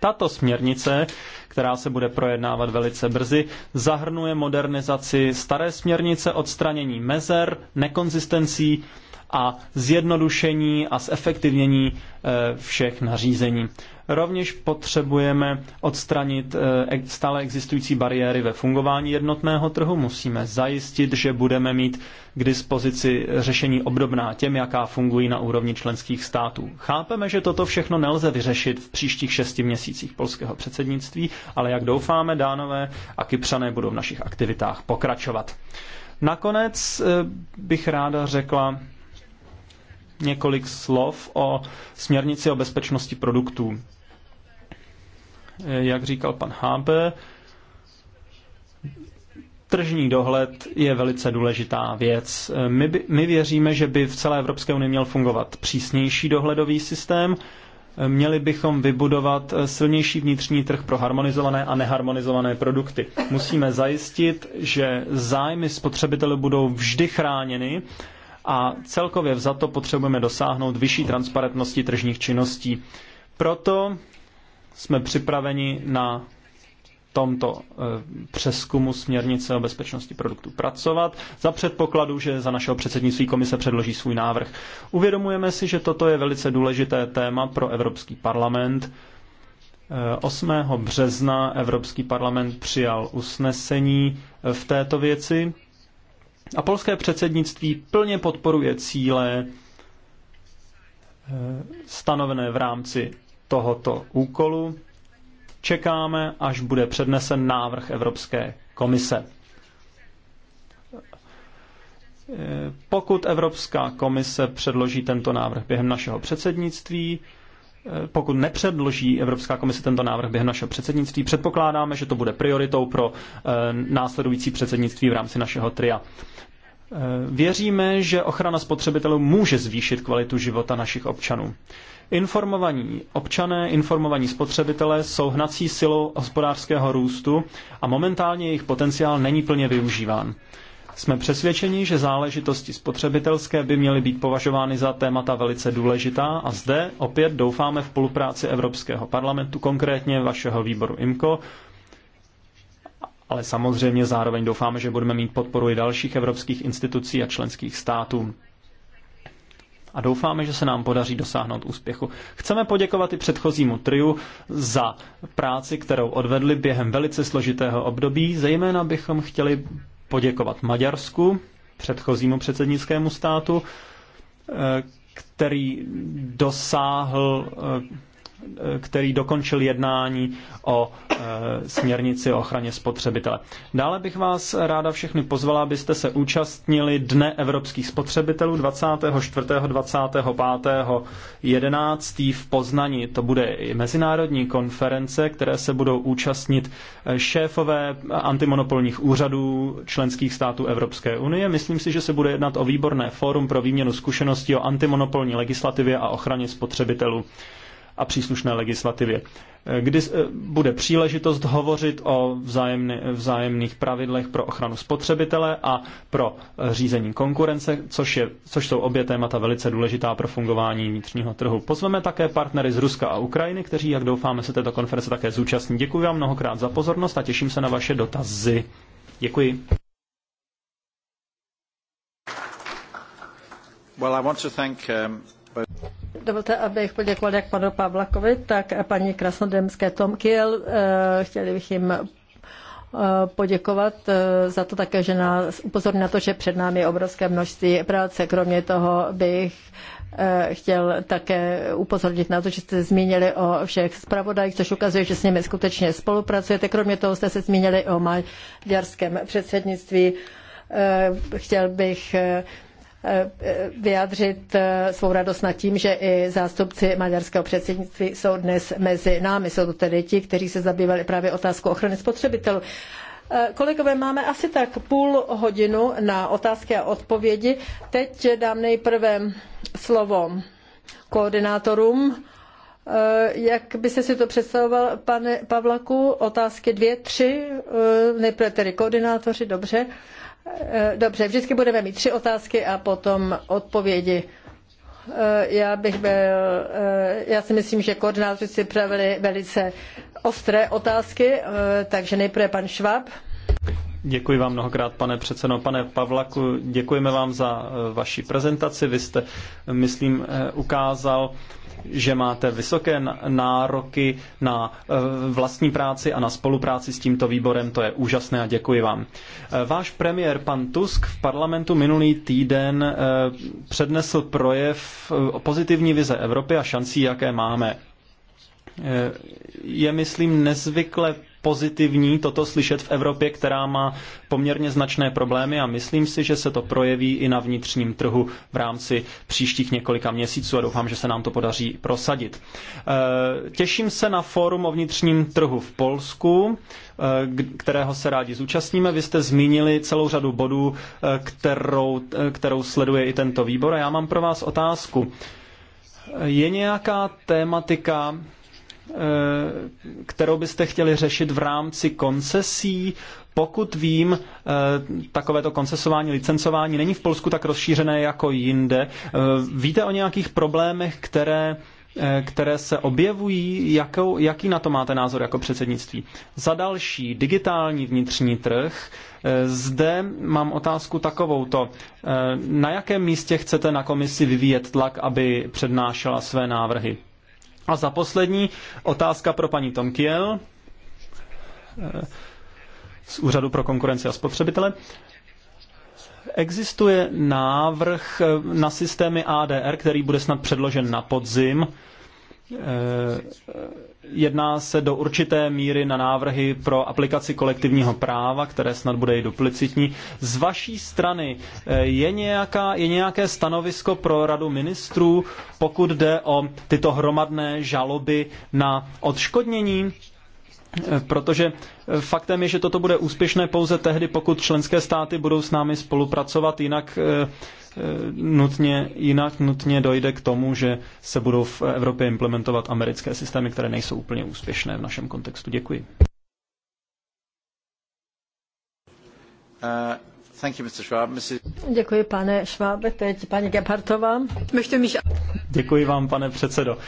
[SPEAKER 3] Tato směrnice, která se bude projednávat velice brzy, zahrnuje modernizaci staré směrnice, odstranění mezer, nekonzistencí, a zjednodušení a zefektivnění eh, všech nařízení. Rovněž potřebujeme odstranit eh, stále existující bariéry ve fungování jednotného trhu. Musíme zajistit, že budeme mít k dispozici řešení obdobná těm, jaká fungují na úrovni členských států. Chápeme, že toto všechno nelze vyřešit v příštích šesti měsících polského předsednictví, ale jak doufáme, dánové a kypřané budou v našich aktivitách pokračovat. Nakonec eh, bych ráda řekla několik slov o směrnici o bezpečnosti produktů. Jak říkal pan HB, tržní dohled je velice důležitá věc. My, by, my věříme, že by v celé Evropské unii měl fungovat přísnější dohledový systém. Měli bychom vybudovat silnější vnitřní trh pro harmonizované a neharmonizované produkty. Musíme zajistit, že zájmy spotřebitelů budou vždy chráněny a celkově za to potřebujeme dosáhnout vyšší transparentnosti tržních činností. Proto jsme připraveni na tomto eh, přeskumu směrnice o bezpečnosti produktů pracovat, za předpokladu, že za našeho předsednictví komise předloží svůj návrh. Uvědomujeme si, že toto je velice důležité téma pro Evropský parlament. 8. Eh, března Evropský parlament přijal usnesení eh, v této věci a polské předsednictví plně podporuje cíle eh, stanovené v rámci tohoto úkolu. Čekáme, až bude přednesen návrh Evropské komise. Eh, pokud Evropská komise předloží tento návrh během našeho předsednictví, pokud nepředloží Evropská komise tento návrh během našeho předsednictví, předpokládáme, že to bude prioritou pro eh, následující předsednictví v rámci našeho tria. Eh, věříme, že ochrana spotřebitelů může zvýšit kvalitu života našich občanů. Informovaní občané, informovaní spotřebitelé jsou hnací silou hospodářského růstu a momentálně jejich potenciál není plně využíván. Jsme přesvědčeni, že záležitosti spotřebitelské by měly být považovány za témata velice důležitá a zde opět doufáme v spolupráci Evropského parlamentu, konkrétně vašeho výboru IMCO, ale samozřejmě zároveň doufáme, že budeme mít podporu i dalších evropských institucí a členských států. A doufáme, že se nám podaří dosáhnout úspěchu. Chceme poděkovat i předchozímu triu za práci, kterou odvedli během velice složitého období. Zejména bychom chtěli poděkovat Maďarsku, předchozímu předsednickému státu, eh, který dosáhl eh, Eh, který dokončil jednání o eh, směrnici o ochraně spotřebitele. Dále bych vás ráda všechny pozvala, abyste se účastnili Dne evropských spotřebitelů 24. 25. 11. v Poznani. To bude i mezinárodní konference, které se budou účastnit eh, šéfové antimonopolních úřadů členských států Evropské unie. Myslím si, že se bude jednat o výborné fórum pro výměnu zkušeností o antimonopolní legislativě a ochraně spotřebitelů a příslušné legislativě. Eh, kdy eh, bude příležitost hovořit o vzájemných pravidlech pro ochranu spotřebitele a pro eh, řízení konkurence, což, je, což jsou obě témata velice důležitá pro fungování vnitřního trhu. Pozveme také partnery z Ruska a Ukrajiny, kteří, jak doufáme, se této konference také zúčastní. Děkuji vám mnohokrát za pozornost a těším se na vaše dotazy. Děkuji. Well, I want to thank, um...
[SPEAKER 2] Dovolte, abych poděkoval jak panu Pavlakovi, tak paní Krasnodemské Tomkiel. Eh, chtěli bych jim eh, poděkovat eh, za to také, že nás upozorní na to, že před námi je obrovské množství práce. Kromě toho bych chtěl také upozornit na to, že jste zmínili o všech zpravodajích, což ukazuje, že s nimi skutečně spolupracujete. Kromě toho jste se zmínili o maďarském předsednictví. Chtěl bych Eh, eh, vyjádřit eh, svou radost nad tím, že i zástupci maďarského předsednictví jsou dnes mezi námi. Jsou to tedy ti, kteří se zabývali právě otázkou ochrany spotřebitelů. Kolegové, máme asi tak půl hodinu na otázky a odpovědi. Teď dám nejprve slovo koordinátorům. Jak byste si to představoval, pane Pavlaku? Otázky dvě, tři, nejprve tedy koordinátoři, dobře. Eh, dobře, vždycky budeme mít tři otázky a potom odpovědi. Eh, já bych byl, eh, já si myslím, že koordinátoři si připravili velice ostré otázky, takže nejprve pan Švab.
[SPEAKER 3] Děkuji vám mnohokrát, pane předsedo. Pane Pavlaku, děkujeme vám za vaši prezentaci. Vy jste, myslím, ukázal, že máte vysoké nároky na eh, vlastní práci a na spolupráci s tímto výborem. To je úžasné a děkuji vám. Eh, váš premiér pan Tusk v parlamentu minulý týden eh, přednesl projev o pozitivní vize Evropy a šancí, jaké máme. Je, myslím, nezvykle pozitivní toto slyšet v Evropě, která má poměrně značné problémy a myslím si, že se to projeví i na vnitřním trhu v rámci příštích několika měsíců a doufám, že se nám to podaří prosadit. E, těším se na fórum o vnitřním trhu v Polsku, e, kterého se rádi zúčastníme. Vy jste zmínili celou řadu bodů, e, kterou, kterou sleduje i tento výbor a já mám pro vás otázku. Je nějaká tématika, Eh, kterou byste chtěli řešit v rámci koncesí. Pokud vím, eh, takovéto koncesování, licencování není v Polsku tak rozšířené jako jinde. Eh, víte o nějakých problémech, které které se objevují, jakou, jaký na to máte názor jako předsednictví. Za další, digitální vnitřní trh. Zde mám otázku to. Na jakém místě chcete na komisi vyvíjet tlak, aby přednášela své návrhy? A za poslední otázka pro paní Tomkiel eh, z Úřadu pro konkurenci a spotřebitele. Existuje návrh eh, na systémy ADR, který bude snad předložen na podzim eh, Jedná se do určité míry na návrhy pro aplikaci kolektivního práva, které snad bude i duplicitní. Z vaší strany eh, je, nějaká, je nějaké stanovisko pro radu ministrů, pokud jde o tyto hromadné žaloby na odškodnění? Eh, protože eh, faktem je, že toto bude úspěšné pouze tehdy, pokud členské státy budou s námi spolupracovat, jinak Eh, nutně, jinak nutně dojde k tomu, že se budou v Evropě implementovat americké systémy, které nejsou úplně úspěšné v našem kontextu. Děkuji. Uh, you, Mr. Schwab. Mrs.
[SPEAKER 2] Děkuji, pane Schwabe. Teď paní Gebhardtová.
[SPEAKER 3] Děkuji vám, pane předsedo.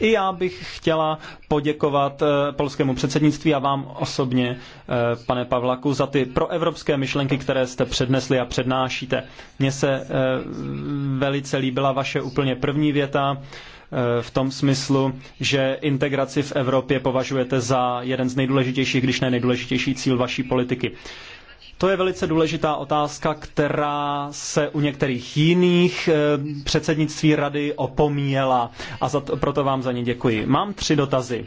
[SPEAKER 3] I já bych chtěla poděkovat eh, polskému předsednictví a vám osobně, eh, pane Pavlaku, za ty proevropské myšlenky, které jste přednesli a přednášíte. Mně se eh, velice líbila vaše úplně první věta v tom smyslu, že integraci v Evropě považujete za jeden z nejdůležitějších, když ne nejdůležitější cíl vaší politiky. To je velice důležitá otázka, která se u některých jiných eh, předsednictví rady opomíjela a za to, proto vám za ně děkuji. Mám tři dotazy.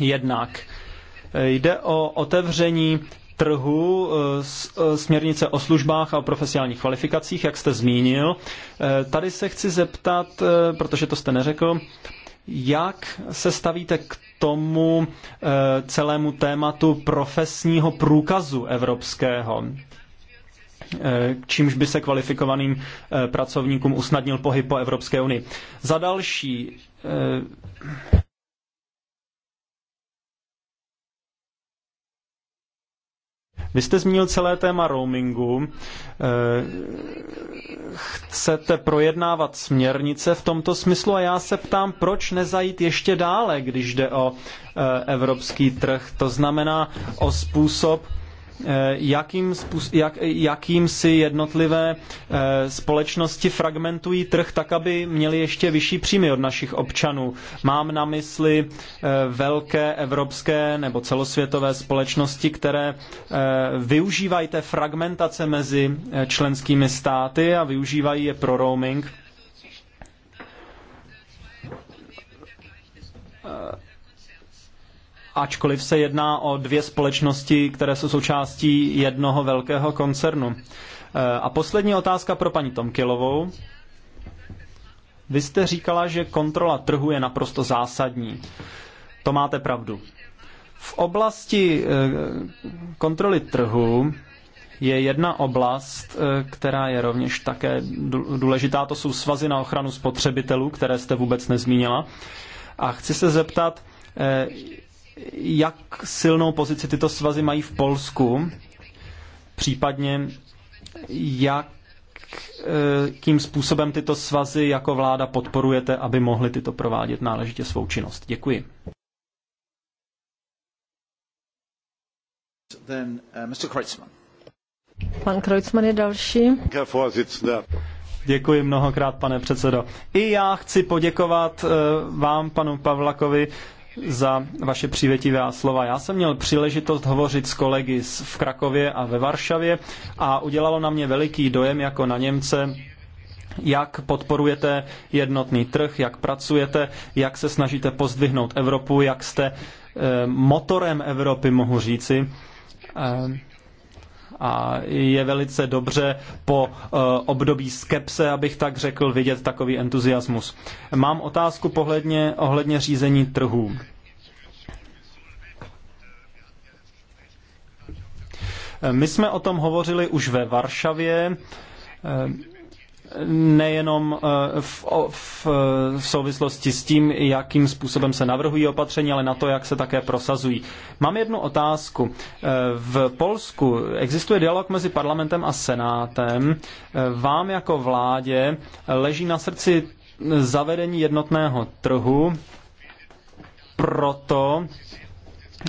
[SPEAKER 3] Jednak eh, jde o otevření trhu eh, směrnice o službách a o profesionálních kvalifikacích, jak jste zmínil. Tady se chci zeptat, protože to jste neřekl, jak se stavíte k tomu eh, celému tématu profesního průkazu evropského? Eh, čímž by se kvalifikovaným eh, pracovníkům usnadnil pohyb po Evropské unii. Za další, Vy jste zmínil celé téma roamingu. Eh, chcete projednávat směrnice v tomto smyslu a já se ptám, proč nezajít ještě dále, když jde o eh, evropský trh, to znamená o způsob, Eh, jakým, jak, jakým si jednotlivé eh, společnosti fragmentují trh tak, aby měli ještě vyšší příjmy od našich občanů. Mám na mysli eh, velké evropské nebo celosvětové společnosti, které využívají té fragmentace mezi členskými státy a využívají je pro roaming ačkoliv se jedná o dvě společnosti, které jsou součástí jednoho velkého koncernu. E, a poslední otázka pro paní Tomkilovou. Vy jste říkala, že kontrola trhu je naprosto zásadní. To máte pravdu. V oblasti e, kontroly trhu je jedna oblast, e, která je rovněž také důležitá, to jsou svazy na ochranu spotřebitelů, které jste vůbec nezmínila. A chci se zeptat, jak silnou pozici tyto svazy mají v Polsku, případně jak jakým eh, způsobem tyto svazy jako vláda podporujete, aby mohly tyto provádět náležitě svou činnost. Děkuji. Then, uh, Mr.
[SPEAKER 2] Pan Kreutzmann je další.
[SPEAKER 3] Děkuji mnohokrát, pane předsedo. I já chci poděkovat eh, vám, panu Pavlakovi, za vaše přívětivá slova. Já jsem měl příležitost hovořit s kolegy v Krakově a ve Varšavě a udělalo na mě veliký dojem jako na Němce, jak podporujete jednotný trh, jak pracujete, jak se snažíte pozdvihnout Evropu, jak jste eh, motorem Evropy, mohu říci. Eh, a je velice dobře po eh, období skepse, abych tak řekl, vidět takový entuziasmus. Mám otázku pohledně, ohledně řízení trhů. Eh, my jsme o tom hovořili už ve Varšavě. Eh, nejenom eh, v, v, souvislosti s tím, jakým způsobem se navrhují opatření, ale na to, jak se také prosazují. Mám jednu otázku. Eh, v Polsku existuje dialog mezi parlamentem a senátem. Eh, vám jako vládě leží na srdci zavedení jednotného trhu, proto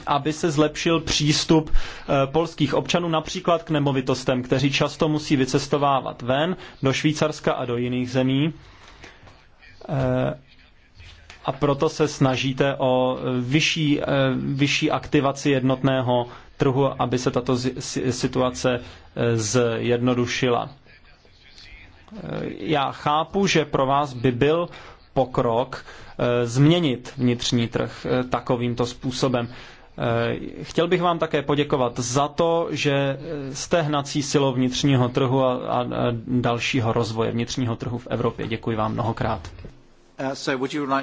[SPEAKER 3] aby se zlepšil přístup eh, polských občanů například k nemovitostem, kteří často musí vycestovávat ven do Švýcarska a do jiných zemí. Eh, a proto se snažíte o vyšší, eh, vyšší aktivaci jednotného trhu, aby se tato situace zjednodušila. Já chápu, že pro vás by byl pokrok změnit vnitřní trh takovýmto způsobem. Eh, chtěl bych vám také poděkovat za to, že eh, jste hnací silou vnitřního trhu a, a dalšího rozvoje vnitřního trhu v Evropě. Děkuji vám mnohokrát. Uh,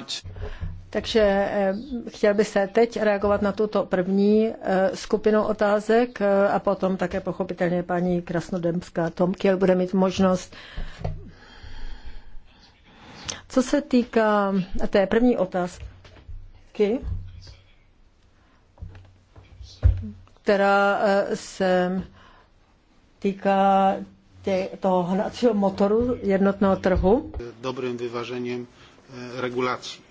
[SPEAKER 2] Takže eh, chtěl bych se teď reagovat na tuto první skupinu otázek a potom také pochopitelně paní Krasnodemská Tomkiel bude mít možnost. Co se týká té první otázky, která eh, se týká tě, toho hnacího motoru
[SPEAKER 1] jednotného trhu.
[SPEAKER 3] Dobrým vyvážením eh, regulací.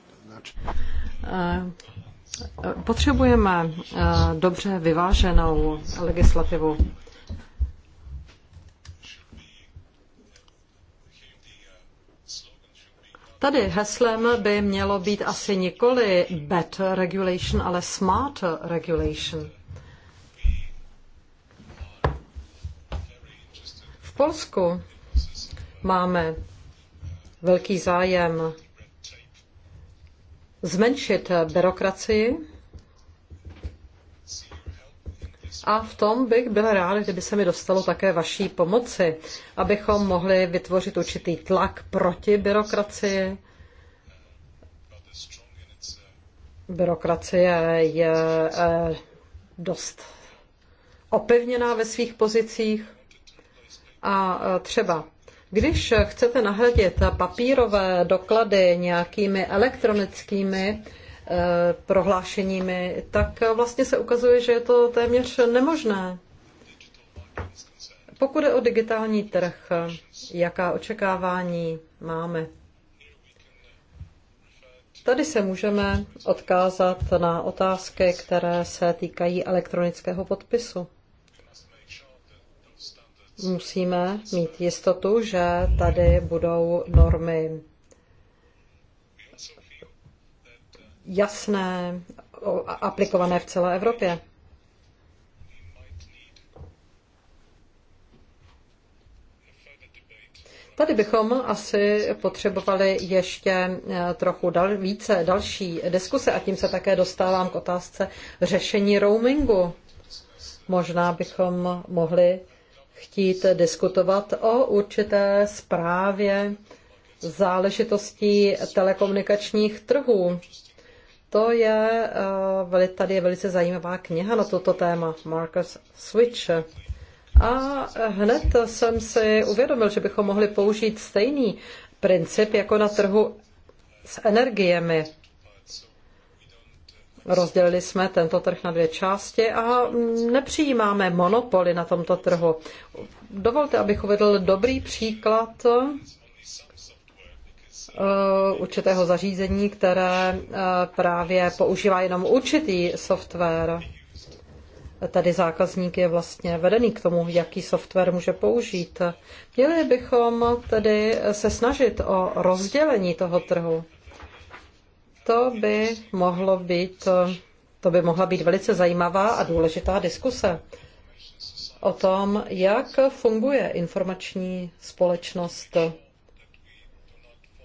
[SPEAKER 1] Eh, potřebujeme dobře vyváženou legislativu. Tady heslem by mělo být asi nikoli better regulation, ale smart regulation. Polsku máme velký zájem zmenšit byrokracii a v tom bych byl rád, kdyby se mi dostalo také vaší pomoci, abychom mohli vytvořit určitý tlak proti byrokracii. Byrokracie je eh, dost opevněná ve svých pozicích a e, třeba když chcete nahradit papírové doklady nějakými elektronickými e, prohlášeními, tak vlastně se ukazuje, že je to téměř nemožné. Pokud je o digitální trh, jaká očekávání máme? Tady se můžeme odkázat na otázky, které se týkají elektronického podpisu musíme mít jistotu, že tady budou normy jasné, aplikované v celé Evropě. Tady bychom asi potřebovali ještě eh, trochu dal, více další diskuse a tím se také dostávám k otázce řešení roamingu. Možná bychom mohli chtít diskutovat o určité zprávě záležitostí telekomunikačních trhů. To je, eh, tady je velice zajímavá kniha na toto téma, Marcus Switch. A hned jsem si uvědomil, že bychom mohli použít stejný princip jako na trhu s energiemi. Rozdělili jsme tento trh na dvě části a nepřijímáme monopoly na tomto trhu. Dovolte, abych uvedl dobrý příklad eh, určitého zařízení, které eh, právě používá jenom určitý software. Tady zákazník je vlastně vedený k tomu, jaký software může použít. Měli bychom tedy se snažit o rozdělení toho trhu. To by mohlo být, to by mohla být velice zajímavá a důležitá diskuse o tom, jak funguje informační společnost.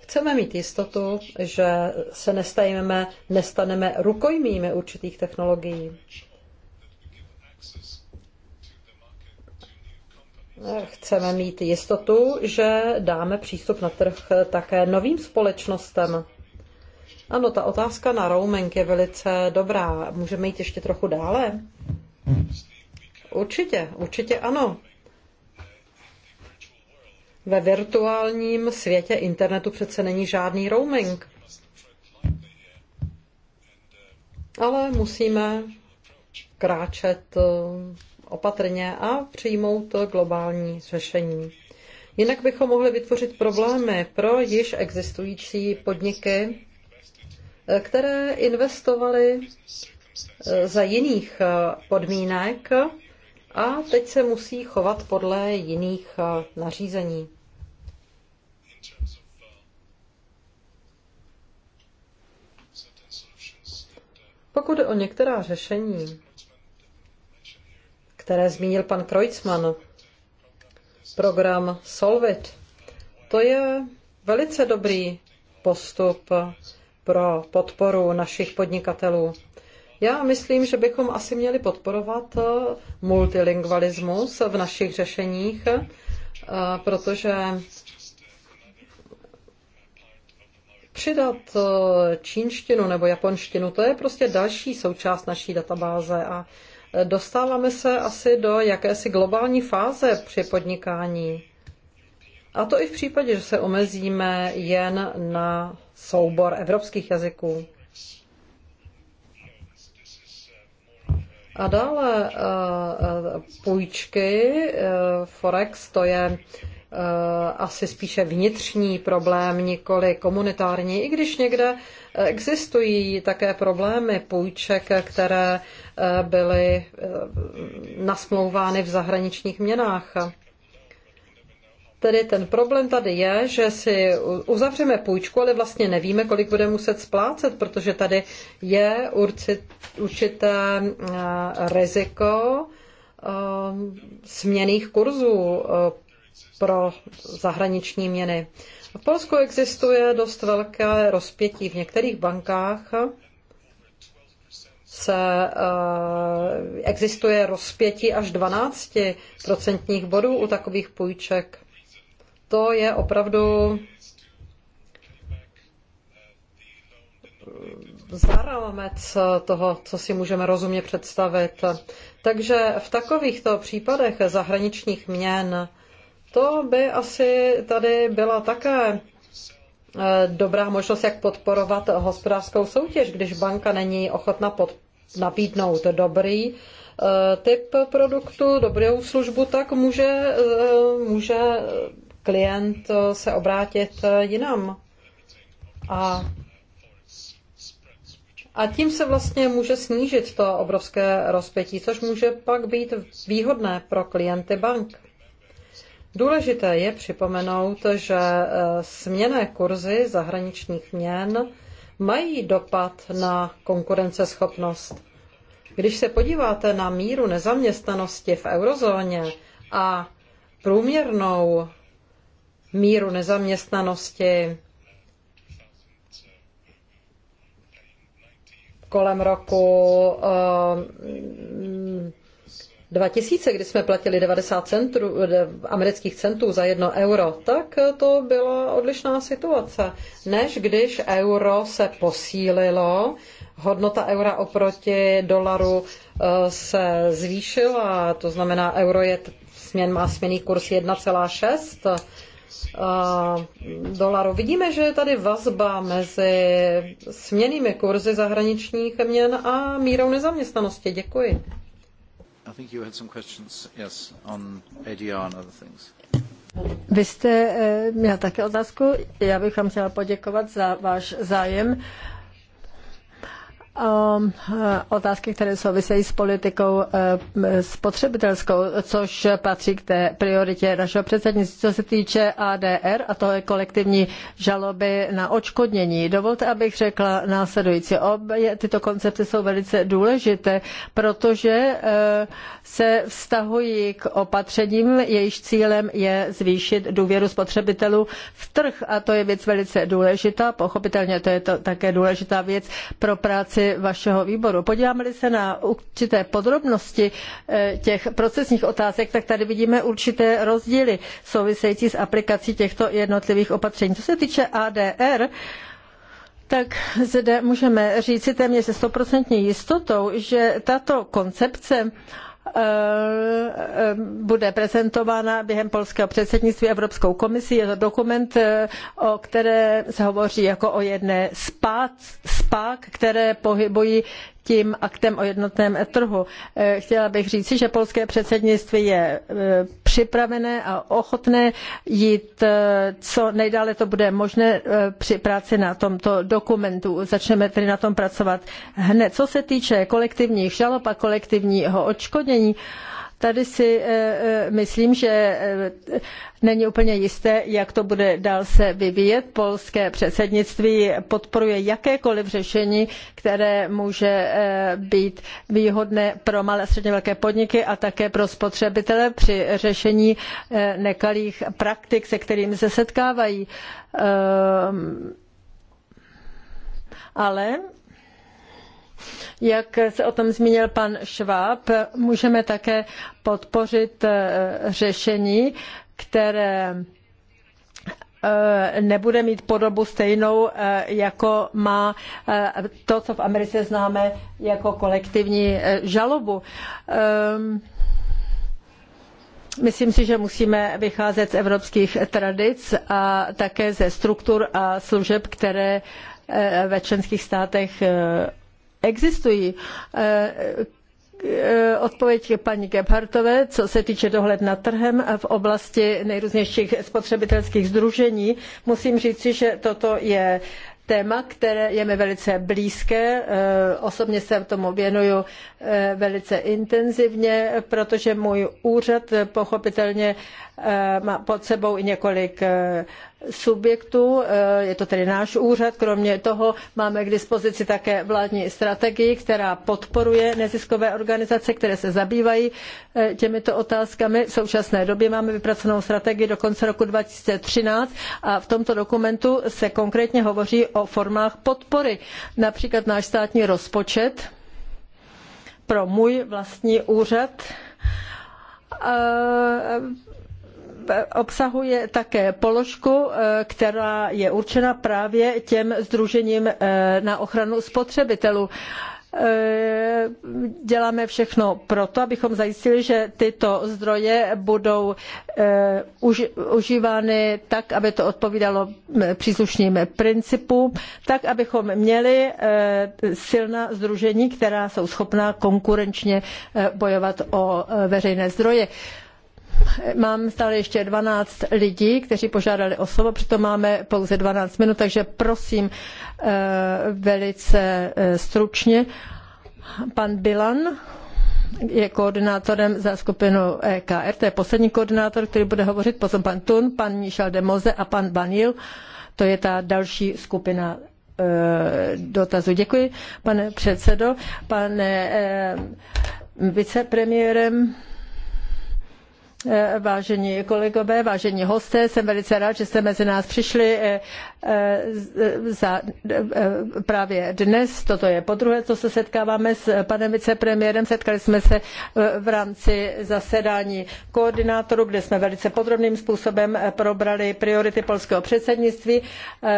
[SPEAKER 1] Chceme mít jistotu, že se nestajeme, nestaneme rukojmími určitých technologií. Chceme mít jistotu, že dáme přístup na trh také novým společnostem. Ano, ta otázka na roaming je velice dobrá. Můžeme jít ještě trochu dále? Určitě, určitě ano. Ve virtuálním světě internetu přece není žádný roaming. Ale musíme kráčet eh, opatrně a přijmout globální řešení. Jinak bychom mohli vytvořit problémy pro již existující podniky, které investovali eh, za jiných eh, podmínek a teď se musí chovat podle jiných eh, nařízení. Pokud o některá řešení, které zmínil pan Kreutzmann, program Solvit, to je velice dobrý postup pro podporu našich podnikatelů. Já myslím, že bychom asi měli podporovat eh, multilingualismus v našich řešeních, eh, protože přidat eh, čínštinu nebo japonštinu, to je prostě další součást naší databáze a dostáváme se asi do jakési globální fáze při podnikání. A to i v případě, že se omezíme jen na soubor evropských jazyků. A dále eh, eh, půjčky, eh, Forex, to je asi spíše vnitřní problém, nikoli komunitární, i když někde existují také problémy půjček, které byly nasmlouvány v zahraničních měnách. Tedy ten problém tady je, že si uzavřeme půjčku, ale vlastně nevíme, kolik bude muset splácet, protože tady je určité eh, riziko eh, směných kurzů eh, pro zahraniční měny. V Polsku existuje dost velké rozpětí. V některých bankách se existuje rozpětí až 12% bodů u takových půjček to je opravdu za rámec toho, co si můžeme rozumně představit. Takže v takovýchto případech zahraničních měn to by asi tady byla také eh, dobrá možnost, jak podporovat hospodářskou soutěž, když banka není ochotna pod, nabídnout dobrý eh, typ produktu, dobrou službu, tak může, eh, může klient eh, se obrátit eh, jinam. A, a tím se vlastně může snížit to obrovské rozpětí, což může pak být výhodné pro klienty bank. Důležité je připomenout, že eh, směné kurzy zahraničních měn mají dopad na konkurenceschopnost. Když se podíváte na míru nezaměstnanosti v eurozóně a průměrnou míru nezaměstnanosti kolem roku 2000, eh, mm, kdy jsme platili 90 centů, amerických centů za jedno euro, tak to byla odlišná situace, než když euro se posílilo, hodnota eura oproti dolaru eh, se zvýšila, to znamená euro je směn, má směný kurz 1,6 Eh, dolarů. Vidíme, že je tady vazba mezi směnými kurzy zahraničních měn a mírou nezaměstnanosti. Děkuji.
[SPEAKER 2] Vy jste eh, měl také otázku. Já bych vám chtěla poděkovat za váš zájem Um, eh, otázky, které souvisejí s politikou eh, spotřebitelskou, což patří k té prioritě našeho předsednictví, co se týče ADR, a to je kolektivní žaloby na očkodnění. Dovolte, abych řekla následující. Obě tyto koncepce jsou velice důležité, protože eh, se vztahují k opatřením, jejichž cílem je zvýšit důvěru spotřebitelů v trh a to je věc velice důležitá. Pochopitelně to je to také důležitá věc pro práci rámci vašeho výboru. Podíváme-li se na určité podrobnosti eh, těch procesních otázek, tak tady vidíme určité rozdíly související s aplikací těchto jednotlivých opatření. Co se týče ADR, tak zde můžeme říci téměř se stoprocentní jistotou, že tato koncepce Eh, bude prezentována během polského předsednictví Evropskou komisí. Je to dokument, eh, o kterém se hovoří jako o jedné spát, spák, které pohybují tím aktem o jednotném trhu. Eh, chtěla bych říci, že polské předsednictví je připravené a ochotné jít eh, co nejdále to bude možné eh, při práci na tomto dokumentu. Začneme tedy na tom pracovat hned. Co se týče kolektivních žalob a kolektivního odškodnění, Tady si eh, eh, myslím, že eh, není úplně jisté, jak to bude dál se vyvíjet. Polské předsednictví podporuje jakékoliv řešení, které může být výhodné pro malé a středně velké podniky a také pro spotřebitele při řešení nekalých praktik, se kterými se setkávají. Ehm, ale jak se o tom zmínil pan Schwab, můžeme také podpořit eh, řešení, které eh, nebude mít podobu stejnou, eh, jako má to, co v Americe známe jako kolektivní žalobu. Ehm, myslím si, že musíme vycházet z evropských tradic a také ze struktur a služeb, které ve členských státech existují eh, eh, odpověď paní Gebhartové, co se týče dohled nad trhem v oblasti nejrůznějších spotřebitelských združení. Musím říci, že toto je téma, které je mi velice blízké. Eh, osobně se tomu věnuju velice intenzivně, protože můj úřad pochopitelně má pod sebou i několik subjektů, eh, je to tedy náš úřad, kromě toho máme k dispozici také vládní strategii, která podporuje neziskové organizace, které se zabývají eh, těmito otázkami. V současné době máme vypracovanou strategii do konce roku 2013 a v tomto dokumentu se konkrétně hovoří o formách podpory, například náš státní rozpočet pro můj vlastní úřad eh, obsahuje také položku, eh, která je určena právě těm združením eh, na ochranu spotřebitelů eh, děláme všechno proto, abychom zajistili, že tyto zdroje budou užívány tak, aby to odpovídalo mm, příslušným principům, tak, abychom měli silná združení, která jsou schopná konkurenčně bojovat o veřejné zdroje. Mám stále ještě 12 lidí, kteří požádali o slovo, přitom máme pouze 12 minut, takže prosím eh, velice eh, stručně. Pan Bilan je koordinátorem za skupinu EKR, to je poslední koordinátor, který bude hovořit, potom pan Tun, pan Michel de a pan Banil, to je ta další skupina eh, dotazu. Děkuji, pane předsedo, pane vicepremiérem. Eh, vážení kolegové, vážení hosté, jsem velice rád, že jste mezi nás přišli eh, eh, za, právě dnes. Toto je podruhé, co se setkáváme s panem vicepremiérem. Setkali jsme se v rámci zasedání koordinátorů, kde jsme velice podrobným způsobem probrali priority polského předsednictví.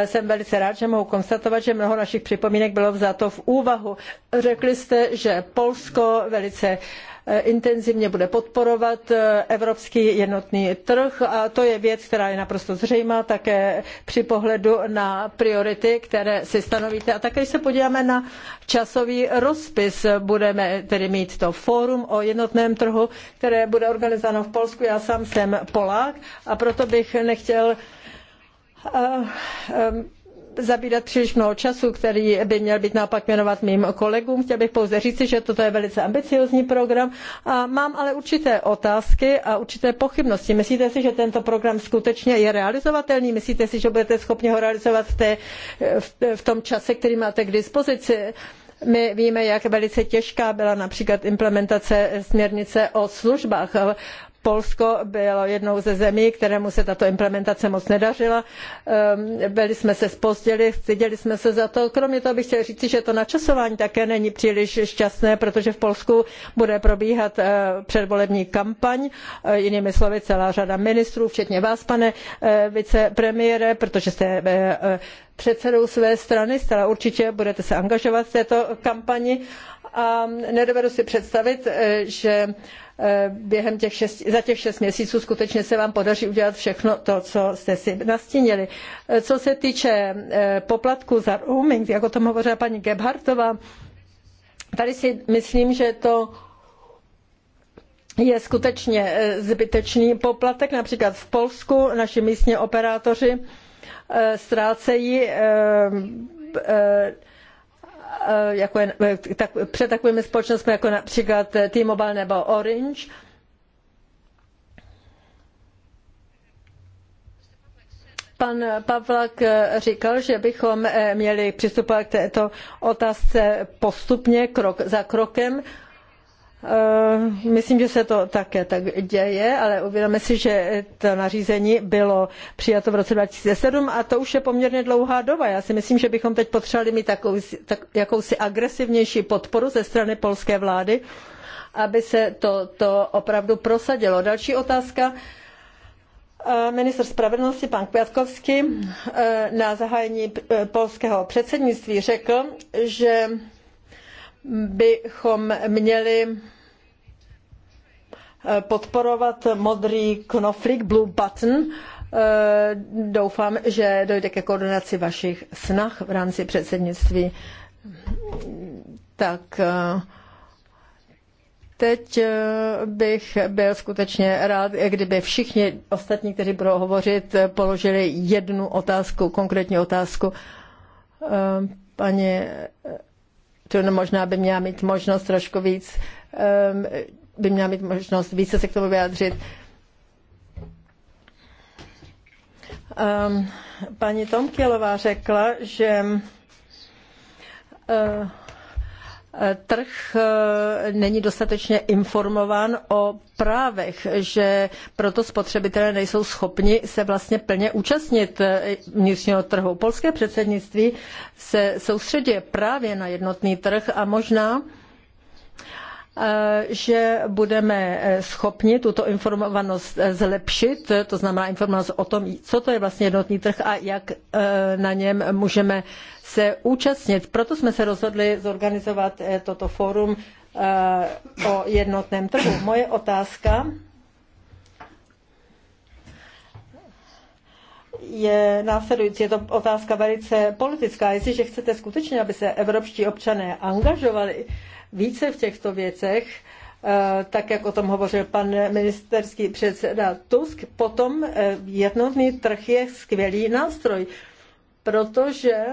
[SPEAKER 2] Jsem velice rád, že mohu konstatovat, že mnoho našich připomínek bylo vzato v úvahu. Řekli jste, že Polsko velice Eh, intenzivně bude podporovat eh, evropský jednotný trh a to je věc, která je naprosto zřejmá také při pohledu na priority, které si stanovíte. A také, když se podíváme na časový rozpis, budeme tedy mít to fórum o jednotném trhu, které bude organizováno v Polsku. Já sám jsem Polák a proto bych nechtěl eh, zabírat příliš mnoho času, který by měl být naopak věnovat mým kolegům. Chtěl bych pouze říci, že toto je velice ambiciozní program a mám ale určité otázky a určité pochybnosti. Myslíte si, že tento program skutečně je realizovatelný? Myslíte si, že budete schopni ho realizovat v, té, v tom čase, který máte k dispozici? my víme jak velice těžká byla například implementace směrnice o službách Polsko bylo jednou ze zemí, kterému se tato implementace moc nedařila. Ehm, byli jsme se spozdili, styděli jsme se za to. Kromě toho bych chtěl říci, že to načasování také není příliš šťastné, protože v Polsku bude probíhat eh, předvolební kampaň, eh, jinými slovy celá řada ministrů, včetně vás, pane eh, vicepremiére, protože jste předsedou své strany, zcela určitě budete se angažovat v této kampani a nedovedu si představit, že Eh, během těch šest, za těch šest měsíců skutečně se vám podaří udělat všechno to, co jste si nastínili. Eh, co se týče eh, poplatku za roaming, jak o tom hovořila paní Gebhartová, tady si myslím, že to je skutečně zbytečný poplatek. Například v Polsku naši místní operátoři ztrácejí Eh, jako je, eh, tak, před takovými společnostmi jako například eh, T-Mobile nebo Orange. Pan Pavlak říkal, že bychom měli přistupovat k této otázce postupně, krok za krokem. Eh, myslím, že se to také tak děje, ale uvědomme si, že to nařízení bylo přijato v roce 2007 a to už je poměrně dlouhá doba. Já si myslím, že bychom teď potřebovali mít takovou, tak, jakousi agresivnější podporu ze strany polské vlády, aby se to, to opravdu prosadilo. Další otázka. Eh, Minister spravedlnosti pan Kwiatkowski eh, na zahájení polského předsednictví řekl, že bychom měli podporovat modrý knoflík Blue Button. E, doufám, že dojde ke koordinaci vašich snah v rámci předsednictví. Tak e, Teď e, bych byl skutečně rád, kdyby všichni ostatní, kteří budou hovořit, položili jednu otázku, konkrétní otázku. Paní, to možná by měla mít možnost trošku víc by měla mít možnost více se k tomu vyjádřit. Um, paní Tomkělová řekla, že uh, trh eh, není dostatečně informován o právech, že proto spotřebitelé nejsou schopni se vlastně plně účastnit eh, vnitřního trhu. Polské předsednictví se soustředí právě na jednotný trh a možná Eh, že budeme eh, schopni tuto informovanost eh, zlepšit, to znamená informovanost o tom, co to je vlastně jednotný trh a jak na něm můžeme se účastnit. Proto jsme se rozhodli zorganizovat toto fórum o jednotném trhu. Moje otázka je následující. Je to otázka velice politická. Jestliže chcete skutečně, aby se evropští občané angažovali, více v těchto věcech, eh, tak jak o tom hovořil pan ministerský předseda Tusk, potom eh, jednotný trh je skvělý nástroj, protože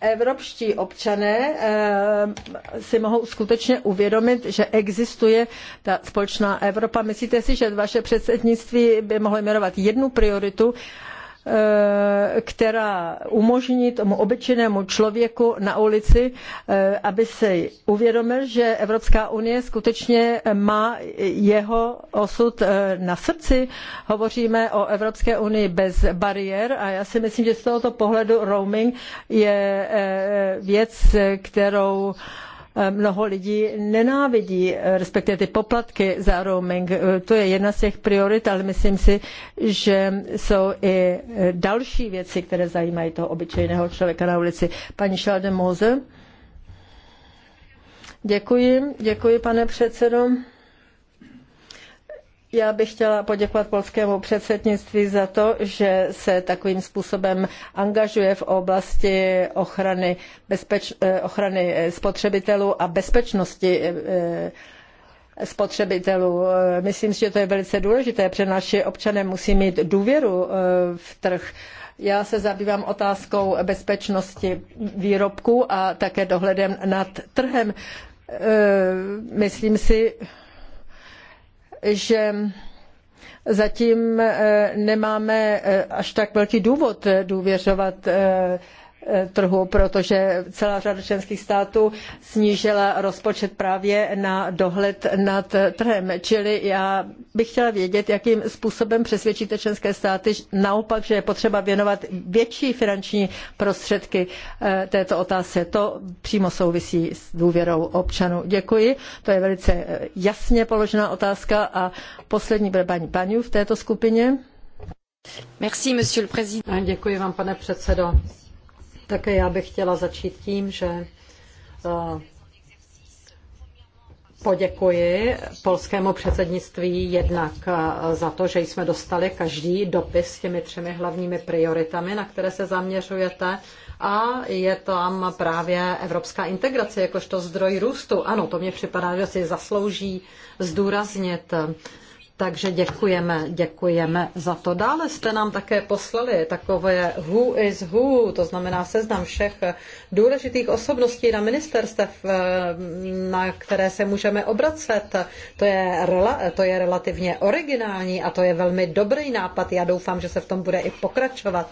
[SPEAKER 2] evropští občané eh, si mohou skutečně uvědomit, že existuje ta společná Evropa. Myslíte si, že vaše předsednictví by mohlo jmenovat jednu prioritu, Eh, která umožní tomu obyčejnému člověku na ulici, eh, aby si uvědomil, že Evropská unie skutečně má jeho osud eh, na srdci. Hovoříme o Evropské unii bez bariér a já si myslím, že z tohoto pohledu roaming je věc, kterou Eh, mnoho lidí nenávidí, eh, respektive ty poplatky za roaming. Eh, to je jedna z těch priorit, ale myslím si, že jsou i další věci, které zajímají toho obyčejného člověka na ulici. Paní Šalde Moze. Děkuji, děkuji pane předsedo. Já bych chtěla poděkovat polskému předsednictví za to, že se takovým způsobem angažuje v oblasti ochrany, bezpeč, eh, ochrany eh, spotřebitelů a bezpečnosti eh, spotřebitelů. Myslím si, že to je velice důležité, protože naši občané musí mít důvěru v trh. Já se zabývám otázkou bezpečnosti výrobků a také dohledem nad trhem. Myslím si, že zatím eh, nemáme eh, až tak velký důvod eh, důvěřovat Eh, trhu, protože celá řada členských států snížila rozpočet právě na dohled nad trhem. Čili já bych chtěla vědět, jakým způsobem přesvědčíte členské státy naopak, že je potřeba věnovat větší finanční prostředky eh, této otázce. To přímo souvisí s důvěrou občanů. Děkuji. To je velice eh, jasně položená otázka a
[SPEAKER 1] poslední bude paní
[SPEAKER 2] Paňů v této skupině.
[SPEAKER 1] Merci, monsieur le président. Děkuji vám, pane předsedo. Také já bych chtěla začít tím, že eh, poděkuji polskému předsednictví jednak eh, za to, že jsme dostali každý dopis s těmi třemi hlavními prioritami, na které se zaměřujete. A je tam právě evropská integrace jakožto zdroj růstu. Ano, to mě připadá, že si zaslouží zdůraznit. Uh, takže děkujeme, děkujeme za to. Dále jste nám také poslali takové who is who, to znamená seznam všech důležitých osobností na ministerstv, eh, na které se můžeme obracet. To je, to je relativně originální a to je velmi dobrý nápad. Já doufám, že se v tom bude i pokračovat.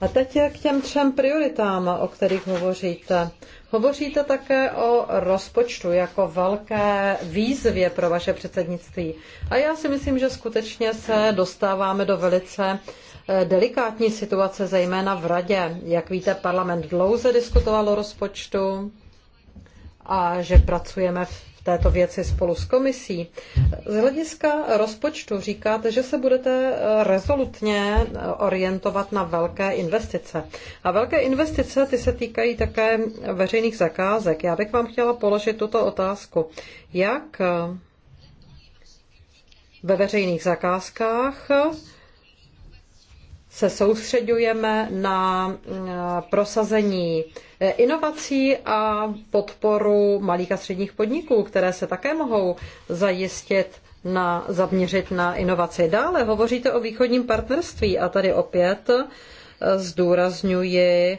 [SPEAKER 1] A teď k těm třem prioritám, o kterých hovoříte. Hovoříte také o rozpočtu jako velké výzvě pro vaše předsednictví. A já si myslím, že skutečně se dostáváme do velice eh, delikátní situace, zejména v radě. Jak víte, parlament dlouze diskutoval o rozpočtu a že pracujeme v této věci spolu s komisí. Z hlediska rozpočtu říkáte, že se budete eh, rezolutně eh, orientovat na velké investice. A velké investice ty se týkají také veřejných zakázek. Já bych vám chtěla položit tuto otázku. Jak eh, ve veřejných zakázkách se soustředujeme na prosazení Eh, inovací a podporu malých a středních podniků, které se také mohou zajistit na, zaměřit na inovaci. Dále hovoříte o východním partnerství a tady opět eh, zdůrazňuji, eh,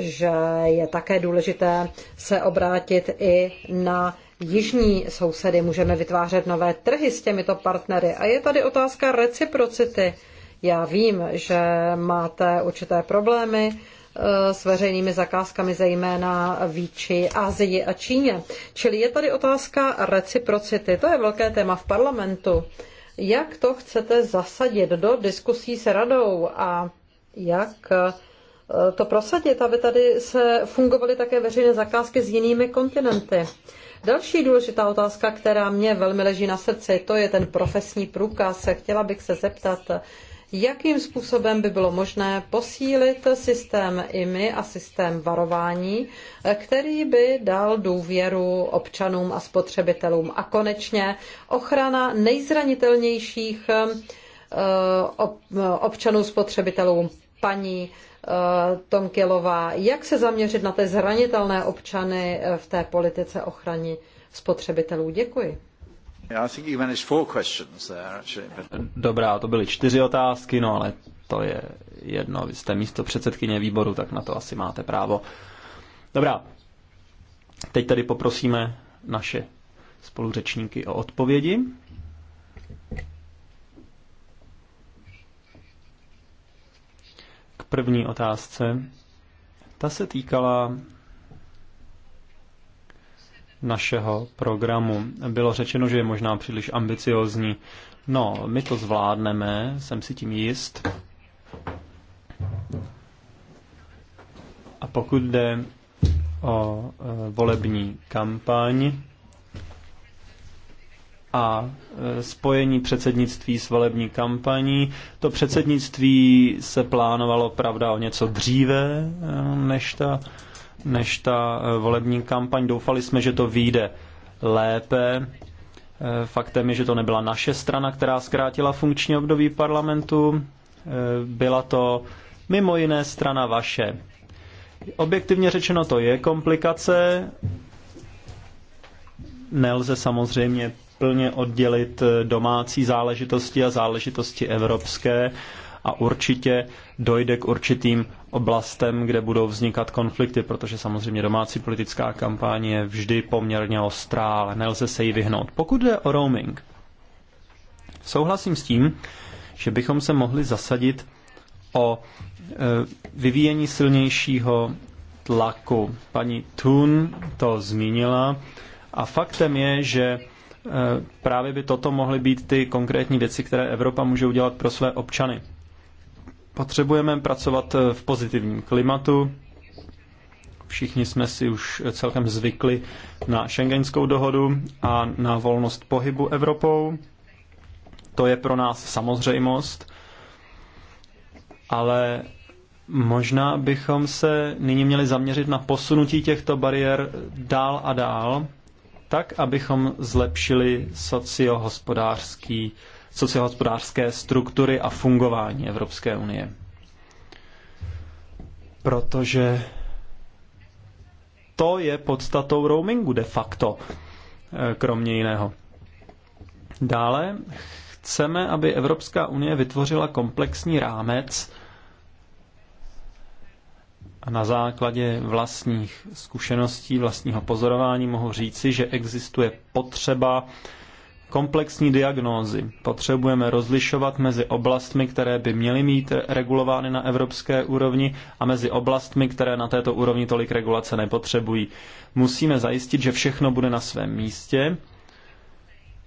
[SPEAKER 1] že je také důležité se obrátit i na jižní sousedy. Můžeme vytvářet nové trhy s těmito partnery. A je tady otázka reciprocity. Já vím, že máte určité problémy Eh, s veřejnými zakázkami, zejména výči Azii a Číně. Čili je tady otázka reciprocity. To je velké téma v parlamentu. Jak to chcete zasadit do diskusí s radou a jak eh, to prosadit, aby tady se fungovaly také veřejné zakázky s jinými kontinenty? Další důležitá otázka, která mě velmi leží na srdci, to je ten profesní průkaz. Chtěla bych se zeptat, jakým způsobem by bylo možné posílit systém IMI a systém varování, který by dal důvěru občanům a spotřebitelům. A konečně ochrana nejzranitelnějších eh, občanů spotřebitelů. Paní eh, Tomkilová, jak se zaměřit na ty zranitelné občany eh, v té politice ochrany spotřebitelů? Děkuji.
[SPEAKER 3] Dobrá, to byly čtyři otázky, no ale to je jedno. Vy jste místo předsedkyně výboru, tak na to asi máte právo. Dobrá, teď tady poprosíme naše spoluřečníky o odpovědi. K první otázce. Ta se týkala našeho programu. Bylo řečeno, že je možná příliš ambiciozní. No, my to zvládneme, jsem si tím jist. A pokud jde o e, volební kampaň a e, spojení předsednictví s volební kampaní, to předsednictví se plánovalo, pravda, o něco dříve e, než ta než ta eh, volební kampaň. Doufali jsme, že to vyjde lépe. Eh, faktem je, že to nebyla naše strana, která zkrátila funkční období parlamentu. Eh, byla to mimo jiné strana vaše. Objektivně řečeno to je komplikace. Nelze samozřejmě plně oddělit domácí záležitosti a záležitosti evropské a určitě dojde k určitým oblastem, kde budou vznikat konflikty, protože samozřejmě domácí politická kampaň je vždy poměrně ostrá, ale nelze se jí vyhnout. Pokud jde o roaming, souhlasím s tím, že bychom se mohli zasadit o e, vyvíjení silnějšího tlaku. Paní Thun to zmínila a faktem je, že e, právě by toto mohly být ty konkrétní věci, které Evropa může udělat pro své občany. Potřebujeme pracovat eh, v pozitivním klimatu. Všichni jsme si už eh, celkem zvykli na šengenskou dohodu a na volnost pohybu Evropou. To je pro nás samozřejmost, ale možná bychom se nyní měli zaměřit na posunutí těchto bariér dál a dál, tak, abychom zlepšili sociohospodářský sociohospodářské struktury a fungování Evropské unie. Protože to je podstatou roamingu de facto, eh, kromě jiného. Dále chceme, aby Evropská unie vytvořila komplexní rámec a na základě vlastních zkušeností, vlastního pozorování mohu říci, že existuje potřeba komplexní diagnózy. Potřebujeme rozlišovat mezi oblastmi, které by měly mít regulovány na evropské úrovni a mezi oblastmi, které na této úrovni tolik regulace nepotřebují. Musíme zajistit, že všechno bude na svém místě,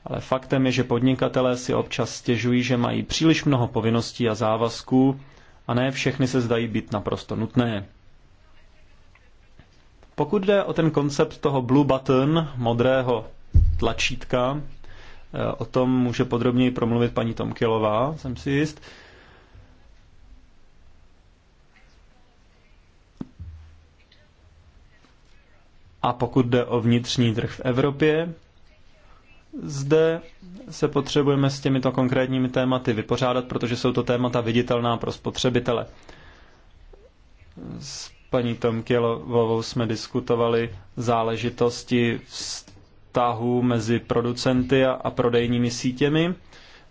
[SPEAKER 3] ale faktem je, že podnikatelé si občas stěžují, že mají příliš mnoho povinností a závazků a ne všechny se zdají být naprosto nutné. Pokud jde o ten koncept toho blue button, modrého tlačítka, Eh, o tom může podrobněji promluvit paní Tomkilová, jsem si jist. A pokud jde o vnitřní trh v Evropě, zde se potřebujeme s těmito konkrétními tématy vypořádat, protože jsou to témata viditelná pro spotřebitele. S paní Tomkilovou jsme diskutovali záležitosti vztahu mezi producenty a prodejními sítěmi.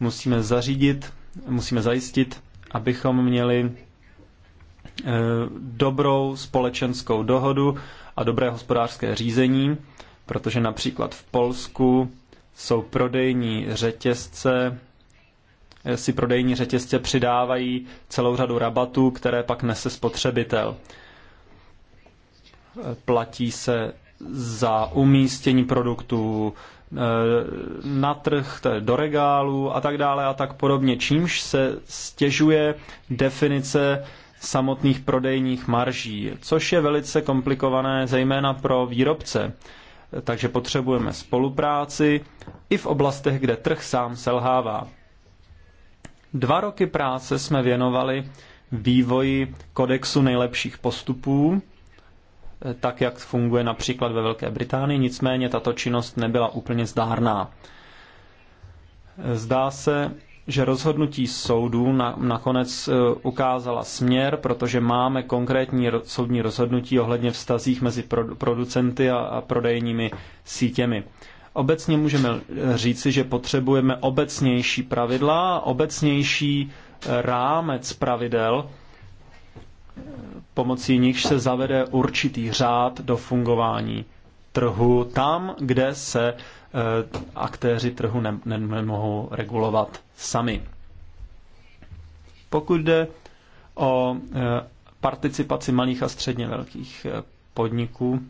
[SPEAKER 3] Musíme zařídit, musíme zajistit, abychom měli eh, dobrou společenskou dohodu a dobré hospodářské řízení, protože například v Polsku jsou prodejní řetězce, eh, si prodejní řetězce přidávají celou řadu rabatů, které pak nese spotřebitel. Eh, platí se za umístění produktů eh, na trh, do regálu a tak dále a tak podobně, čímž se stěžuje definice samotných prodejních marží, což je velice komplikované zejména pro výrobce. Takže potřebujeme spolupráci i v oblastech, kde trh sám selhává. Dva roky práce jsme věnovali vývoji kodexu nejlepších postupů, Eh, tak jak funguje například ve Velké Británii, nicméně tato činnost nebyla úplně zdárná. Zdá se, že rozhodnutí soudů na, nakonec eh, ukázala směr, protože máme konkrétní soudní rozhodnutí ohledně vztazích mezi producenty a, a prodejními sítěmi. Obecně můžeme eh, říci, že potřebujeme obecnější pravidla, obecnější rámec pravidel, pomocí nichž se zavede určitý řád do fungování trhu tam, kde se eh, aktéři trhu nemohou regulovat sami. Pokud jde o eh, participaci malých a středně velkých eh, podniků,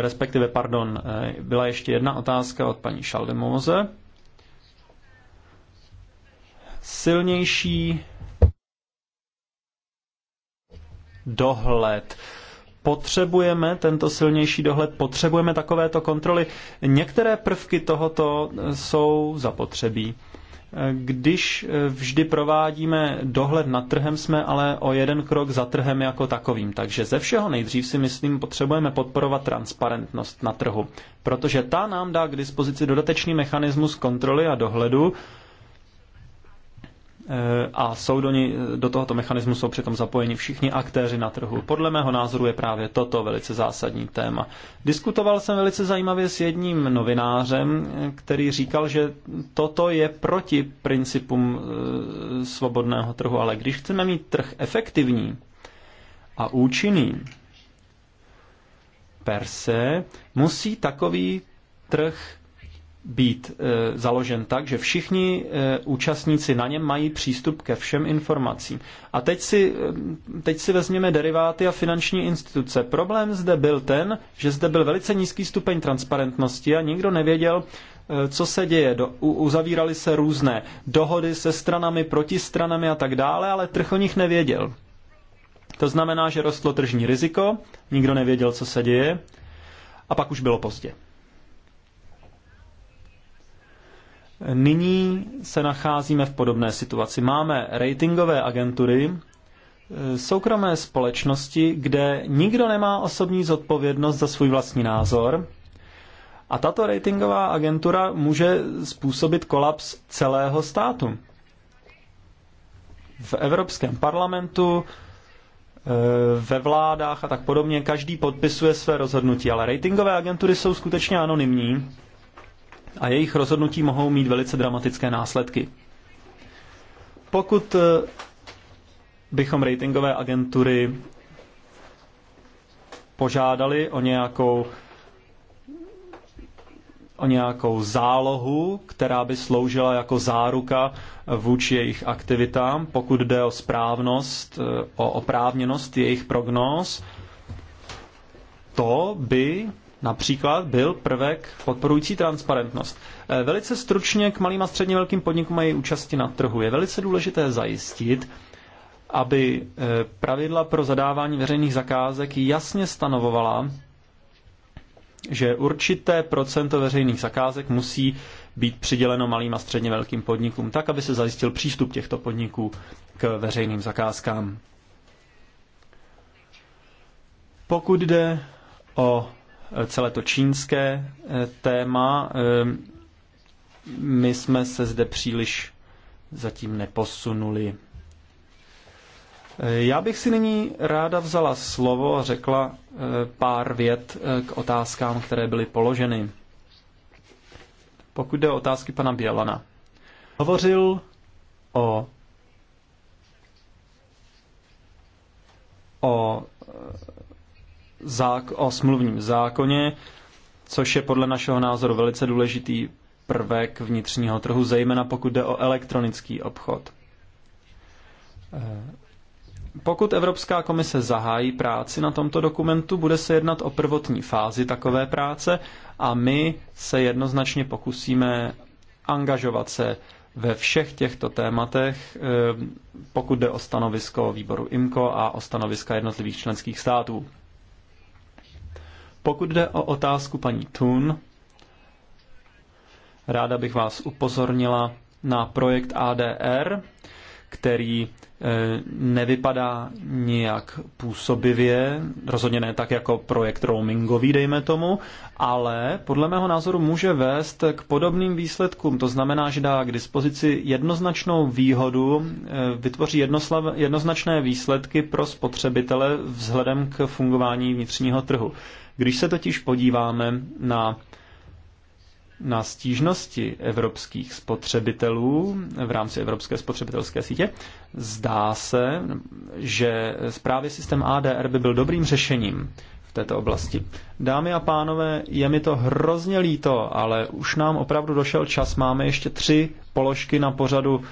[SPEAKER 3] respektive, pardon, byla ještě jedna otázka od paní Šaldemóze. Silnější dohled. Potřebujeme tento silnější dohled, potřebujeme takovéto kontroly. Některé prvky tohoto jsou zapotřebí. Když vždy provádíme dohled nad trhem, jsme ale o jeden krok za trhem jako takovým. Takže ze všeho nejdřív si myslím, potřebujeme podporovat transparentnost na trhu, protože ta nám dá k dispozici dodatečný mechanismus kontroly a dohledu Eh, a jsou do, ní, do tohoto mechanismu jsou přitom zapojeni všichni aktéři na trhu. Podle mého názoru je právě toto velice zásadní téma. Diskutoval jsem velice zajímavě s jedním novinářem, který říkal, že toto je proti principům eh, svobodného trhu, ale když chceme mít trh efektivní a účinný, per se, musí takový trh být e, založen tak, že všichni e, účastníci na něm mají přístup ke všem informacím. A teď si, e, teď si vezměme deriváty a finanční instituce. Problém zde byl ten, že zde byl velice nízký stupeň transparentnosti a nikdo nevěděl, e, co se děje. Do, u, uzavíraly se různé dohody se stranami, protistranami a tak dále, ale trh o nich nevěděl. To znamená, že rostlo tržní riziko, nikdo nevěděl, co se děje, a pak už bylo pozdě. Nyní se nacházíme v podobné situaci. Máme ratingové agentury, eh, soukromé společnosti, kde nikdo nemá osobní zodpovědnost za svůj vlastní názor. A tato ratingová agentura může způsobit kolaps celého státu. V Evropském parlamentu, eh, ve vládách a tak podobně každý podpisuje své rozhodnutí, ale ratingové agentury jsou skutečně anonymní a jejich rozhodnutí mohou mít velice dramatické následky. Pokud eh, bychom ratingové agentury požádali o nějakou o nějakou zálohu, která by sloužila jako záruka eh, vůči jejich aktivitám, pokud jde o správnost, eh, o oprávněnost jejich prognóz, to by Například byl prvek podporující transparentnost. Eh, velice stručně k malým a středně velkým podnikům mají účasti na trhu. Je velice důležité zajistit, aby eh, pravidla pro zadávání veřejných zakázek jasně stanovovala, že určité procento veřejných zakázek musí být přiděleno malým a středně velkým podnikům, tak aby se zajistil přístup těchto podniků k veřejným zakázkám. Pokud jde o celé to čínské eh, téma. Eh, my jsme se zde příliš zatím neposunuli. Eh, já bych si nyní ráda vzala slovo a řekla pár vět k otázkám, které byly položeny. Pokud jde o otázky pana Bělana. Hovořil o o zák- o smluvním zákoně, což je podle našeho názoru velice důležitý prvek vnitřního trhu, zejména pokud jde o elektronický obchod. Eh, pokud Evropská komise zahájí práci na tomto dokumentu, bude se jednat o prvotní fázi takové práce a my se jednoznačně pokusíme angažovat se ve všech těchto tématech, eh, pokud jde o stanovisko výboru IMCO a o stanoviska jednotlivých členských států. Pokud jde o otázku paní Thun, ráda bych vás upozornila na projekt ADR, který eh, nevypadá nijak působivě, rozhodně ne tak jako projekt roamingový, dejme tomu, ale podle mého názoru může vést k podobným výsledkům. To znamená, že dá k dispozici jednoznačnou výhodu, eh, vytvoří jednoznačné výsledky pro spotřebitele vzhledem k fungování vnitřního trhu. Když se totiž podíváme na na stížnosti evropských spotřebitelů v rámci Evropské spotřebitelské sítě. Zdá se, že právě systém ADR by byl dobrým řešením v této oblasti. Dámy a pánové, je mi to hrozně líto, ale už nám opravdu došel čas. Máme ještě tři položky na pořadu,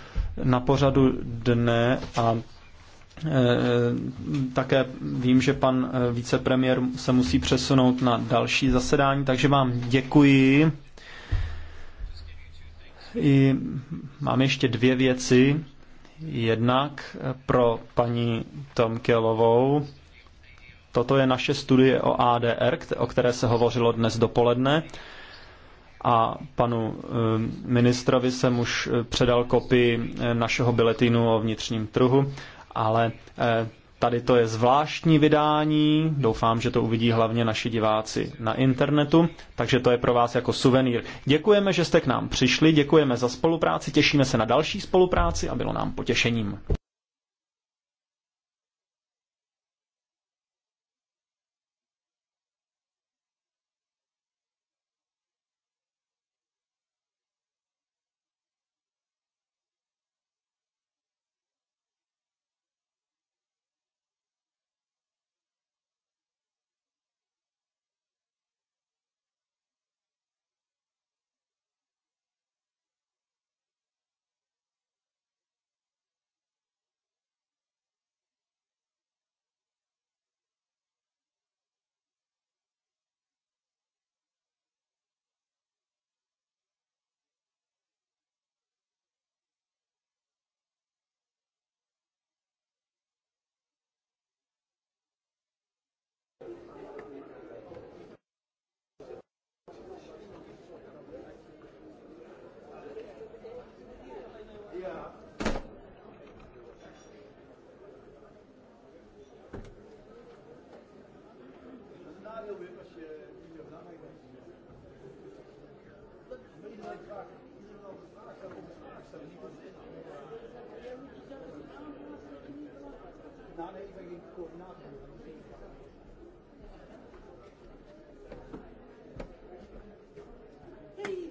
[SPEAKER 3] na pořadu dne a Eh, eh, také vím, že pan eh, vicepremiér se musí přesunout na další zasedání, takže vám děkuji. I mám ještě dvě věci. Jednak pro paní Tomkelovou. Toto je naše studie o ADR, o které se hovořilo dnes dopoledne. A panu ministrovi jsem už předal kopii našeho biletinu o vnitřním trhu ale eh, tady to je zvláštní vydání, doufám, že to uvidí hlavně naši diváci na internetu, takže to je pro vás jako suvenýr. Děkujeme, že jste k nám přišli, děkujeme za spolupráci, těšíme se na další spolupráci a bylo nám potěšením.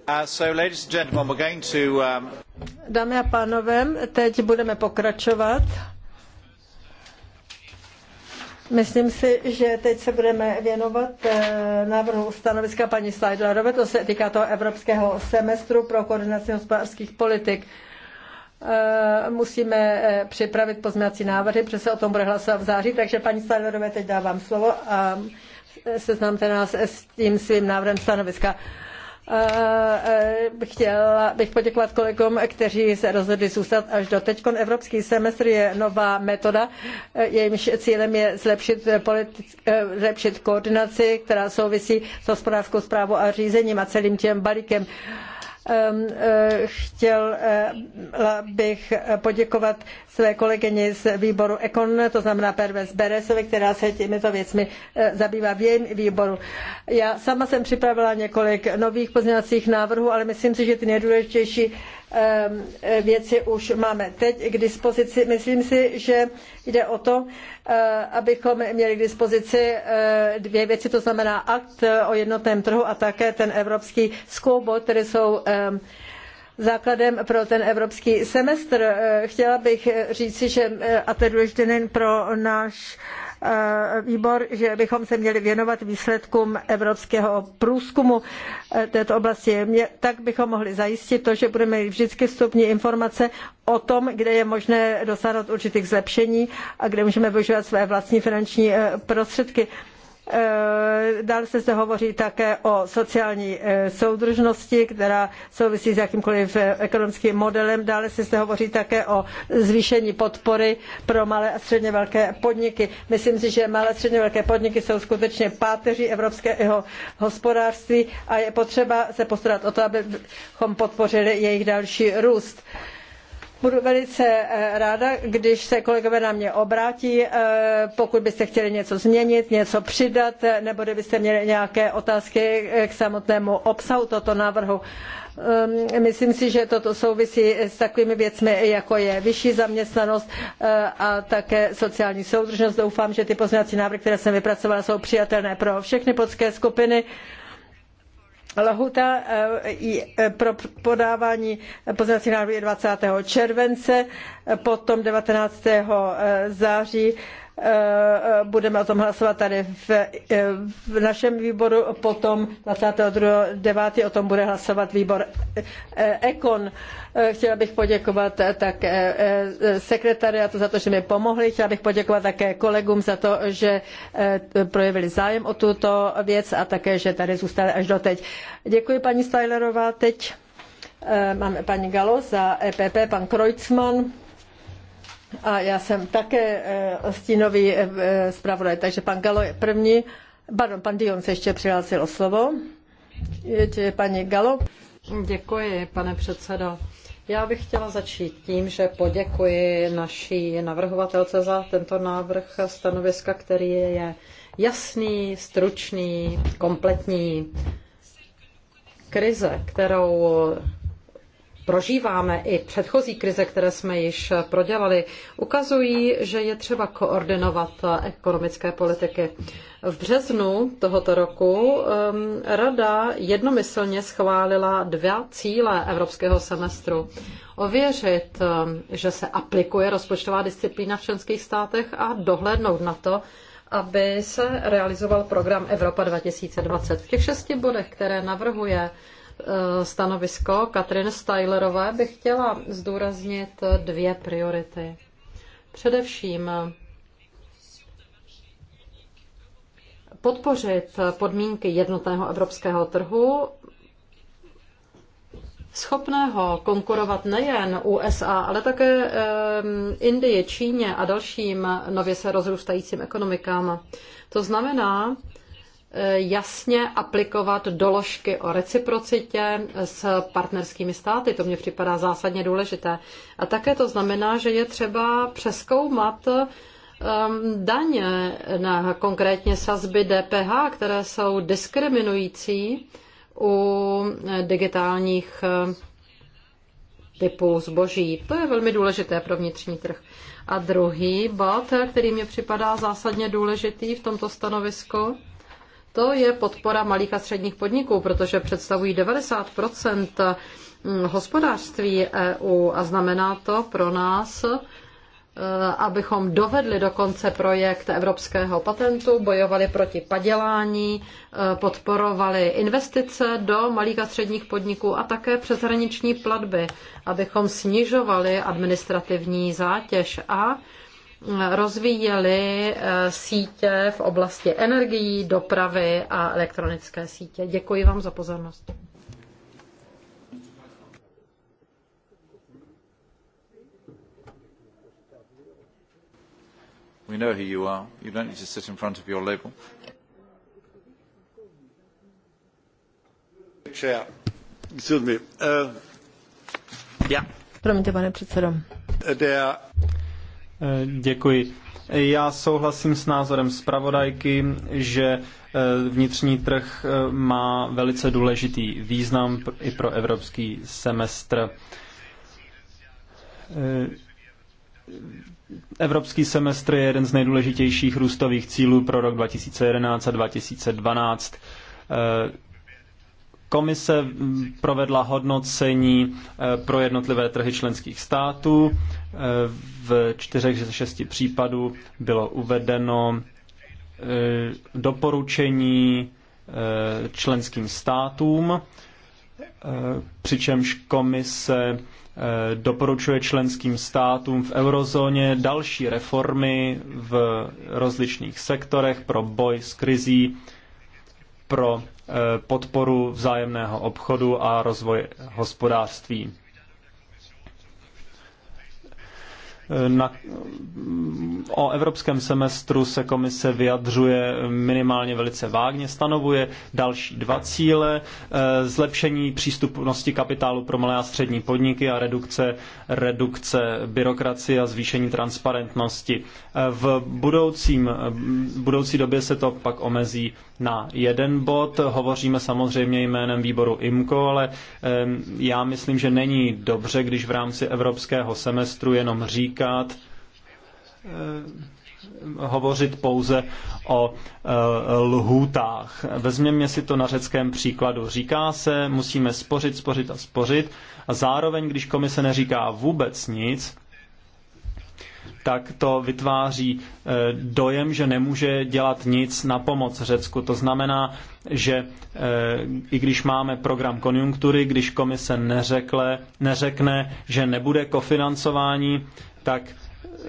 [SPEAKER 3] Uh, um,
[SPEAKER 2] Dámy a pánové, teď budeme pokračovat. Myslím si, že teď se budeme věnovat eh, návrhu stanoviska paní Slajdlerové, to se týká toho evropského semestru pro koordinaci hospodářských politik. Eh, musíme eh, připravit pozměňovací návrhy, protože se o tom bude hlasovat v září, takže paní Slajdlerové teď dávám slovo a seznamte nás s tím svým návrhem stanoviska. Eh, eh, chtěla bych poděkovat kolegům, kteří se rozhodli zůstat až do teď. Evropský semestr je nová metoda, eh, jejímž cílem je zlepšit, politic- zlepšit koordinaci, která souvisí s hospodářskou zprávou a řízením a celým tím balíkem. Ehm, eh, chtěla bych poděkovat své kolegyni z výboru Ekon, to znamená Pervez Beresovi, která se těmito věcmi eh, zabývá v jejím výboru. Já sama jsem připravila několik nových pozměňovacích návrhů, ale myslím si, že ty nejdůležitější ehm, eh, věci už máme teď k dispozici. Myslím si, že jde o to, Eh, abychom měli k dispozici eh, dvě věci, to znamená akt o jednotném trhu a také ten evropský scoreboard, které jsou eh, základem pro ten evropský semestr. Chtěla bych říci, že a to je důležité nejen pro náš Eh, výbor, že bychom se měli věnovat výsledkům evropského průzkumu eh, této oblasti. Tak bychom mohli zajistit to, že budeme mít vždycky vstupní informace o tom, kde je možné dosáhnout určitých zlepšení a kde můžeme využívat své vlastní finanční eh, prostředky. Eh, Dále se zde hovoří také o sociální eh, soudržnosti, která souvisí s jakýmkoliv eh, ekonomickým modelem. Dále se zde hovoří také o zvýšení podpory pro malé a středně velké podniky. Myslím si, že malé a středně velké podniky jsou skutečně páteří evropského hospodářství a je potřeba se postarat o to, abychom podpořili jejich další růst. Uh, Budu velice eh, ráda, když se kolegové na mě obrátí, eh, pokud byste chtěli něco změnit, něco přidat, eh, nebo kdybyste měli nějaké otázky k samotnému obsahu tohoto návrhu. Ehm, myslím si, že toto souvisí s takovými věcmi, jako je vyšší zaměstnanost a také sociální soudržnost. Doufám, že ty pozměňovací návrhy, které jsem vypracovala, jsou přijatelné pro všechny podské skupiny Lahuta eh, eh, pro podávání pozměňovacích návrhů je 20. července, potom 19. Eh, září Eh, budeme o tom hlasovat tady v, eh, v našem výboru, potom 22.9. o tom bude hlasovat výbor eh, Ekon. Chtěla bych poděkovat tak sekretariatu za to, že mi pomohli. Chtěla bych poděkovat také kolegům za to, že projevili zájem o tuto věc a také, že tady zůstali až doteď. Děkuji paní Stylerová. Teď máme paní Galo za EPP, pan Kreutzmann. A já jsem také eh, stínový eh, eh, zpravodaj, takže pan Galo je
[SPEAKER 1] první. Pardon,
[SPEAKER 2] pan Dion se ještě přihlásil o slovo. Je
[SPEAKER 1] paní Galo. Děkuji, pane předsedo. Já bych chtěla začít tím, že poděkuji naší navrhovatelce za tento návrh stanoviska, který je jasný, stručný, kompletní. Krize, kterou prožíváme i předchozí krize, které jsme již prodělali, ukazují, že je třeba koordinovat ekonomické politiky. V březnu tohoto roku um, Rada jednomyslně schválila dva cíle evropského semestru. Ověřit, um, že se aplikuje rozpočtová disciplína v členských státech a dohlédnout na to, aby se realizoval program Evropa 2020. V těch šesti bodech, které navrhuje Eh, stanovisko Katrin Stylerové bych chtěla zdůraznit dvě priority. Především podpořit podmínky jednotného evropského trhu, schopného konkurovat nejen USA, ale také eh, Indii, Číně a dalším nově se rozrůstajícím ekonomikám. To znamená Eh, jasně aplikovat doložky o reciprocitě s partnerskými státy. To mně připadá zásadně důležité. A také to znamená, že je třeba přeskoumat ehm, daně na konkrétně sazby DPH, které jsou diskriminující u digitálních eh, typů zboží. To je velmi důležité pro vnitřní trh. A druhý bod, který mě připadá zásadně důležitý v tomto stanovisku, to je podpora malých a středních podniků, protože představují 90 mm, hospodářství EU a znamená to pro nás, e, abychom dovedli do konce projekt evropského patentu, bojovali proti padělání, e, podporovali investice do malých a středních podniků a také přeshraniční platby, abychom snižovali administrativní zátěž a rozvíjeli eh, sítě v oblasti energií, dopravy a elektronické sítě. Děkuji vám za pozornost. We know who you are. You don't need to sit in front of your label.
[SPEAKER 3] Chair. Excuse me. Uh, yeah.
[SPEAKER 2] Promiňte, pane předsedo.
[SPEAKER 3] Eh, děkuji. Já souhlasím s názorem zpravodajky, že eh, vnitřní trh eh, má velice důležitý význam i pro evropský semestr. Evropský semestr je jeden z nejdůležitějších růstových cílů pro rok 2011 a 2012. Komise provedla hodnocení pro jednotlivé trhy členských států v čtyřech ze šesti případů bylo uvedeno eh, doporučení eh, členským státům, eh, přičemž komise doporučuje členským státům v eurozóně další reformy v rozličných sektorech pro boj s krizí, pro podporu vzájemného obchodu a rozvoje hospodářství. Na, o evropském semestru se komise vyjadřuje minimálně velice vágně, stanovuje další dva cíle, eh, zlepšení přístupnosti kapitálu pro malé a střední podniky a redukce, redukce byrokracie a zvýšení transparentnosti. Eh, v budoucím, eh, budoucí době se to pak omezí na jeden bod. Hovoříme samozřejmě jménem výboru IMCO, ale já myslím, že není dobře, když v rámci evropského semestru jenom říkat, hovořit pouze o eh, lhůtách. Vezměme si to na řeckém příkladu. Říká se, musíme spořit, spořit a spořit a zároveň, když komise neříká vůbec nic, tak to vytváří eh, dojem, že nemůže dělat nic na pomoc Řecku. To znamená, že eh, i když máme program konjunktury, když komise neřekle, neřekne, že nebude kofinancování, tak E,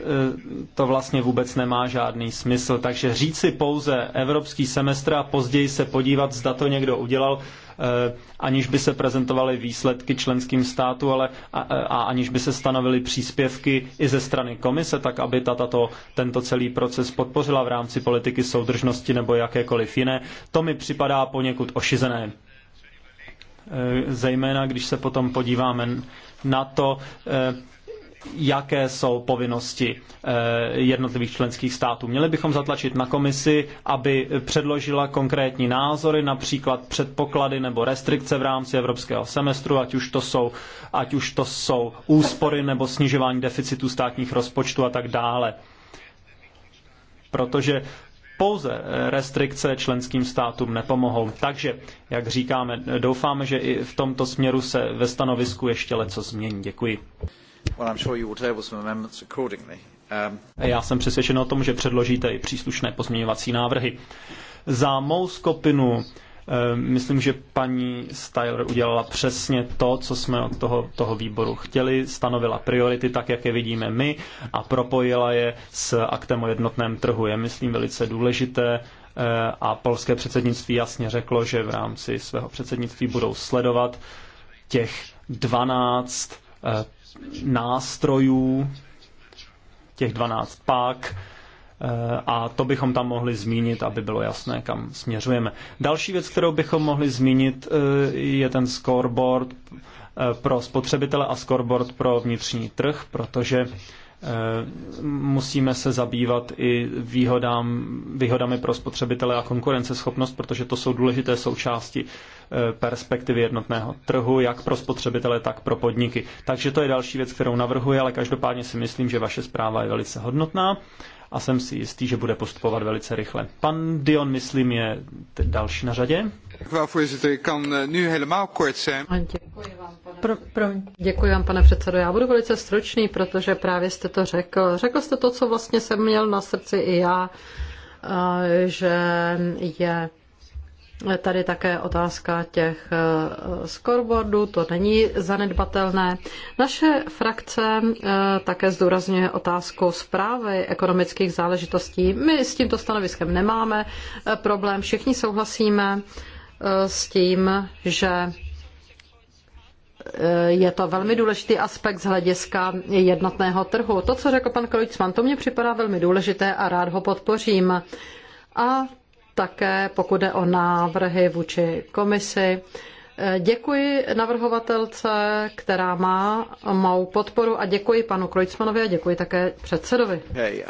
[SPEAKER 3] to vlastně vůbec nemá žádný smysl. Takže říci pouze evropský semestr a později se podívat, zda to někdo udělal, e, aniž by se prezentovaly výsledky členským státu, ale a, a aniž by se stanovily příspěvky i ze strany komise, tak aby ta, tato, tento celý proces podpořila v rámci politiky soudržnosti nebo jakékoliv jiné, to mi připadá poněkud ošizené e, zejména když se potom podíváme na to, jaké jsou povinnosti eh, jednotlivých členských států. Měli bychom zatlačit na komisi, aby předložila konkrétní názory, například předpoklady nebo restrikce v rámci evropského semestru, ať už to jsou, ať už to jsou úspory nebo snižování deficitu státních rozpočtů a tak dále. Protože pouze restrikce členským státům nepomohou. Takže, jak říkáme, doufáme, že i v tomto směru se ve stanovisku ještě leco změní. Děkuji. Já jsem přesvědčen o tom, že předložíte i příslušné pozměňovací návrhy. Za mou skupinu eh, Myslím, že paní Styler udělala přesně to, co jsme od toho, toho výboru chtěli, stanovila priority tak, jak je vidíme my a propojila je s aktem o jednotném trhu. Je, myslím, velice důležité eh, a polské předsednictví jasně řeklo, že v rámci svého předsednictví budou sledovat těch 12 Eh, nástrojů, těch 12 pák, eh, a to bychom tam mohli zmínit, aby bylo jasné, kam směřujeme. Další věc, kterou bychom mohli zmínit, eh, je ten scoreboard pro spotřebitele a scoreboard pro vnitřní trh, protože Eh, musíme se zabývat i výhodám, výhodami pro spotřebitele a konkurenceschopnost, protože to jsou důležité součásti eh, perspektivy jednotného trhu, jak pro spotřebitele, tak pro podniky. Takže to je další věc, kterou navrhuji, ale každopádně si myslím, že vaše zpráva je velice hodnotná a jsem si jistý, že bude postupovat velice rychle. Pan Dion, myslím, je další na řadě. Děkuji eh,
[SPEAKER 1] pro, pro, děkuji vám, pane předsedo. Já budu velice stručný, protože právě jste to řekl. Řekl jste to, co vlastně jsem měl na srdci i já, eh, že je Tady také otázka těch eh, scoreboardů, to není zanedbatelné. Naše frakce také zdůrazňuje otázku zprávy ekonomických záležitostí. My s tímto stanoviskem nemáme problém, všichni souhlasíme s tím, že e, je to velmi důležitý aspekt z hlediska jednotného trhu. To, co řekl pan Krojcman, to mně připadá velmi důležité a rád ho podpořím. A také pokud jde o návrhy vůči komisi, e, Děkuji navrhovatelce, která má mou podporu a děkuji panu Krojcmanovi a děkuji také předsedovi. Hey,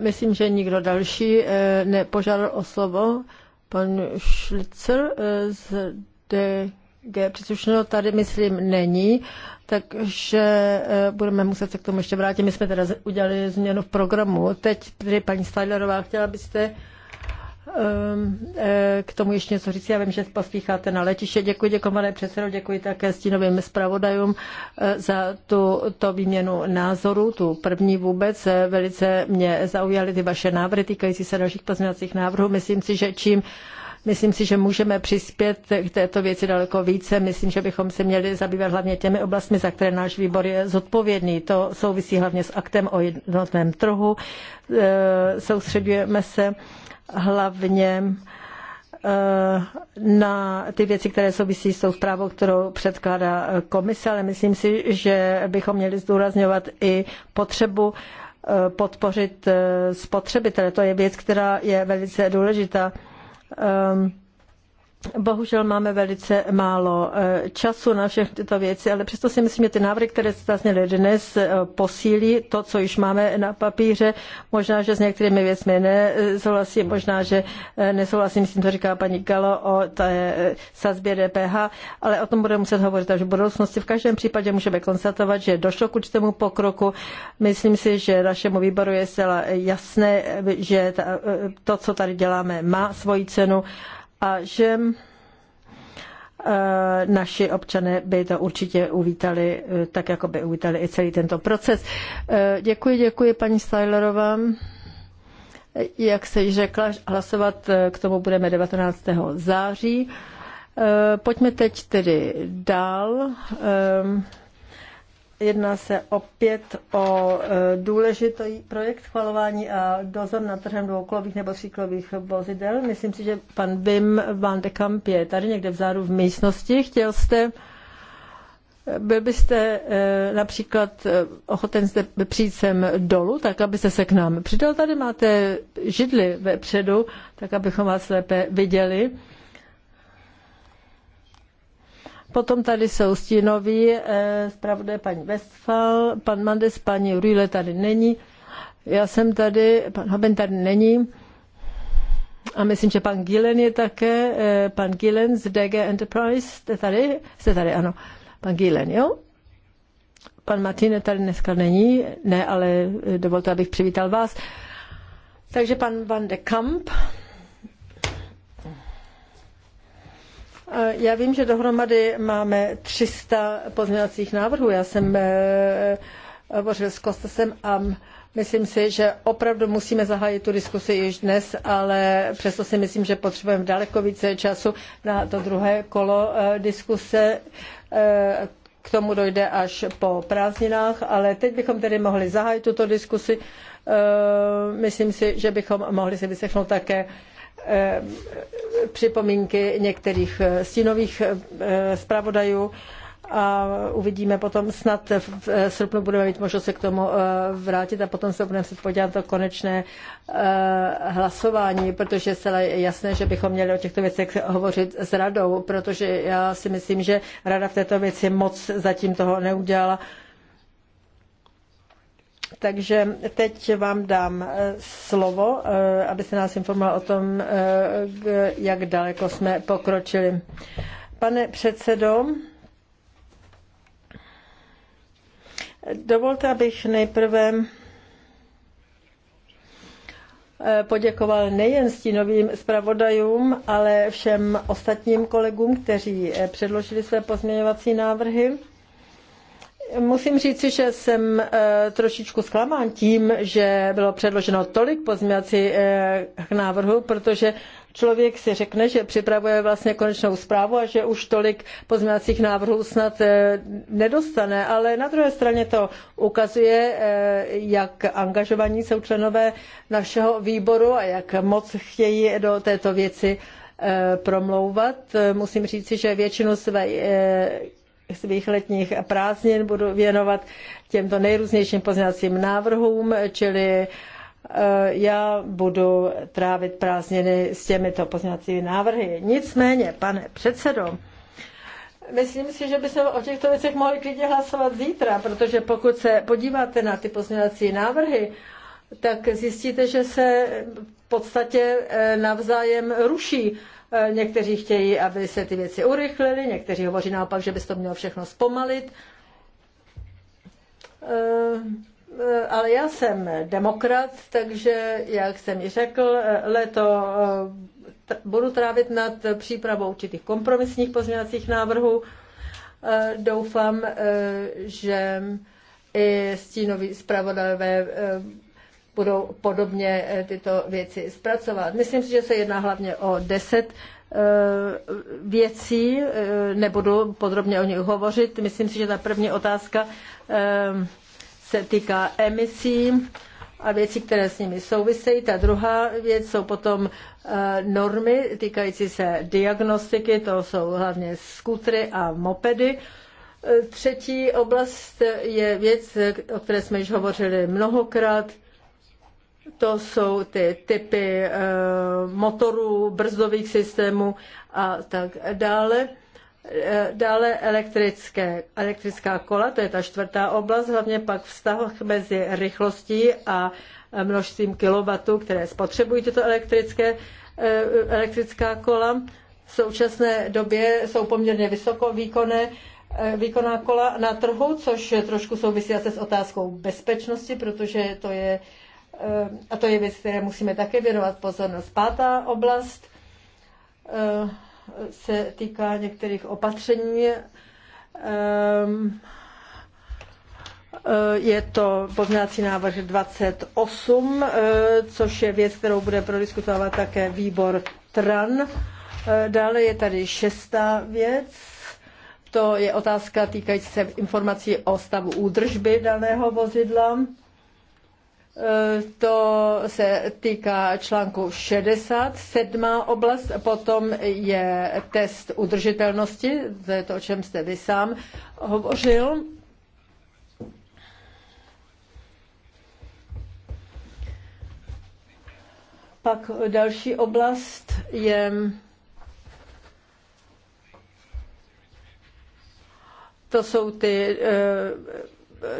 [SPEAKER 1] Myslím, že nikdo další e,
[SPEAKER 2] nepožádal o slovo. Pan Šlicer eh, z DG příslušného tady, myslím, není, takže eh, budeme muset se k tomu ještě vrátit. My jsme teda udělali změnu v programu. Teď tedy paní Stajlerová, chtěla byste Ehm, eh, k tomu ještě něco říct. Já vím, že pospícháte na letiště. Děkuji, děkuji, pane předsedo, děkuji také stínovým zpravodajům eh, za tu to výměnu názorů, tu první vůbec. Eh, velice mě zaujaly ty vaše návrhy týkající se dalších pozměňovacích návrhů. Myslím si, že čím Myslím si, že můžeme přispět k této věci daleko více. Myslím, že bychom se měli zabývat hlavně těmi oblastmi, za které náš výbor je zodpovědný. To souvisí hlavně s aktem o jednotném trhu. Soustředujeme se hlavně eh, na ty věci, které souvisí s tou zprávou, kterou předkládá eh, komise, ale myslím si, že bychom měli zdůrazňovat i potřebu eh, podpořit spotřebitele. To je věc, která je velice důležitá. Ehm, Bohužel máme velice málo eh, času na všechny tyto věci, ale přesto si myslím, že ty návrhy, které se zazněly dnes, eh, posílí to, co již máme na papíře. Možná, že s některými věcmi nesouhlasím, možná, že eh, nesouhlasím s tím, co říká paní Galo o té sazbě DPH, ale o tom budeme muset hovořit až v budoucnosti. V každém případě můžeme konstatovat, že došlo k určitému pokroku. Myslím si, že našemu výboru je zcela jasné, že to, co tady děláme, má svoji cenu a že eh, naši občané by to určitě uvítali, eh, tak jako by uvítali i celý tento proces. Eh, děkuji, děkuji paní Stylerová. Jak se již řekla, hlasovat k tomu budeme 19. září. Pojďme teď tedy dál. Jedná se opět o e, důležitý projekt schvalování a dozor na trhem dvoukolových nebo tříkolových vozidel. Myslím si, že pan Bim van de Kamp je tady někde vzadu v místnosti. Chtěl jste, byl byste e, například e, ochoten zde přijít sem dolů, tak abyste se k nám přidal. Tady máte židli vepředu, tak abychom vás lépe viděli. Potom tady jsou stínoví, eh, zpravodaj paní Westfal, pan Mandes, paní Rýle tady není. Já jsem tady, pan Haben tady není. A myslím, že pan Gillen je také, eh, pan Gillen z DG Enterprise, jste tady? Jste tady, ano. Pan Gillen, jo? Pan Martine tady dneska není, ne, ale eh, dovolte, abych přivítal vás. Takže pan Van de Kamp, Já vím, že dohromady máme 300 pozměňovacích návrhů. Já jsem eh, hovořil s Kostasem a myslím si, že opravdu musíme zahájit tu diskusi již dnes, ale přesto si myslím, že potřebujeme daleko více času na to druhé kolo eh, diskuse. Eh, k tomu dojde až po prázdninách, ale teď bychom tedy mohli zahájit tuto diskusi. Myslím si, že bychom mohli se vyslechnout také Eh, připomínky některých eh, stínových eh, zpravodajů a uvidíme potom, snad v srpnu budeme mít možnost se k tomu vrátit a potom se budeme se podívat to konečné hlasování, protože je zcela jasné, že bychom měli o těchto věcech hovořit s radou, protože já si myslím, že rada v této věci moc zatím toho neudělala. Takže teď vám dám eh, slovo, eh, abyste nás informoval o tom, eh, jak daleko jsme pokročili. Pane předsedo, dovolte, abych nejprve poděkoval nejen stínovým zpravodajům, ale všem ostatním kolegům, kteří předložili své pozměňovací návrhy. Musím říci, že jsem eh, trošičku zklamán tím, že bylo předloženo tolik eh, k návrhů, protože člověk si řekne, že připravuje vlastně konečnou zprávu a že už tolik pozměňovacích návrhů snad eh, nedostane, ale na druhé straně to ukazuje, jak angažovaní jsou členové našeho výboru a jak moc chtějí do této věci promlouvat. Musím říci, že většinu své svých letních prázdnin budu věnovat těmto nejrůznějším pozněvacím návrhům, čili eh, já budu trávit prázdniny s těmito pozněvacími návrhy. Nicméně, pane předsedo, Myslím si, že bychom o těchto věcech mohli klidně hlasovat zítra, protože pokud se podíváte na ty pozměňovací návrhy, tak zjistíte, že se v podstatě eh, navzájem ruší. Eh, někteří chtějí, aby se ty věci urychlily, někteří hovoří naopak, že by to mělo všechno zpomalit. Eh, ale já jsem demokrat, takže, jak jsem ji řekl, eh, leto budu trávit nad přípravou určitých kompromisních pozměňovacích návrhů. Doufám, že i stínoví zpravodajové budou podobně eh, tyto věci zpracovat. Myslím si, že se jedná hlavně o deset eh, věcí, eh, nebudu podrobně o nich hovořit. Myslím si, že ta první otázka se týká emisí a věcí, které s nimi souvisejí. Ta druhá věc jsou potom normy týkající se diagnostiky, to jsou hlavně skutry a mopedy. Třetí oblast je věc, o které jsme již hovořili mnohokrát, to jsou ty typy eh, motorů, brzdových systémů a tak dále. Eh, dále elektrické, elektrická kola, to je ta čtvrtá oblast, hlavně pak vztah mezi rychlostí a eh, množstvím kilovatů, které spotřebují tyto elektrické, elektrická kola. V současné době jsou poměrně vysoko výkonné, výkonná kola na trhu, což trošku souvisí se s otázkou bezpečnosti, protože to je Eh, a to je věc, které musíme také věnovat pozornost. Pátá oblast eh, se týká některých opatření. Eh, je to pozměňovací návrh 28, což je věc, kterou bude prodiskutovat také výbor TRAN. Dále je tady šestá věc. To je otázka týkající se informací o stavu údržby daného vozidla to se týká článku 60. Sedmá oblast potom je test udržitelnosti, to je to, o čem jste vy sám hovořil. Pak další oblast je to jsou ty eh,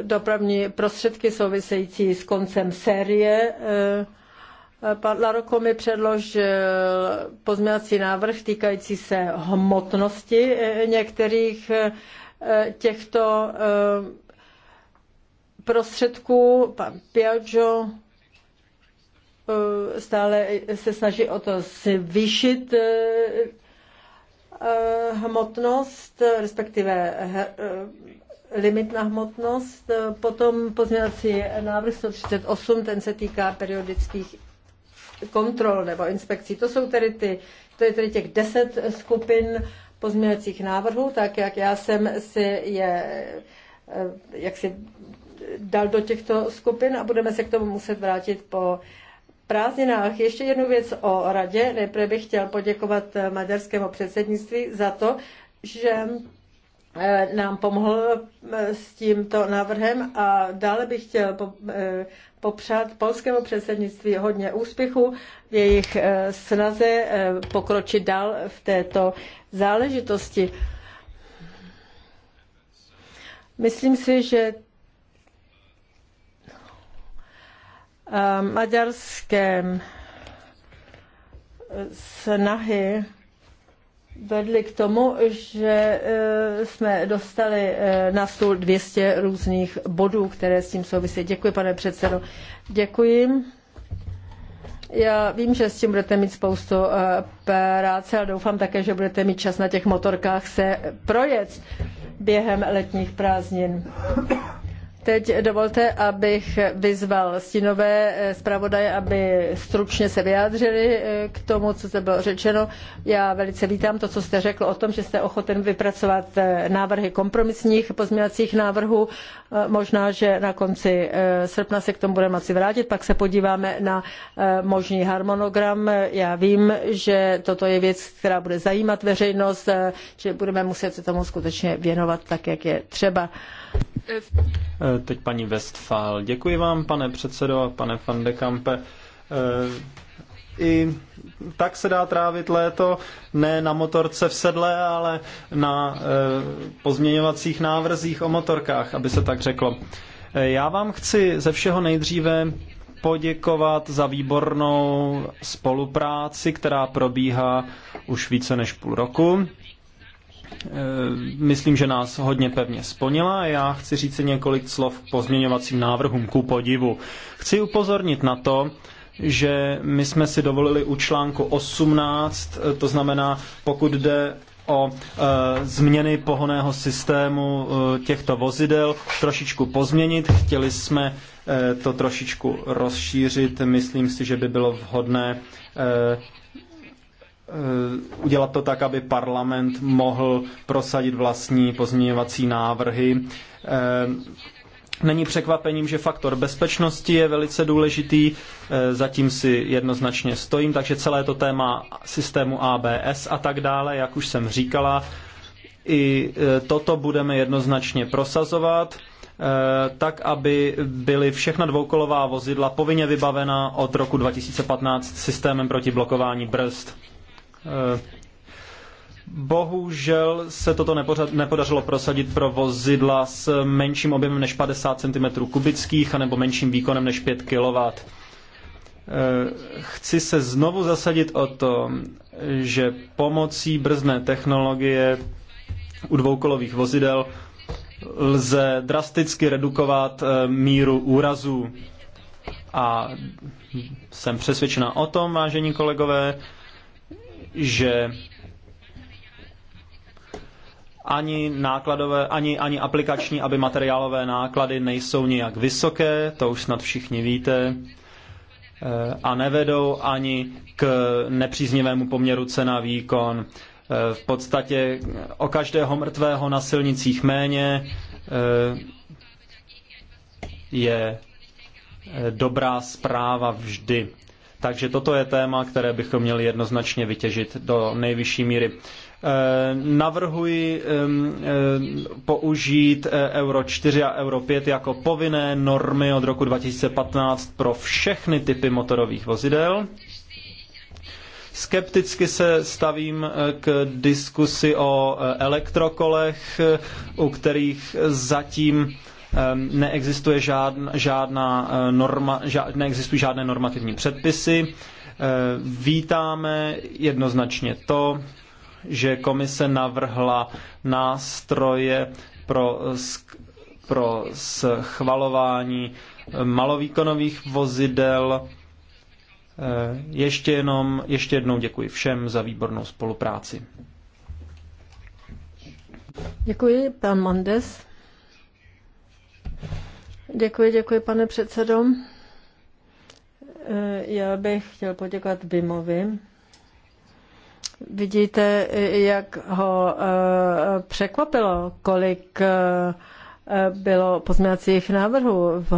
[SPEAKER 2] dopravní prostředky související s koncem série. Eh, pan Laroko mi předložil pozměňovací návrh týkající se hmotnosti eh, některých eh, těchto prostředků. Pan Piaggio stále se snaží o to zvýšit hmotnost, respektive limit na hmotnost. Potom pozměňovací návrh 138, ten se týká periodických kontrol nebo inspekcí. To jsou tedy ty, to je tedy těch deset skupin pozměňovacích návrhů, tak jak já jsem si je eh, jak si dal do těchto skupin a budeme se k tomu muset vrátit po prázdninách. Ještě jednu věc o radě. Nejprve bych chtěl poděkovat maďarskému předsednictví za to, že Eh, nám pomohl eh, s tímto návrhem a dále bych chtěl eh, popřát polskému předsednictví hodně úspěchu v jejich snaze pokročit dál v této záležitosti. Myslím si, že maďarské snahy vedly k tomu, že eh, jsme dostali eh, na stůl 200 různých bodů, které s tím souvisí. Děkuji, pane předsedo. Děkuji. Já vím, že s tím budete mít spoustu eh, práce, ale doufám také, že budete mít čas na těch motorkách se projet během letních prázdnin. Teď dovolte, abych vyzval stínové eh, zpravodaje, aby stručně se vyjádřili eh, k tomu, co zde bylo řečeno. Já velice vítám to, co jste řekl o tom, že jste ochoten vypracovat eh, návrhy kompromisních pozměňovacích návrhů. Možná, že na konci srpna se k tomu budeme moci vrátit, pak se podíváme na možný harmonogram. Já vím, že toto je věc, která bude zajímat veřejnost, že budeme muset se tomu skutečně věnovat tak, jak je třeba.
[SPEAKER 3] Eh, teď paní Westfál. Děkuji vám, pane předsedo a pane van de Kampe. Eh, I tak se dá trávit léto, ne na motorce v sedle, ale na eh, pozměňovacích návrzích o motorkách, aby se tak řeklo. Já vám chci ze všeho nejdříve poděkovat za výbornou spolupráci, která probíhá už více než půl roku. Eh, myslím, že nás hodně pevně splnila. Já chci říct několik slov k pozměňovacím návrhům, ku podivu. Chci upozornit na to, že my jsme si dovolili u článku 18, eh, to znamená, pokud jde o e, změny pohoného systému e, těchto vozidel trošičku pozměnit. Chtěli jsme e, to trošičku rozšířit. Myslím si, že by bylo vhodné e, Eh, udělat to tak, aby parlament mohl prosadit vlastní pozměňovací návrhy. Eh, není překvapením, že faktor bezpečnosti je velice důležitý, eh, zatím si jednoznačně stojím, takže celé to téma systému ABS a tak dále, jak už jsem říkala, i toto budeme jednoznačně prosazovat, tak aby byly všechna dvoukolová vozidla povinně vybavena od roku 2015 systémem proti blokování brzd. Eh, bohužel se toto nepodařilo prosadit pro vozidla s menším objemem než 50 cm kubických anebo menším výkonem než 5 kW. Eh, chci se znovu zasadit o to, že pomocí brzdné technologie u dvoukolových vozidel lze drasticky redukovat eh, míru úrazů. A jsem přesvědčena o tom, vážení kolegové, že ani nákladové, ani, ani aplikační, aby materiálové náklady nejsou nijak vysoké, to už snad všichni víte, eh, a nevedou ani k nepříznivému poměru cena-výkon. Eh, v podstatě o každého mrtvého na silnicích méně eh, je dobrá zpráva vždy. Takže toto je téma, které bychom měli jednoznačně vytěžit do nejvyšší míry. E, navrhuji e, použít e, Euro 4 a Euro 5 jako povinné normy od roku 2015 pro všechny typy motorových vozidel. Skepticky se stavím k diskusi o elektrokolech, u kterých zatím Ehm, neexistuje žádná, žádná eh, norma, žád, neexistují žádné normativní předpisy. Eh, vítáme jednoznačně to, že komise navrhla nástroje pro, pro schvalování malovýkonových vozidel. Eh, ještě, jenom, ještě jednou děkuji všem za výbornou spolupráci.
[SPEAKER 2] Děkuji, pan Mandes. Děkuji, děkuji, pane předsedo. Eh, já bych chtěl poděkovat Bimovi. Vidíte, jak ho eh, překvapilo, kolik eh, bylo pozměňovacích návrhů v,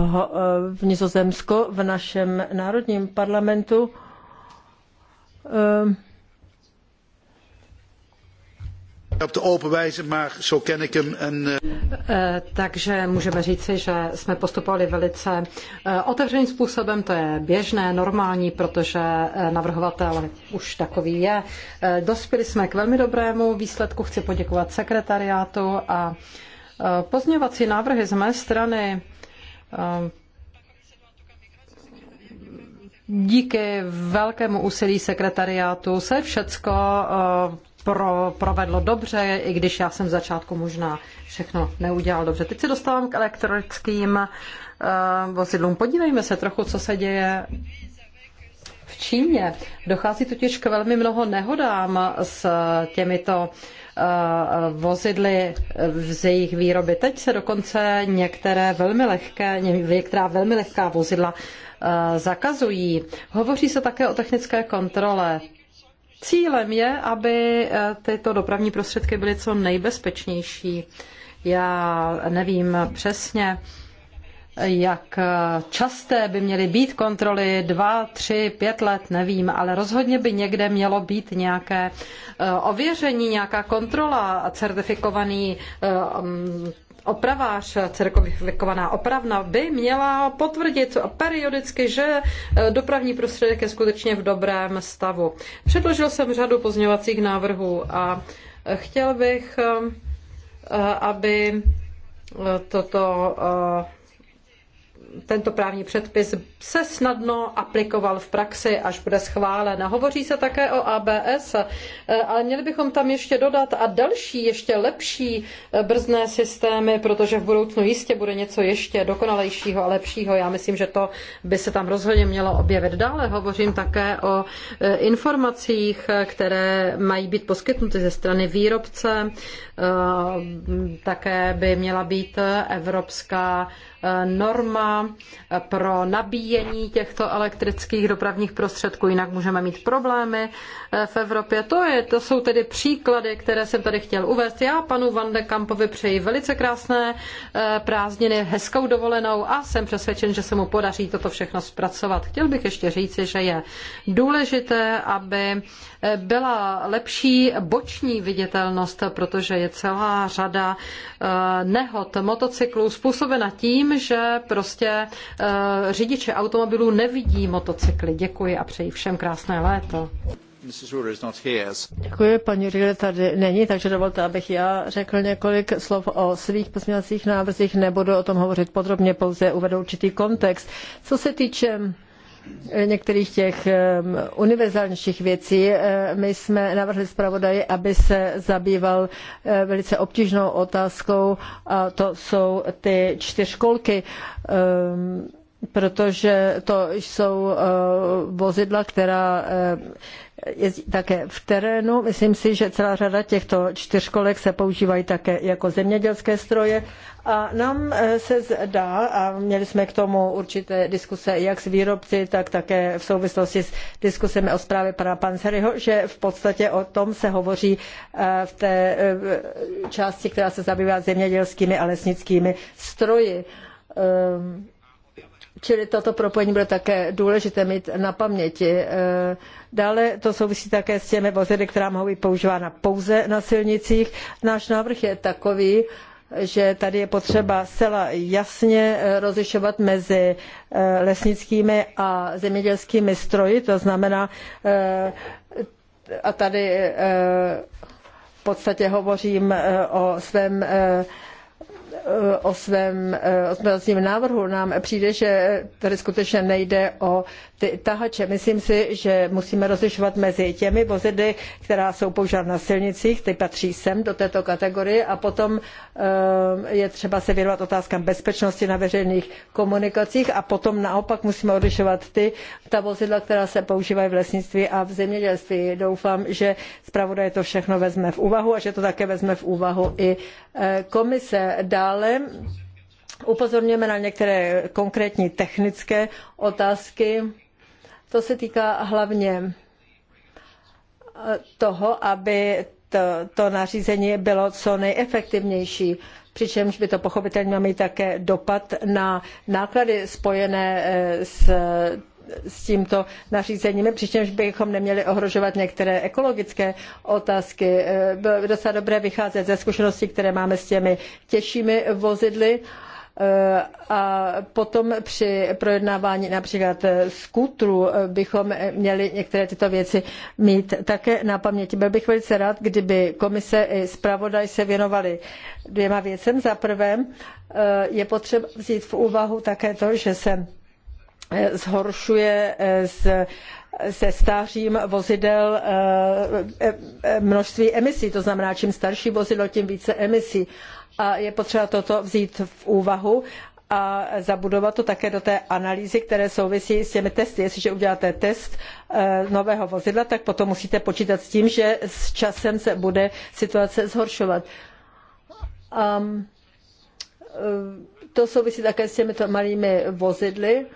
[SPEAKER 2] v Nizozemsku, v našem národním parlamentu.
[SPEAKER 1] Takže můžeme říci, že jsme postupovali velice eh, otevřeným způsobem, to je běžné, normální, protože eh, navrhovatel už takový je. Eh, dospěli jsme k velmi dobrému výsledku, chci poděkovat sekretariátu a pozměvací návrhy z mé strany díky velkému úsilí sekretariátu se všecko pro, provedlo dobře, i když já jsem v začátku možná všechno neudělal dobře. Teď se dostávám k elektrickým uh, eh, vozidlům. Podívejme se trochu, co se děje v Číně. Dochází totiž k velmi mnoho nehodám s těmito eh, vozidly z jejich výroby. Teď se dokonce některé velmi lehké, některá velmi lehká vozidla eh, zakazují. Hovoří se také o technické kontrole. Cílem je, aby eh, tyto dopravní prostředky byly co nejbezpečnější. Já nevím přesně, jak eh, časté by měly být kontroly, dva, tři, pět let, nevím, ale rozhodně by někde mělo být nějaké eh, ověření, nějaká kontrola a certifikovaný opravář, cerkovikovaná opravna by měla potvrdit periodicky, že eh, dopravní prostředek je skutečně v dobrém stavu. Předložil jsem řadu pozměňovacích návrhů a eh, chtěl bych, eh, aby toto tento právní předpis se snadno aplikoval v praxi, až bude schválen. Hovoří se také o ABS, eh, ale měli bychom tam ještě dodat a další, ještě lepší eh, brzné systémy, protože v budoucnu jistě bude něco ještě dokonalejšího a lepšího. Já myslím, že to by se tam rozhodně mělo objevit dále. Hovořím také o eh, informacích, které mají být poskytnuty ze strany výrobce. Také by měla být evropská Eh, norma eh, pro nabíjení těchto elektrických dopravních prostředků, jinak můžeme mít problémy eh, v Evropě. To, je, to jsou tedy příklady, které jsem tady chtěl uvést. Já panu Van de Kampovi přeji velice krásné prázdniny, hezkou dovolenou a jsem přesvědčen, že se mu podaří toto všechno zpracovat. Chtěl bych ještě říci, že je důležité, aby byla lepší boční viditelnost, protože je celá řada nehod motocyklů způsobena tím, že prostě eh, řidiče automobilů nevidí motocykly. Děkuji a přeji všem krásné léto. Děkuji, paní Rile tady není, takže dovolte, abych já řekl
[SPEAKER 2] několik slov o svých pozměňovacích návrzích. Nebudu o tom hovořit podrobně, pouze uvedu určitý kontext. Co se týče Eh, některých těch univerzálnějších věcí. Eh, my jsme navrhli zpravodaji, aby se zabýval eh, velice obtížnou otázkou a to jsou ty čtyřkolky. Um, protože to jsou eh, vozidla, která eh, jezdí také v terénu. Myslím si, že celá řada těchto čtyřkolek se používají také jako zemědělské stroje. A nám eh, se zdá, a měli jsme k tomu určité diskuse jak s výrobci, tak také v souvislosti s diskusemi o zprávě pana Panseryho, že v podstatě o tom se hovoří v té části, která se zabývá zemědělskými a lesnickými stroji ehm, Čili toto propojení bude také důležité mít na paměti. E, dále to souvisí také s těmi vozidly, která mohou být používána pouze na silnicích. Náš návrh je takový, že tady je potřeba zcela jasně e, rozlišovat mezi e, lesnickými a zemědělskými stroji, to znamená, a tady v podstatě hovořím o svém o svém eh, o svém návrhu nám přijde, že tady skutečně nejde o tahače. Myslím si, že musíme rozlišovat mezi těmi vozidly, která jsou používána na silnicích, ty patří sem do této kategorie a potom eh, je třeba se věnovat otázkám bezpečnosti na veřejných komunikacích a potom naopak musíme odlišovat ty, ta vozidla, která se používají v lesnictví a v zemědělství. Doufám, že zpravodaj to všechno vezme v úvahu a že to také vezme v úvahu i eh, komise. Dále upozorňujeme na některé konkrétní technické otázky to se týká hlavně eh, toho, aby to, to nařízení bylo co nejefektivnější, přičemž by to pochopitelně mělo mít také dopad na náklady spojené eh, s s tímto nařízením, přičemž bychom neměli ohrožovat některé ekologické otázky. Eh, bylo by docela dobré vycházet ze zkušeností, které máme s těmi těžšími vozidly. Eh, a potom při projednávání například eh, skútru eh, bychom měli některé tyto věci mít také na paměti. Byl bych velice rád, kdyby komise i zpravodaj se věnovali dvěma věcem. Za prvé je potřeba vzít v úvahu také to, že se zhoršuje s se stářím vozidel množství emisí. To znamená, čím starší vozidlo, tím více emisí a je potřeba toto vzít v úvahu a zabudovat to také do té analýzy, které souvisí s těmi testy. Jestliže uděláte test eh, nového vozidla, tak potom musíte počítat s tím, že s časem se bude situace zhoršovat. Um, to souvisí také s těmito malými vozidly.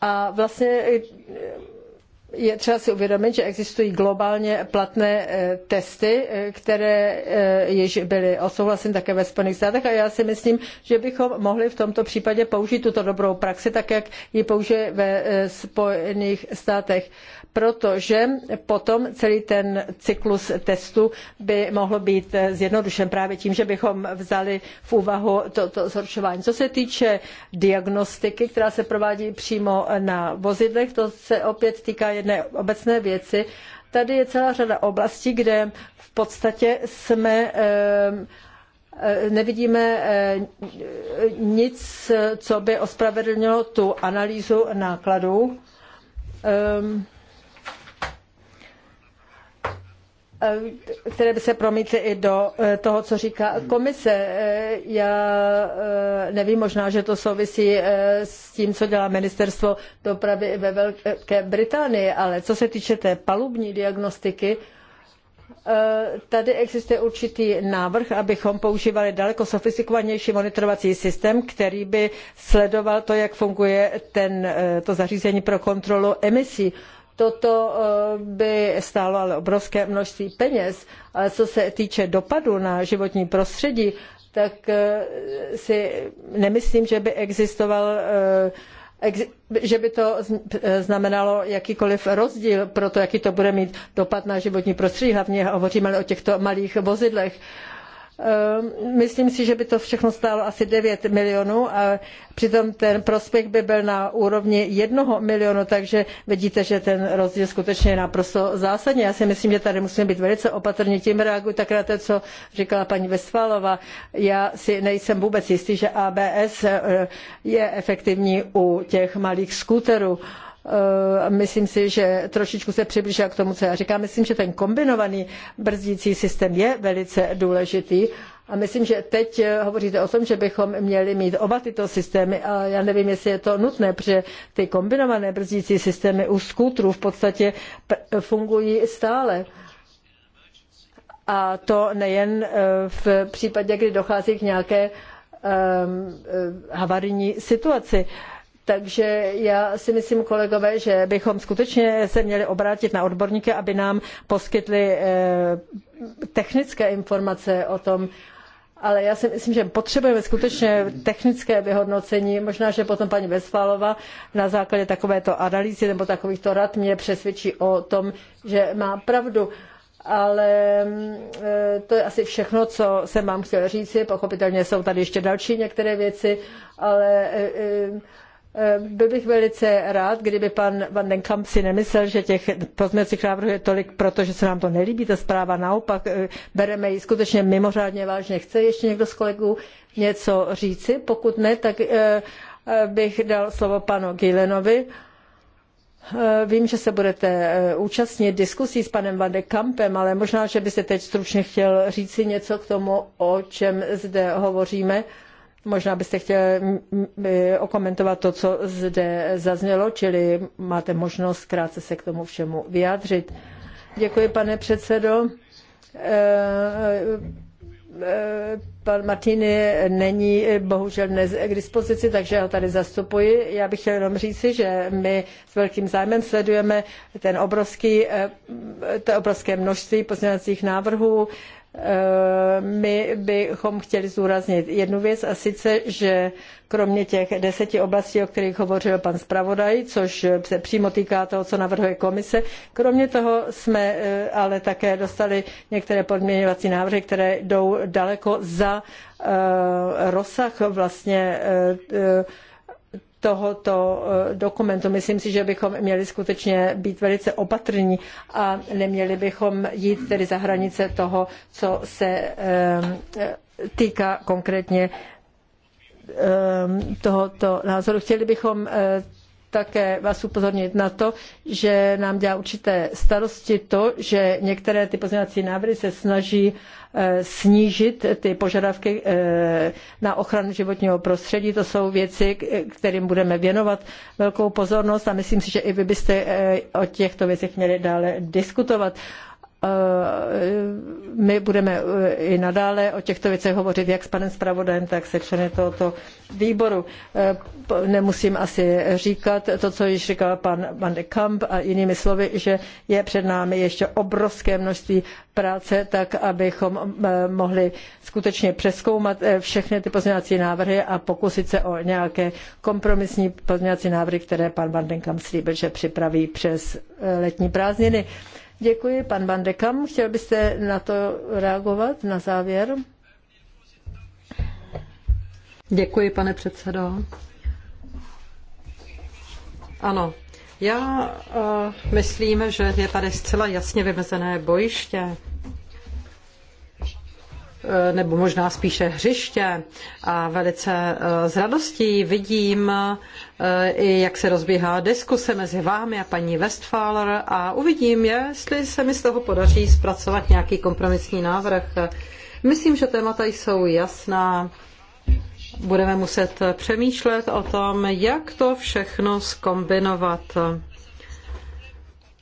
[SPEAKER 2] A vlastně eh, je třeba si uvědomit, že existují globálně platné e, testy, e, které e, již byly odsouhlaseny také ve Spojených státech a já si myslím, že bychom mohli v tomto případě použít tuto dobrou praxi, tak jak ji použije ve Spojených státech protože potom celý ten cyklus testů by mohl být zjednodušen právě tím, že bychom vzali v úvahu toto to zhoršování. Co se týče diagnostiky, která se provádí přímo na vozidlech, to se opět týká jedné obecné věci. Tady je celá řada oblastí, kde v podstatě jsme eh, nevidíme eh, nic, co by ospravedlnilo tu analýzu nákladů. Um, Eh, které by se promítly i do eh, toho, co říká komise. Eh, já nevím, možná, že to souvisí s tím, co dělá ministerstvo dopravy ve Velké Británii, ale co se týče té palubní diagnostiky, tady existuje určitý návrh, abychom používali daleko sofistikovanější monitorovací systém, který by sledoval to, jak funguje ten, to zařízení pro kontrolu emisí Toto eh, by stálo ale obrovské množství peněz. A co se týče dopadu na životní prostředí, tak eh, si nemyslím, že by existoval eh, že by to znamenalo jakýkoliv rozdíl pro to, jaký to bude mít dopad na životní prostředí. Hlavně hovoříme o těchto malých vozidlech. Ehm, myslím si, že by to všechno stálo asi 9 milionů a přitom ten prospekt by byl na úrovni 1 milionu, takže vidíte, že ten rozdíl skutečně je naprosto zásadní. Já si myslím, že tady musíme být velice opatrní. Tím reaguji tak na to, co říkala paní Vesfalová. Já si nejsem vůbec jistý, že ABS eh, je efektivní u těch malých skuterů. Eh, myslím si, že trošičku se přiblížila k tomu, co já říkám. Myslím, že ten kombinovaný brzdící systém je velice důležitý. A myslím, že teď eh, hovoříte o tom, že bychom měli mít oba tyto systémy a já nevím, jestli je to nutné, protože ty kombinované brzdící systémy u skútrů v podstatě fungují stále a to nejen eh, v případě, kdy dochází k nějaké ehm, havarijní situaci. Takže já si myslím, kolegové, že bychom skutečně se měli obrátit na odborníky, aby nám poskytli eh, technické informace o tom, ale já si myslím, že potřebujeme skutečně technické vyhodnocení. Možná, že potom paní Vesfálova na základě takovéto analýzy nebo takovýchto rad mě přesvědčí o tom, že má pravdu. Ale eh, to je asi všechno, co jsem vám chtěl říci. Pochopitelně jsou tady ještě další některé věci, ale eh, Eh, byl bych velice rád, kdyby pan Van den Kamp si nemyslel, že těch pozměcích návrhů je tolik, protože se nám to nelíbí, ta zpráva naopak, eh, bereme ji skutečně mimořádně vážně. Chce ještě někdo z kolegů něco říci? Pokud ne, tak eh, bych dal slovo panu Gilenovi. Vím, že se budete účastnit diskusí s panem Van de Kampem, ale možná, že byste teď stručně chtěl říci něco k tomu, o čem zde hovoříme. Možná byste chtěli okomentovat to, co zde zaznělo, čili máte možnost krátce se k tomu všemu vyjádřit. Děkuji, pane předsedo. Eh, eh, pan Martiny není eh, bohužel dnes k dispozici, takže ho tady zastupuji. Já bych chtěl jenom říci, že my s velkým zájmem sledujeme ten obrovský, to obrovské množství pozměňovacích návrhů, Eh, my bychom chtěli zúraznit jednu věc a sice, že kromě těch deseti oblastí, o kterých hovořil pan zpravodaj, což se přímo týká toho, co navrhuje komise, kromě toho jsme eh, ale také dostali některé podměňovací návrhy, které jdou daleko za eh, rozsah vlastně tohoto eh, dokumentu. Myslím si, že bychom měli skutečně být velice opatrní a neměli bychom jít tedy za hranice toho, co se eh, eh, týká konkrétně tohoto názoru. Chtěli bychom také vás upozornit na to, že nám dělá určité starosti to, že některé ty pozměňovací návrhy se snaží eh, snížit ty požadavky eh, na ochranu životního prostředí. To jsou věci, kterým budeme věnovat velkou pozornost a myslím si, že i vy byste eh, o těchto věcech měli dále diskutovat. Eh, my budeme eh, i nadále o těchto věcech hovořit jak s panem zpravodajem, tak se členy tohoto výboru. Eh, nemusím asi říkat to, co již říkal pan Van de Kamp a jinými slovy, že je před námi ještě obrovské množství práce, tak abychom mohli skutečně přeskoumat všechny ty pozměňovací návrhy a pokusit se o nějaké kompromisní pozměňovací návrhy, které pan Van de Kamp slíbil, že připraví přes letní prázdniny. Děkuji, pan Bandekam, Chtěl byste na to reagovat na závěr?
[SPEAKER 1] Děkuji, pane předsedo. Ano, já uh, myslím, že je tady zcela jasně vymezené bojiště Eh, nebo možná spíše hřiště. A velice eh, s radostí vidím, eh, i jak se rozbíhá diskuse mezi vámi a paní Westphaler a uvidím, jestli se mi z toho podaří zpracovat nějaký kompromisní návrh. Myslím, že témata jsou jasná. Budeme muset přemýšlet o tom, jak to všechno skombinovat.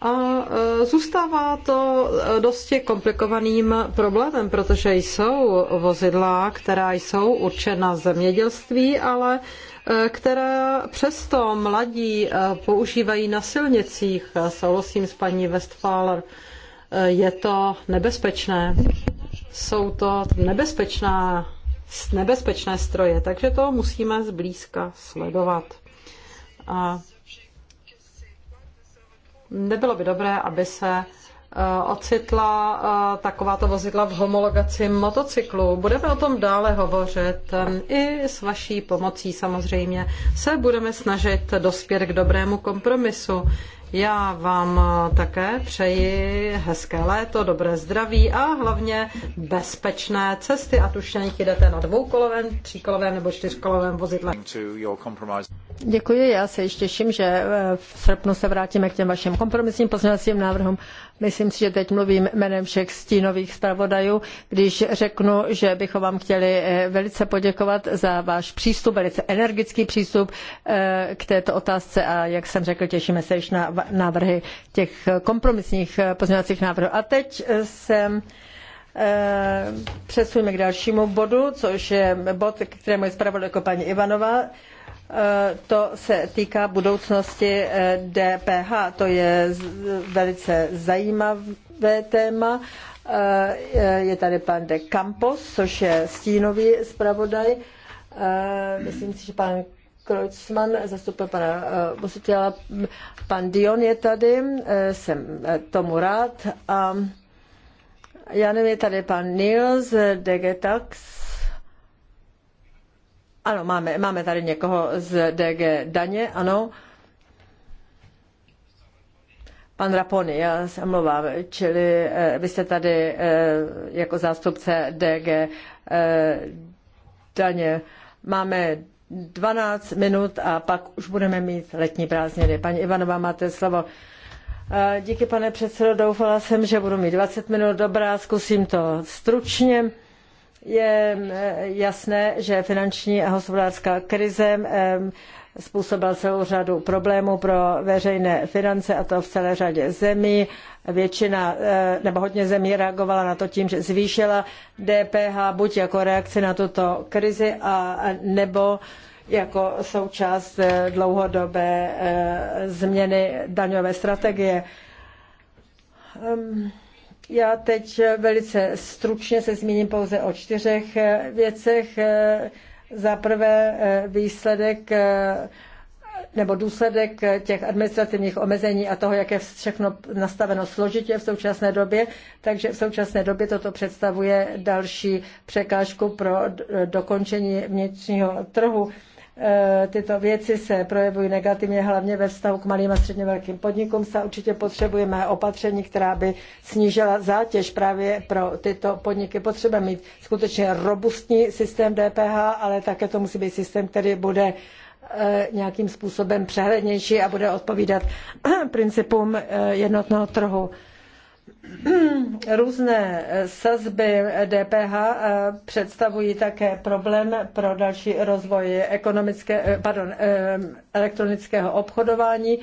[SPEAKER 1] A e, zůstává to e, dosti komplikovaným problémem, protože jsou vozidla, která jsou určena zemědělství, ale e, která přesto mladí používají na silnicích. Souhlasím s paní Westphaler, je to nebezpečné. Jsou to nebezpečná, nebezpečné stroje, takže to musíme zblízka sledovat. A nebylo by dobré, aby se eh, ocitla eh, takováto vozidla v homologaci motocyklu. Budeme o tom dále hovořit. I s vaší pomocí samozřejmě se budeme snažit dospět k dobrému kompromisu. Já vám také přeji hezké léto, dobré zdraví a hlavně bezpečné cesty, a už nech jdete na dvoukolovém, tříkolovém nebo čtyřkolovém vozidle.
[SPEAKER 2] Děkuji, já se již těším, že eh, v srpnu se vrátíme k těm vašim kompromisním pozměňovacím návrhům. Myslím si, že teď mluvím jménem všech stínových zpravodajů, když řeknu, že bychom vám chtěli eh, velice poděkovat za váš přístup, velice energický přístup eh, k této otázce a jak jsem řekl, těšíme se již na návrhy těch kompromisních eh, pozměňovacích návrhů. A teď eh, se eh, přesuneme k dalšímu bodu, což je bod, kterému je zpravodajko paní Ivanová. To se týká budoucnosti DPH. To je velice zajímavé téma. Je tady pan de Campos, což je stínový zpravodaj. Myslím si, že pan Kreutzmann zastupuje pana Bositela, eh, pan Dion je tady, eh, jsem eh, tomu rád a já nevím, je tady pan Nils Degetax. Ano, máme, máme tady někoho z DG Daně, ano. Pan Raponi, já se omlouvám, čili vy jste tady jako zástupce DG daně. Máme Dvanáct minut a pak už budeme mít letní prázdniny. Paní Ivanová, máte slovo. Díky, pane předsedo, doufala jsem, že budu mít 20 minut. Dobrá, zkusím to stručně. Je eh, jasné, že finanční a hospodářská krize eh, způsobil celou řadu problémů pro veřejné finance a to v celé řadě zemí. Většina eh, nebo hodně zemí reagovala na to tím, že zvýšila DPH buď jako reakci na tuto krizi a nebo jako součást eh, dlouhodobé eh, změny daňové strategie. Ehm, já teď velice stručně se zmíním pouze o čtyřech věcech. Za prvé eh, výsledek eh, nebo důsledek eh, těch administrativních omezení a toho, jak je všechno nastaveno složitě v současné době. Takže v současné době toto představuje další překážku pro dokončení vnitřního trhu Eh, tyto věci se projevují negativně, hlavně ve vztahu k malým a středně velkým podnikům. Se určitě potřebujeme opatření, která by snížila zátěž právě pro tyto podniky. Potřebujeme mít skutečně robustní systém DPH, ale také to musí být systém, který bude eh, nějakým způsobem přehlednější a bude odpovídat [CLEARS THROAT] principům eh, jednotného trhu. Různé eh, sazby DPH eh, představují také problém pro další rozvoj ekonomické, eh, pardon, elektronického obchodování,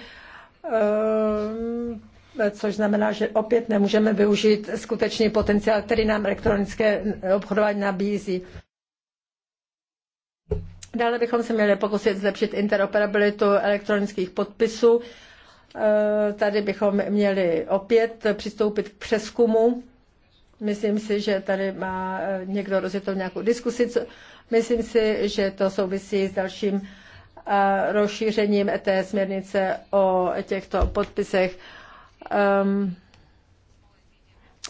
[SPEAKER 2] což znamená, že opět nemůžeme využít skutečný potenciál, který nám elektronické obchodování nabízí. Dále bychom se měli pokusit zlepšit interoperabilitu elektronických podpisů Eh, tady bychom měli opět přistoupit k přeskumu. Myslím si, že tady má eh, někdo rozjetou nějakou diskusi. Myslím si, že to souvisí s dalším eh, rozšířením té směrnice o těchto podpisech. Um,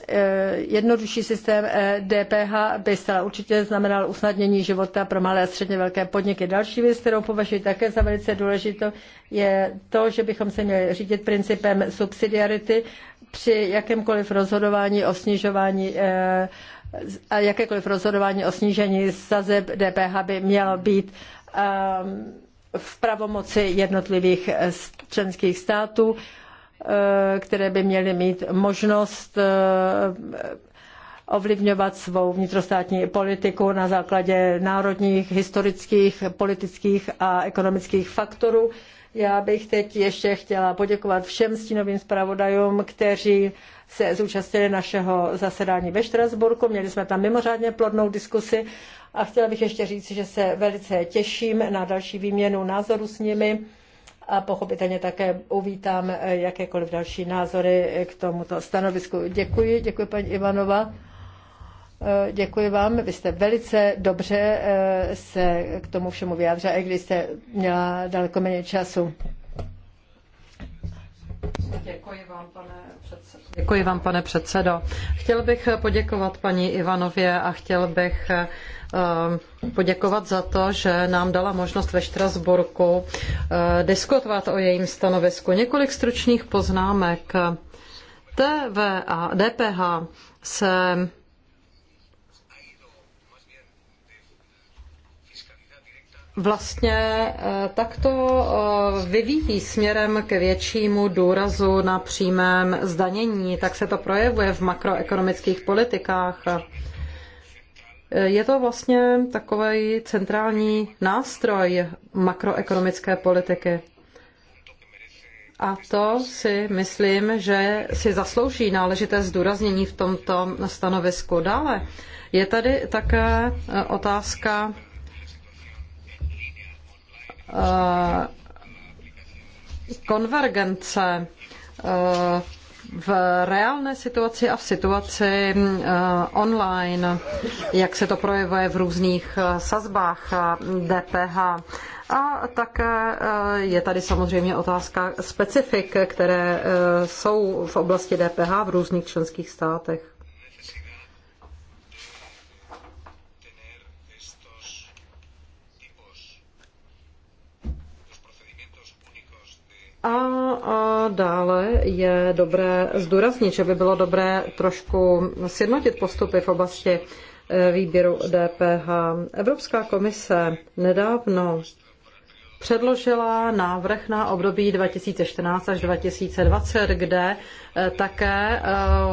[SPEAKER 2] Eh, jednodušší systém DPH eh, by zcela určitě znamenal usnadnění života pro malé a středně velké podniky. Další věc, kterou považuji také za velice důležitou, je to, že bychom se měli řídit principem subsidiarity při jakémkoliv rozhodování o snižování eh, a jakékoliv rozhodování o snížení sazeb DPH by mělo být v pravomoci jednotlivých členských států Eh, které by měly mít možnost eh, ovlivňovat svou vnitrostátní politiku na základě národních, historických, politických a ekonomických faktorů. Já bych teď ještě chtěla poděkovat všem stínovým zpravodajům, kteří se zúčastnili našeho zasedání ve Štrasburku. Měli jsme tam mimořádně plodnou diskusi a chtěla bych ještě říct, že se velice těším na další výměnu názorů s nimi a pochopitelně také uvítám eh, jakékoliv další názory k tomuto stanovisku. Děkuji, děkuji paní Ivanova. Eh, děkuji vám, vy jste velice dobře eh, se k tomu všemu vyjádřila, i když jste měla daleko méně času.
[SPEAKER 1] Děkuji vám, pane předsedo. Děkuji vám, pane předsedo. Chtěl bych poděkovat paní Ivanově a chtěl bych Eh, poděkovat za to, že nám dala možnost ve Štrasburku eh, diskutovat o jejím stanovisku. Několik stručných poznámek. a DPH se vlastně eh, takto vyvíjí směrem k většímu důrazu na přímém zdanění, tak se to projevuje v makroekonomických politikách. Je to vlastně takový centrální nástroj makroekonomické politiky. A to si myslím, že si zaslouží náležité zdůraznění v tomto stanovisku. Dále je tady také eh, otázka eh, konvergence eh, v reálné situaci a v situaci eh, online, jak se to projevuje v různých eh, sazbách DPH. Eh, a také je tady samozřejmě otázka specifik, které jsou v oblasti DPH v různých členských státech. A, a dále je dobré zdůraznit, že by bylo dobré trošku sjednotit postupy v oblasti e, výběru DPH. Evropská komise nedávno předložila návrh na období 2014 až 2020, kde e, také e,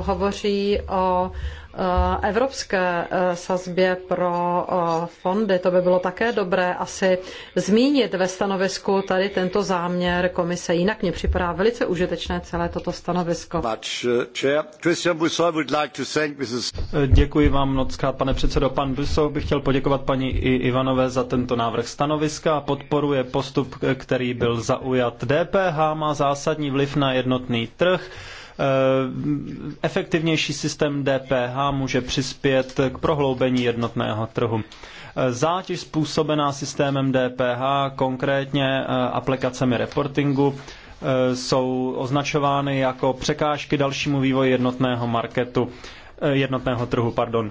[SPEAKER 1] hovoří o Eh, evropské eh, sazbě pro eh, fondy. To by bylo také dobré asi zmínit ve stanovisku tady tento záměr komise. Jinak mě připadá velice užitečné celé toto stanovisko.
[SPEAKER 3] Děkuji vám moc pane předsedo. Pan Busov bych chtěl poděkovat paní Ivanové za tento návrh stanoviska a podporuje postup, který byl zaujat. DPH má zásadní vliv na jednotný trh Eh, efektivnější systém DPH může přispět k prohloubení jednotného trhu. Eh, zátěž způsobená systémem DPH, konkrétně eh, aplikacemi reportingu, jsou označovány jako překážky dalšímu vývoji jednotného marketu, jednotného trhu, pardon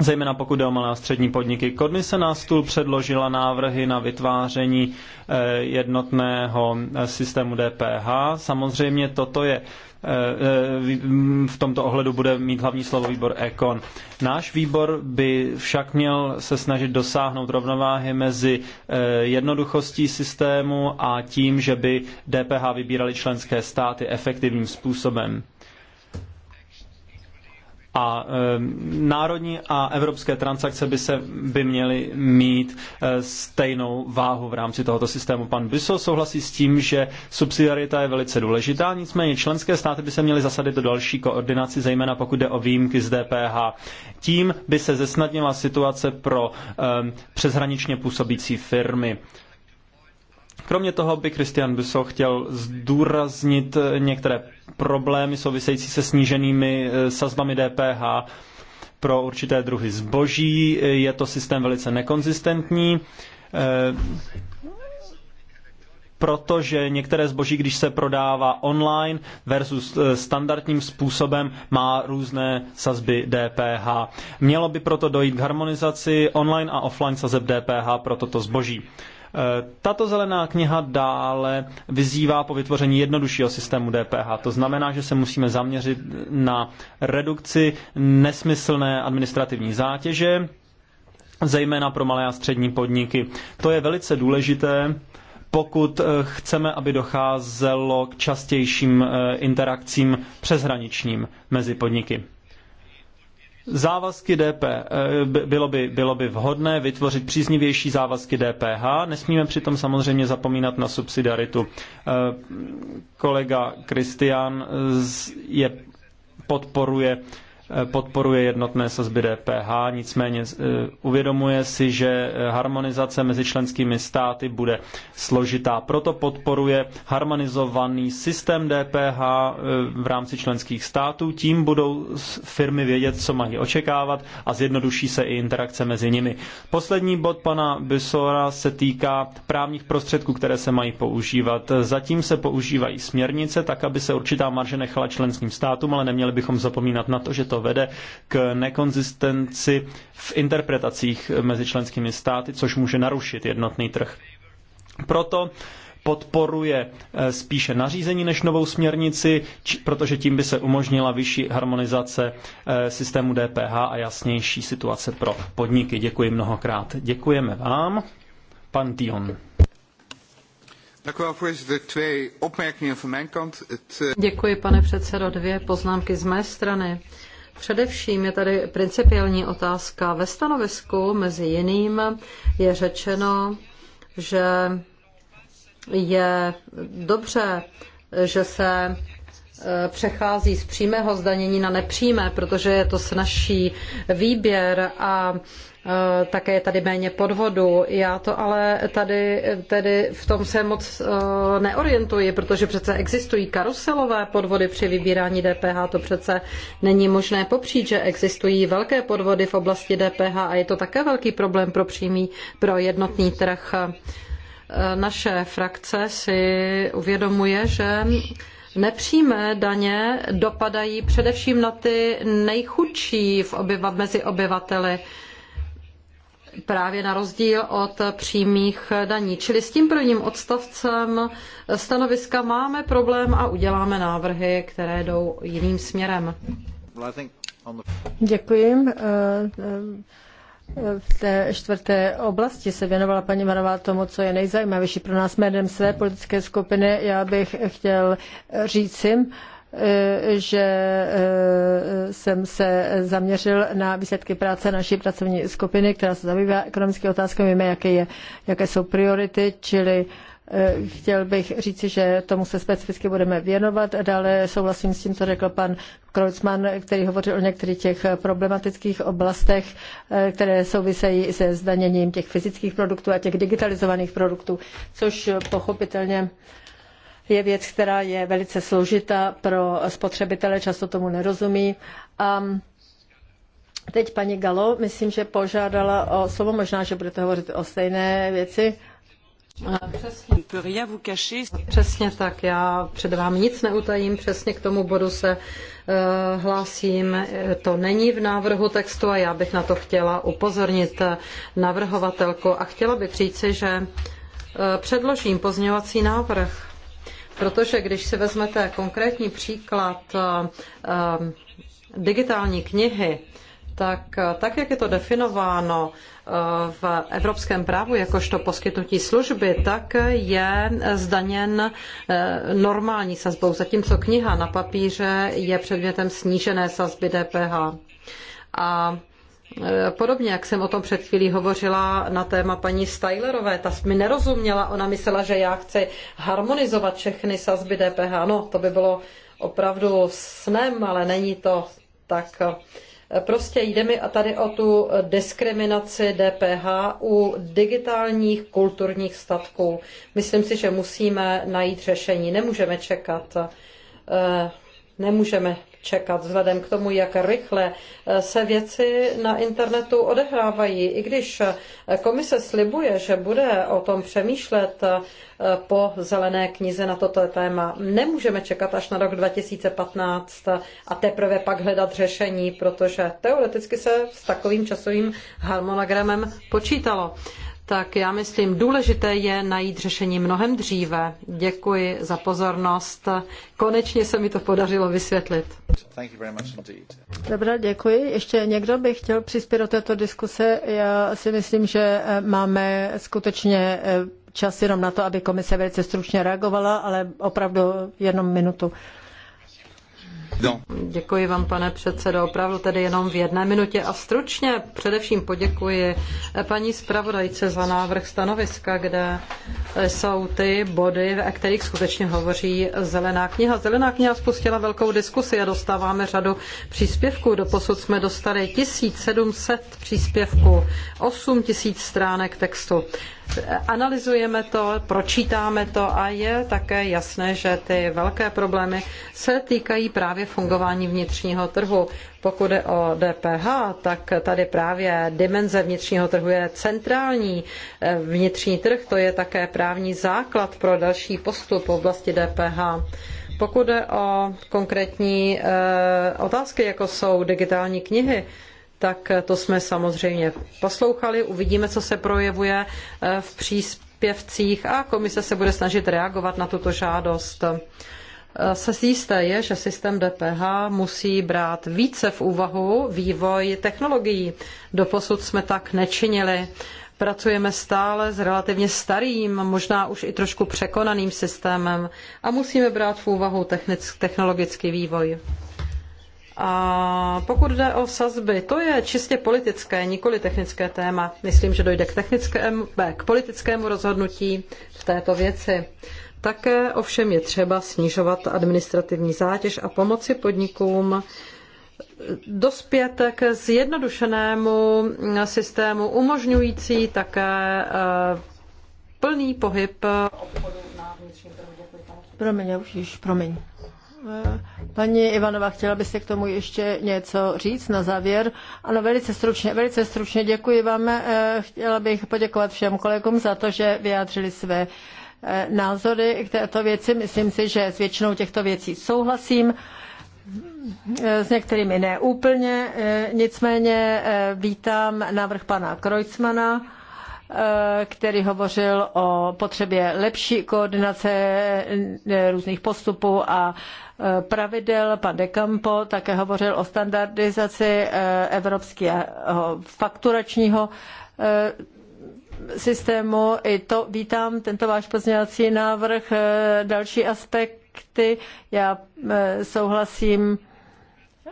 [SPEAKER 3] zejména pokud jde o malé a střední podniky. Komise na stůl předložila návrhy na vytváření eh, jednotného eh, systému DPH. Samozřejmě toto je eh, mm, v tomto ohledu bude mít hlavní slovo výbor Ekon. Náš výbor by však měl se snažit dosáhnout rovnováhy mezi jednoduchostí systému a tím, že by DPH vybírali členské státy efektivním způsobem. A e, národní a evropské transakce by, se, by měly mít e, stejnou váhu v rámci tohoto systému. Pan Byso souhlasí s tím, že subsidiarita je velice důležitá, nicméně členské státy by se měly zasadit do další koordinaci, zejména pokud jde o výjimky z DPH. Tím by se zesnadnila situace pro e, přeshraničně působící firmy. Kromě toho by Christian Byso chtěl zdůraznit eh, některé problémy související se sníženými eh, sazbami DPH pro určité druhy zboží. Je to systém velice nekonzistentní eh, protože některé zboží, když se prodává online versus eh, standardním způsobem, má různé sazby DPH. Mělo by proto dojít k harmonizaci online a offline sazeb DPH pro toto zboží. Eh, tato zelená kniha dále vyzývá po vytvoření jednoduššího systému DPH. To znamená, že se musíme zaměřit na redukci nesmyslné administrativní zátěže, zejména pro malé a střední podniky. To je velice důležité, pokud eh, chceme, aby docházelo k častějším eh, interakcím přeshraničním mezi podniky. Závazky DP, eh, bylo by, bylo by vhodné vytvořit příznivější závazky DPH, nesmíme přitom samozřejmě zapomínat na subsidiaritu. Eh, kolega Kristian eh, je podporuje podporuje jednotné sazby DPH, nicméně eh, uvědomuje si, že eh, harmonizace mezi členskými státy bude složitá. Proto podporuje harmonizovaný systém DPH eh, v rámci členských států. Tím budou firmy vědět, co mají očekávat a zjednoduší se i interakce mezi nimi. Poslední bod pana Bysora se týká právních prostředků, které se mají používat. Zatím se používají směrnice, tak aby se určitá marže nechala členským státům, ale neměli bychom zapomínat na to, že to vede k nekonzistenci v interpretacích mezi členskými státy, což může narušit jednotný trh. Proto podporuje eh, spíše nařízení než novou směrnici, protože tím by se umožnila vyšší harmonizace eh, systému DPH a jasnější situace pro podniky. Děkuji mnohokrát. Děkujeme vám. Pan Dion. Eh, Děkuji,
[SPEAKER 1] pane předsedo. Dvě poznámky z mé strany. Především je tady principiální otázka. Ve stanovisku mezi jiným je řečeno, že je dobře, že se Eh, přechází z přímého zdanění na nepřímé, protože je to snažší výběr a eh, také je tady méně podvodu. Já to ale tady, tady v tom se moc eh, neorientuji, protože přece existují karuselové podvody při vybírání DPH. To přece není možné popřít, že existují velké podvody v oblasti DPH a je to také velký problém pro přímý, pro jednotný trh. Naše frakce si uvědomuje, že Nepřímé daně dopadají především na ty nejchudší v obyvat, mezi obyvateli, právě na rozdíl od přímých daní. Čili s tím prvním odstavcem stanoviska máme problém a uděláme návrhy, které jdou jiným směrem.
[SPEAKER 2] Děkuji. V té čtvrté oblasti se věnovala paní Marová tomu, co je nejzajímavější pro nás jménem své politické skupiny. Já bych chtěl říci, eh, že eh, jsem se zaměřil na výsledky práce naší pracovní skupiny, která se zabývá ekonomickými otázkami, víme, jaké, je, jaké jsou priority, čili uh, Eh, chtěl bych říci, že tomu se specificky budeme věnovat. Dále souhlasím s tím, co řekl pan Kreuzmann, který hovořil o některých těch problematických oblastech, eh, které souvisejí se zdaněním těch fyzických produktů a těch digitalizovaných produktů, což pochopitelně je věc, která je velice složitá pro spotřebitele, často tomu nerozumí. A teď paní Galo, myslím, že požádala o slovo, možná,
[SPEAKER 1] že budete hovořit o stejné věci. Přesně. tak, já před vám nic neutajím, přesně k tomu bodu se eh, hlásím. To není v návrhu textu a já bych na to chtěla upozornit eh, navrhovatelku a chtěla bych říci, že eh, předložím pozměňovací návrh, protože když si vezmete konkrétní příklad digitální knihy, tak tak, jak je to definováno, v evropském právu, jakožto poskytnutí služby, tak je zdaněn eh, normální sazbou, zatímco kniha na papíře je předmětem snížené sazby DPH. A eh, Podobně, jak jsem o tom před chvílí hovořila na téma paní Stylerové, ta mi nerozuměla, ona myslela, že já chci harmonizovat všechny sazby DPH. No, to by bylo opravdu snem, ale není to tak. Prostě jde mi a tady o tu diskriminaci DPH u digitálních kulturních statků. Myslím si, že musíme najít řešení. Nemůžeme čekat. Eh, nemůžeme čekat, vzhledem k tomu, jak rychle eh, se věci na internetu odehrávají. I když eh, komise slibuje, že bude o tom přemýšlet eh, po zelené knize na toto téma, nemůžeme čekat až na rok 2015 a teprve pak hledat řešení, protože teoreticky se s takovým časovým harmonogramem počítalo tak já myslím, důležité je najít řešení mnohem dříve. Děkuji za pozornost. Konečně se mi to podařilo vysvětlit.
[SPEAKER 2] Dobrá, děkuji. Ještě někdo by chtěl přispět do této diskuse. Já si myslím, že eh, máme skutečně eh, čas jenom na to, aby komise velice stručně reagovala,
[SPEAKER 1] ale opravdu jenom minutu. No. Děkuji vám, pane předsedo. Opravdu tedy jenom v jedné minutě a stručně především poděkuji paní zpravodajce za návrh stanoviska, kde jsou ty body, o kterých skutečně hovoří Zelená kniha. Zelená kniha spustila velkou diskusi a dostáváme řadu příspěvků. Doposud jsme dostali 1700 příspěvků, 8000 stránek textu analyzujeme to, pročítáme to a je také jasné, že ty velké problémy se týkají právě fungování vnitřního trhu. Pokud je o DPH, tak tady právě dimenze vnitřního trhu je centrální. Eh, vnitřní trh to je také právní základ pro další postup v oblasti DPH. Pokud je o konkrétní eh, otázky, jako jsou digitální knihy, tak to jsme samozřejmě poslouchali. Uvidíme, co se projevuje eh, v příspěvcích a komise se bude snažit reagovat na tuto žádost. Eh, se jisté je, že systém DPH musí brát více v úvahu vývoj technologií. Doposud jsme tak nečinili. Pracujeme stále s relativně starým, možná už i trošku překonaným systémem a musíme brát v úvahu technologický vývoj. A pokud jde o sazby, to je čistě politické, nikoli technické téma. Myslím, že dojde k, technickému, k politickému rozhodnutí v této věci. Také ovšem je třeba snižovat administrativní zátěž a pomoci podnikům dospět k zjednodušenému systému umožňující také eh, plný pohyb obchodu na vnitřním trhu.
[SPEAKER 2] Promiň, já už již, promiň. Eh, paní Ivanová, chtěla byste k tomu ještě něco říct na závěr? Ano, velice stručně, velice stručně děkuji vám. Eh, chtěla bych poděkovat všem kolegům za to, že vyjádřili své eh, názory k této věci. Myslím si, že s většinou těchto věcí souhlasím, s některými ne úplně. Nicméně vítám návrh pana Kreuzmana. Eh, který hovořil o potřebě lepší koordinace eh, různých postupů a eh, pravidel. Pan De Campo také hovořil o standardizaci evropského fakturačního systému. I to vítám, tento váš pozměňovací návrh. Další aspekty, já souhlasím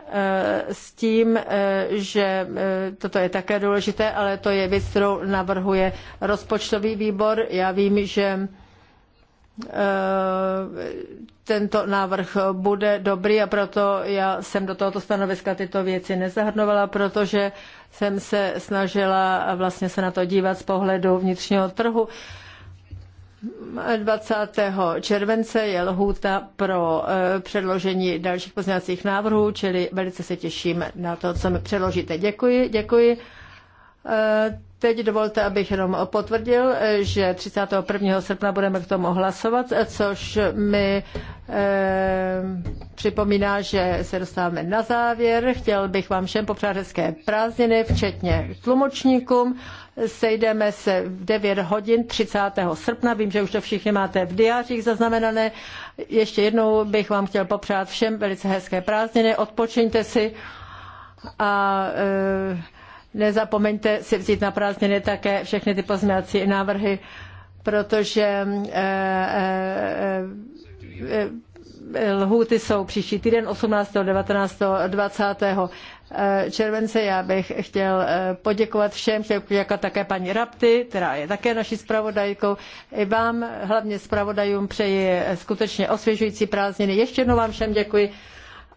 [SPEAKER 2] Eh, s tím, eh, že eh, toto je také důležité, ale to je věc, kterou navrhuje rozpočtový výbor. Já vím, že tento návrh bude dobrý a proto já jsem do tohoto stanoviska tyto věci nezahrnovala, protože jsem se snažila vlastně se na to dívat z pohledu vnitřního trhu. Uh, 20. července je lhůta pro eh, předložení dalších pozměňovacích návrhů, čili velice se těším na to, co mi předložíte. Děkuji, děkuji. Eh, teď dovolte, abych jenom potvrdil, eh, že 31. srpna budeme k tomu hlasovat, což mi připomíná, že se dostáváme na závěr. Chtěl bych vám všem popřát hezké prázdniny, včetně tlumočníkům. Sejdeme se v 9 hodin 30. srpna. Vím, že už to všichni máte v diářích zaznamenané. Ještě jednou bych vám chtěl popřát všem velice hezké prázdniny. Odpočiňte si a e, nezapomeňte si vzít na prázdniny také všechny ty pozměňovací návrhy, protože e, e, Lhůty jsou příští týden 18. 19. 20. července. Já bych chtěl eh, poděkovat všem, chtěl poděkovat také paní Rapty, která je také naší zpravodajkou. I vám, hlavně zpravodajům, přeji skutečně osvěžující prázdniny. Ještě jednou vám všem děkuji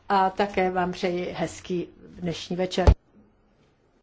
[SPEAKER 2] a také vám přeji hezký dnešní večer.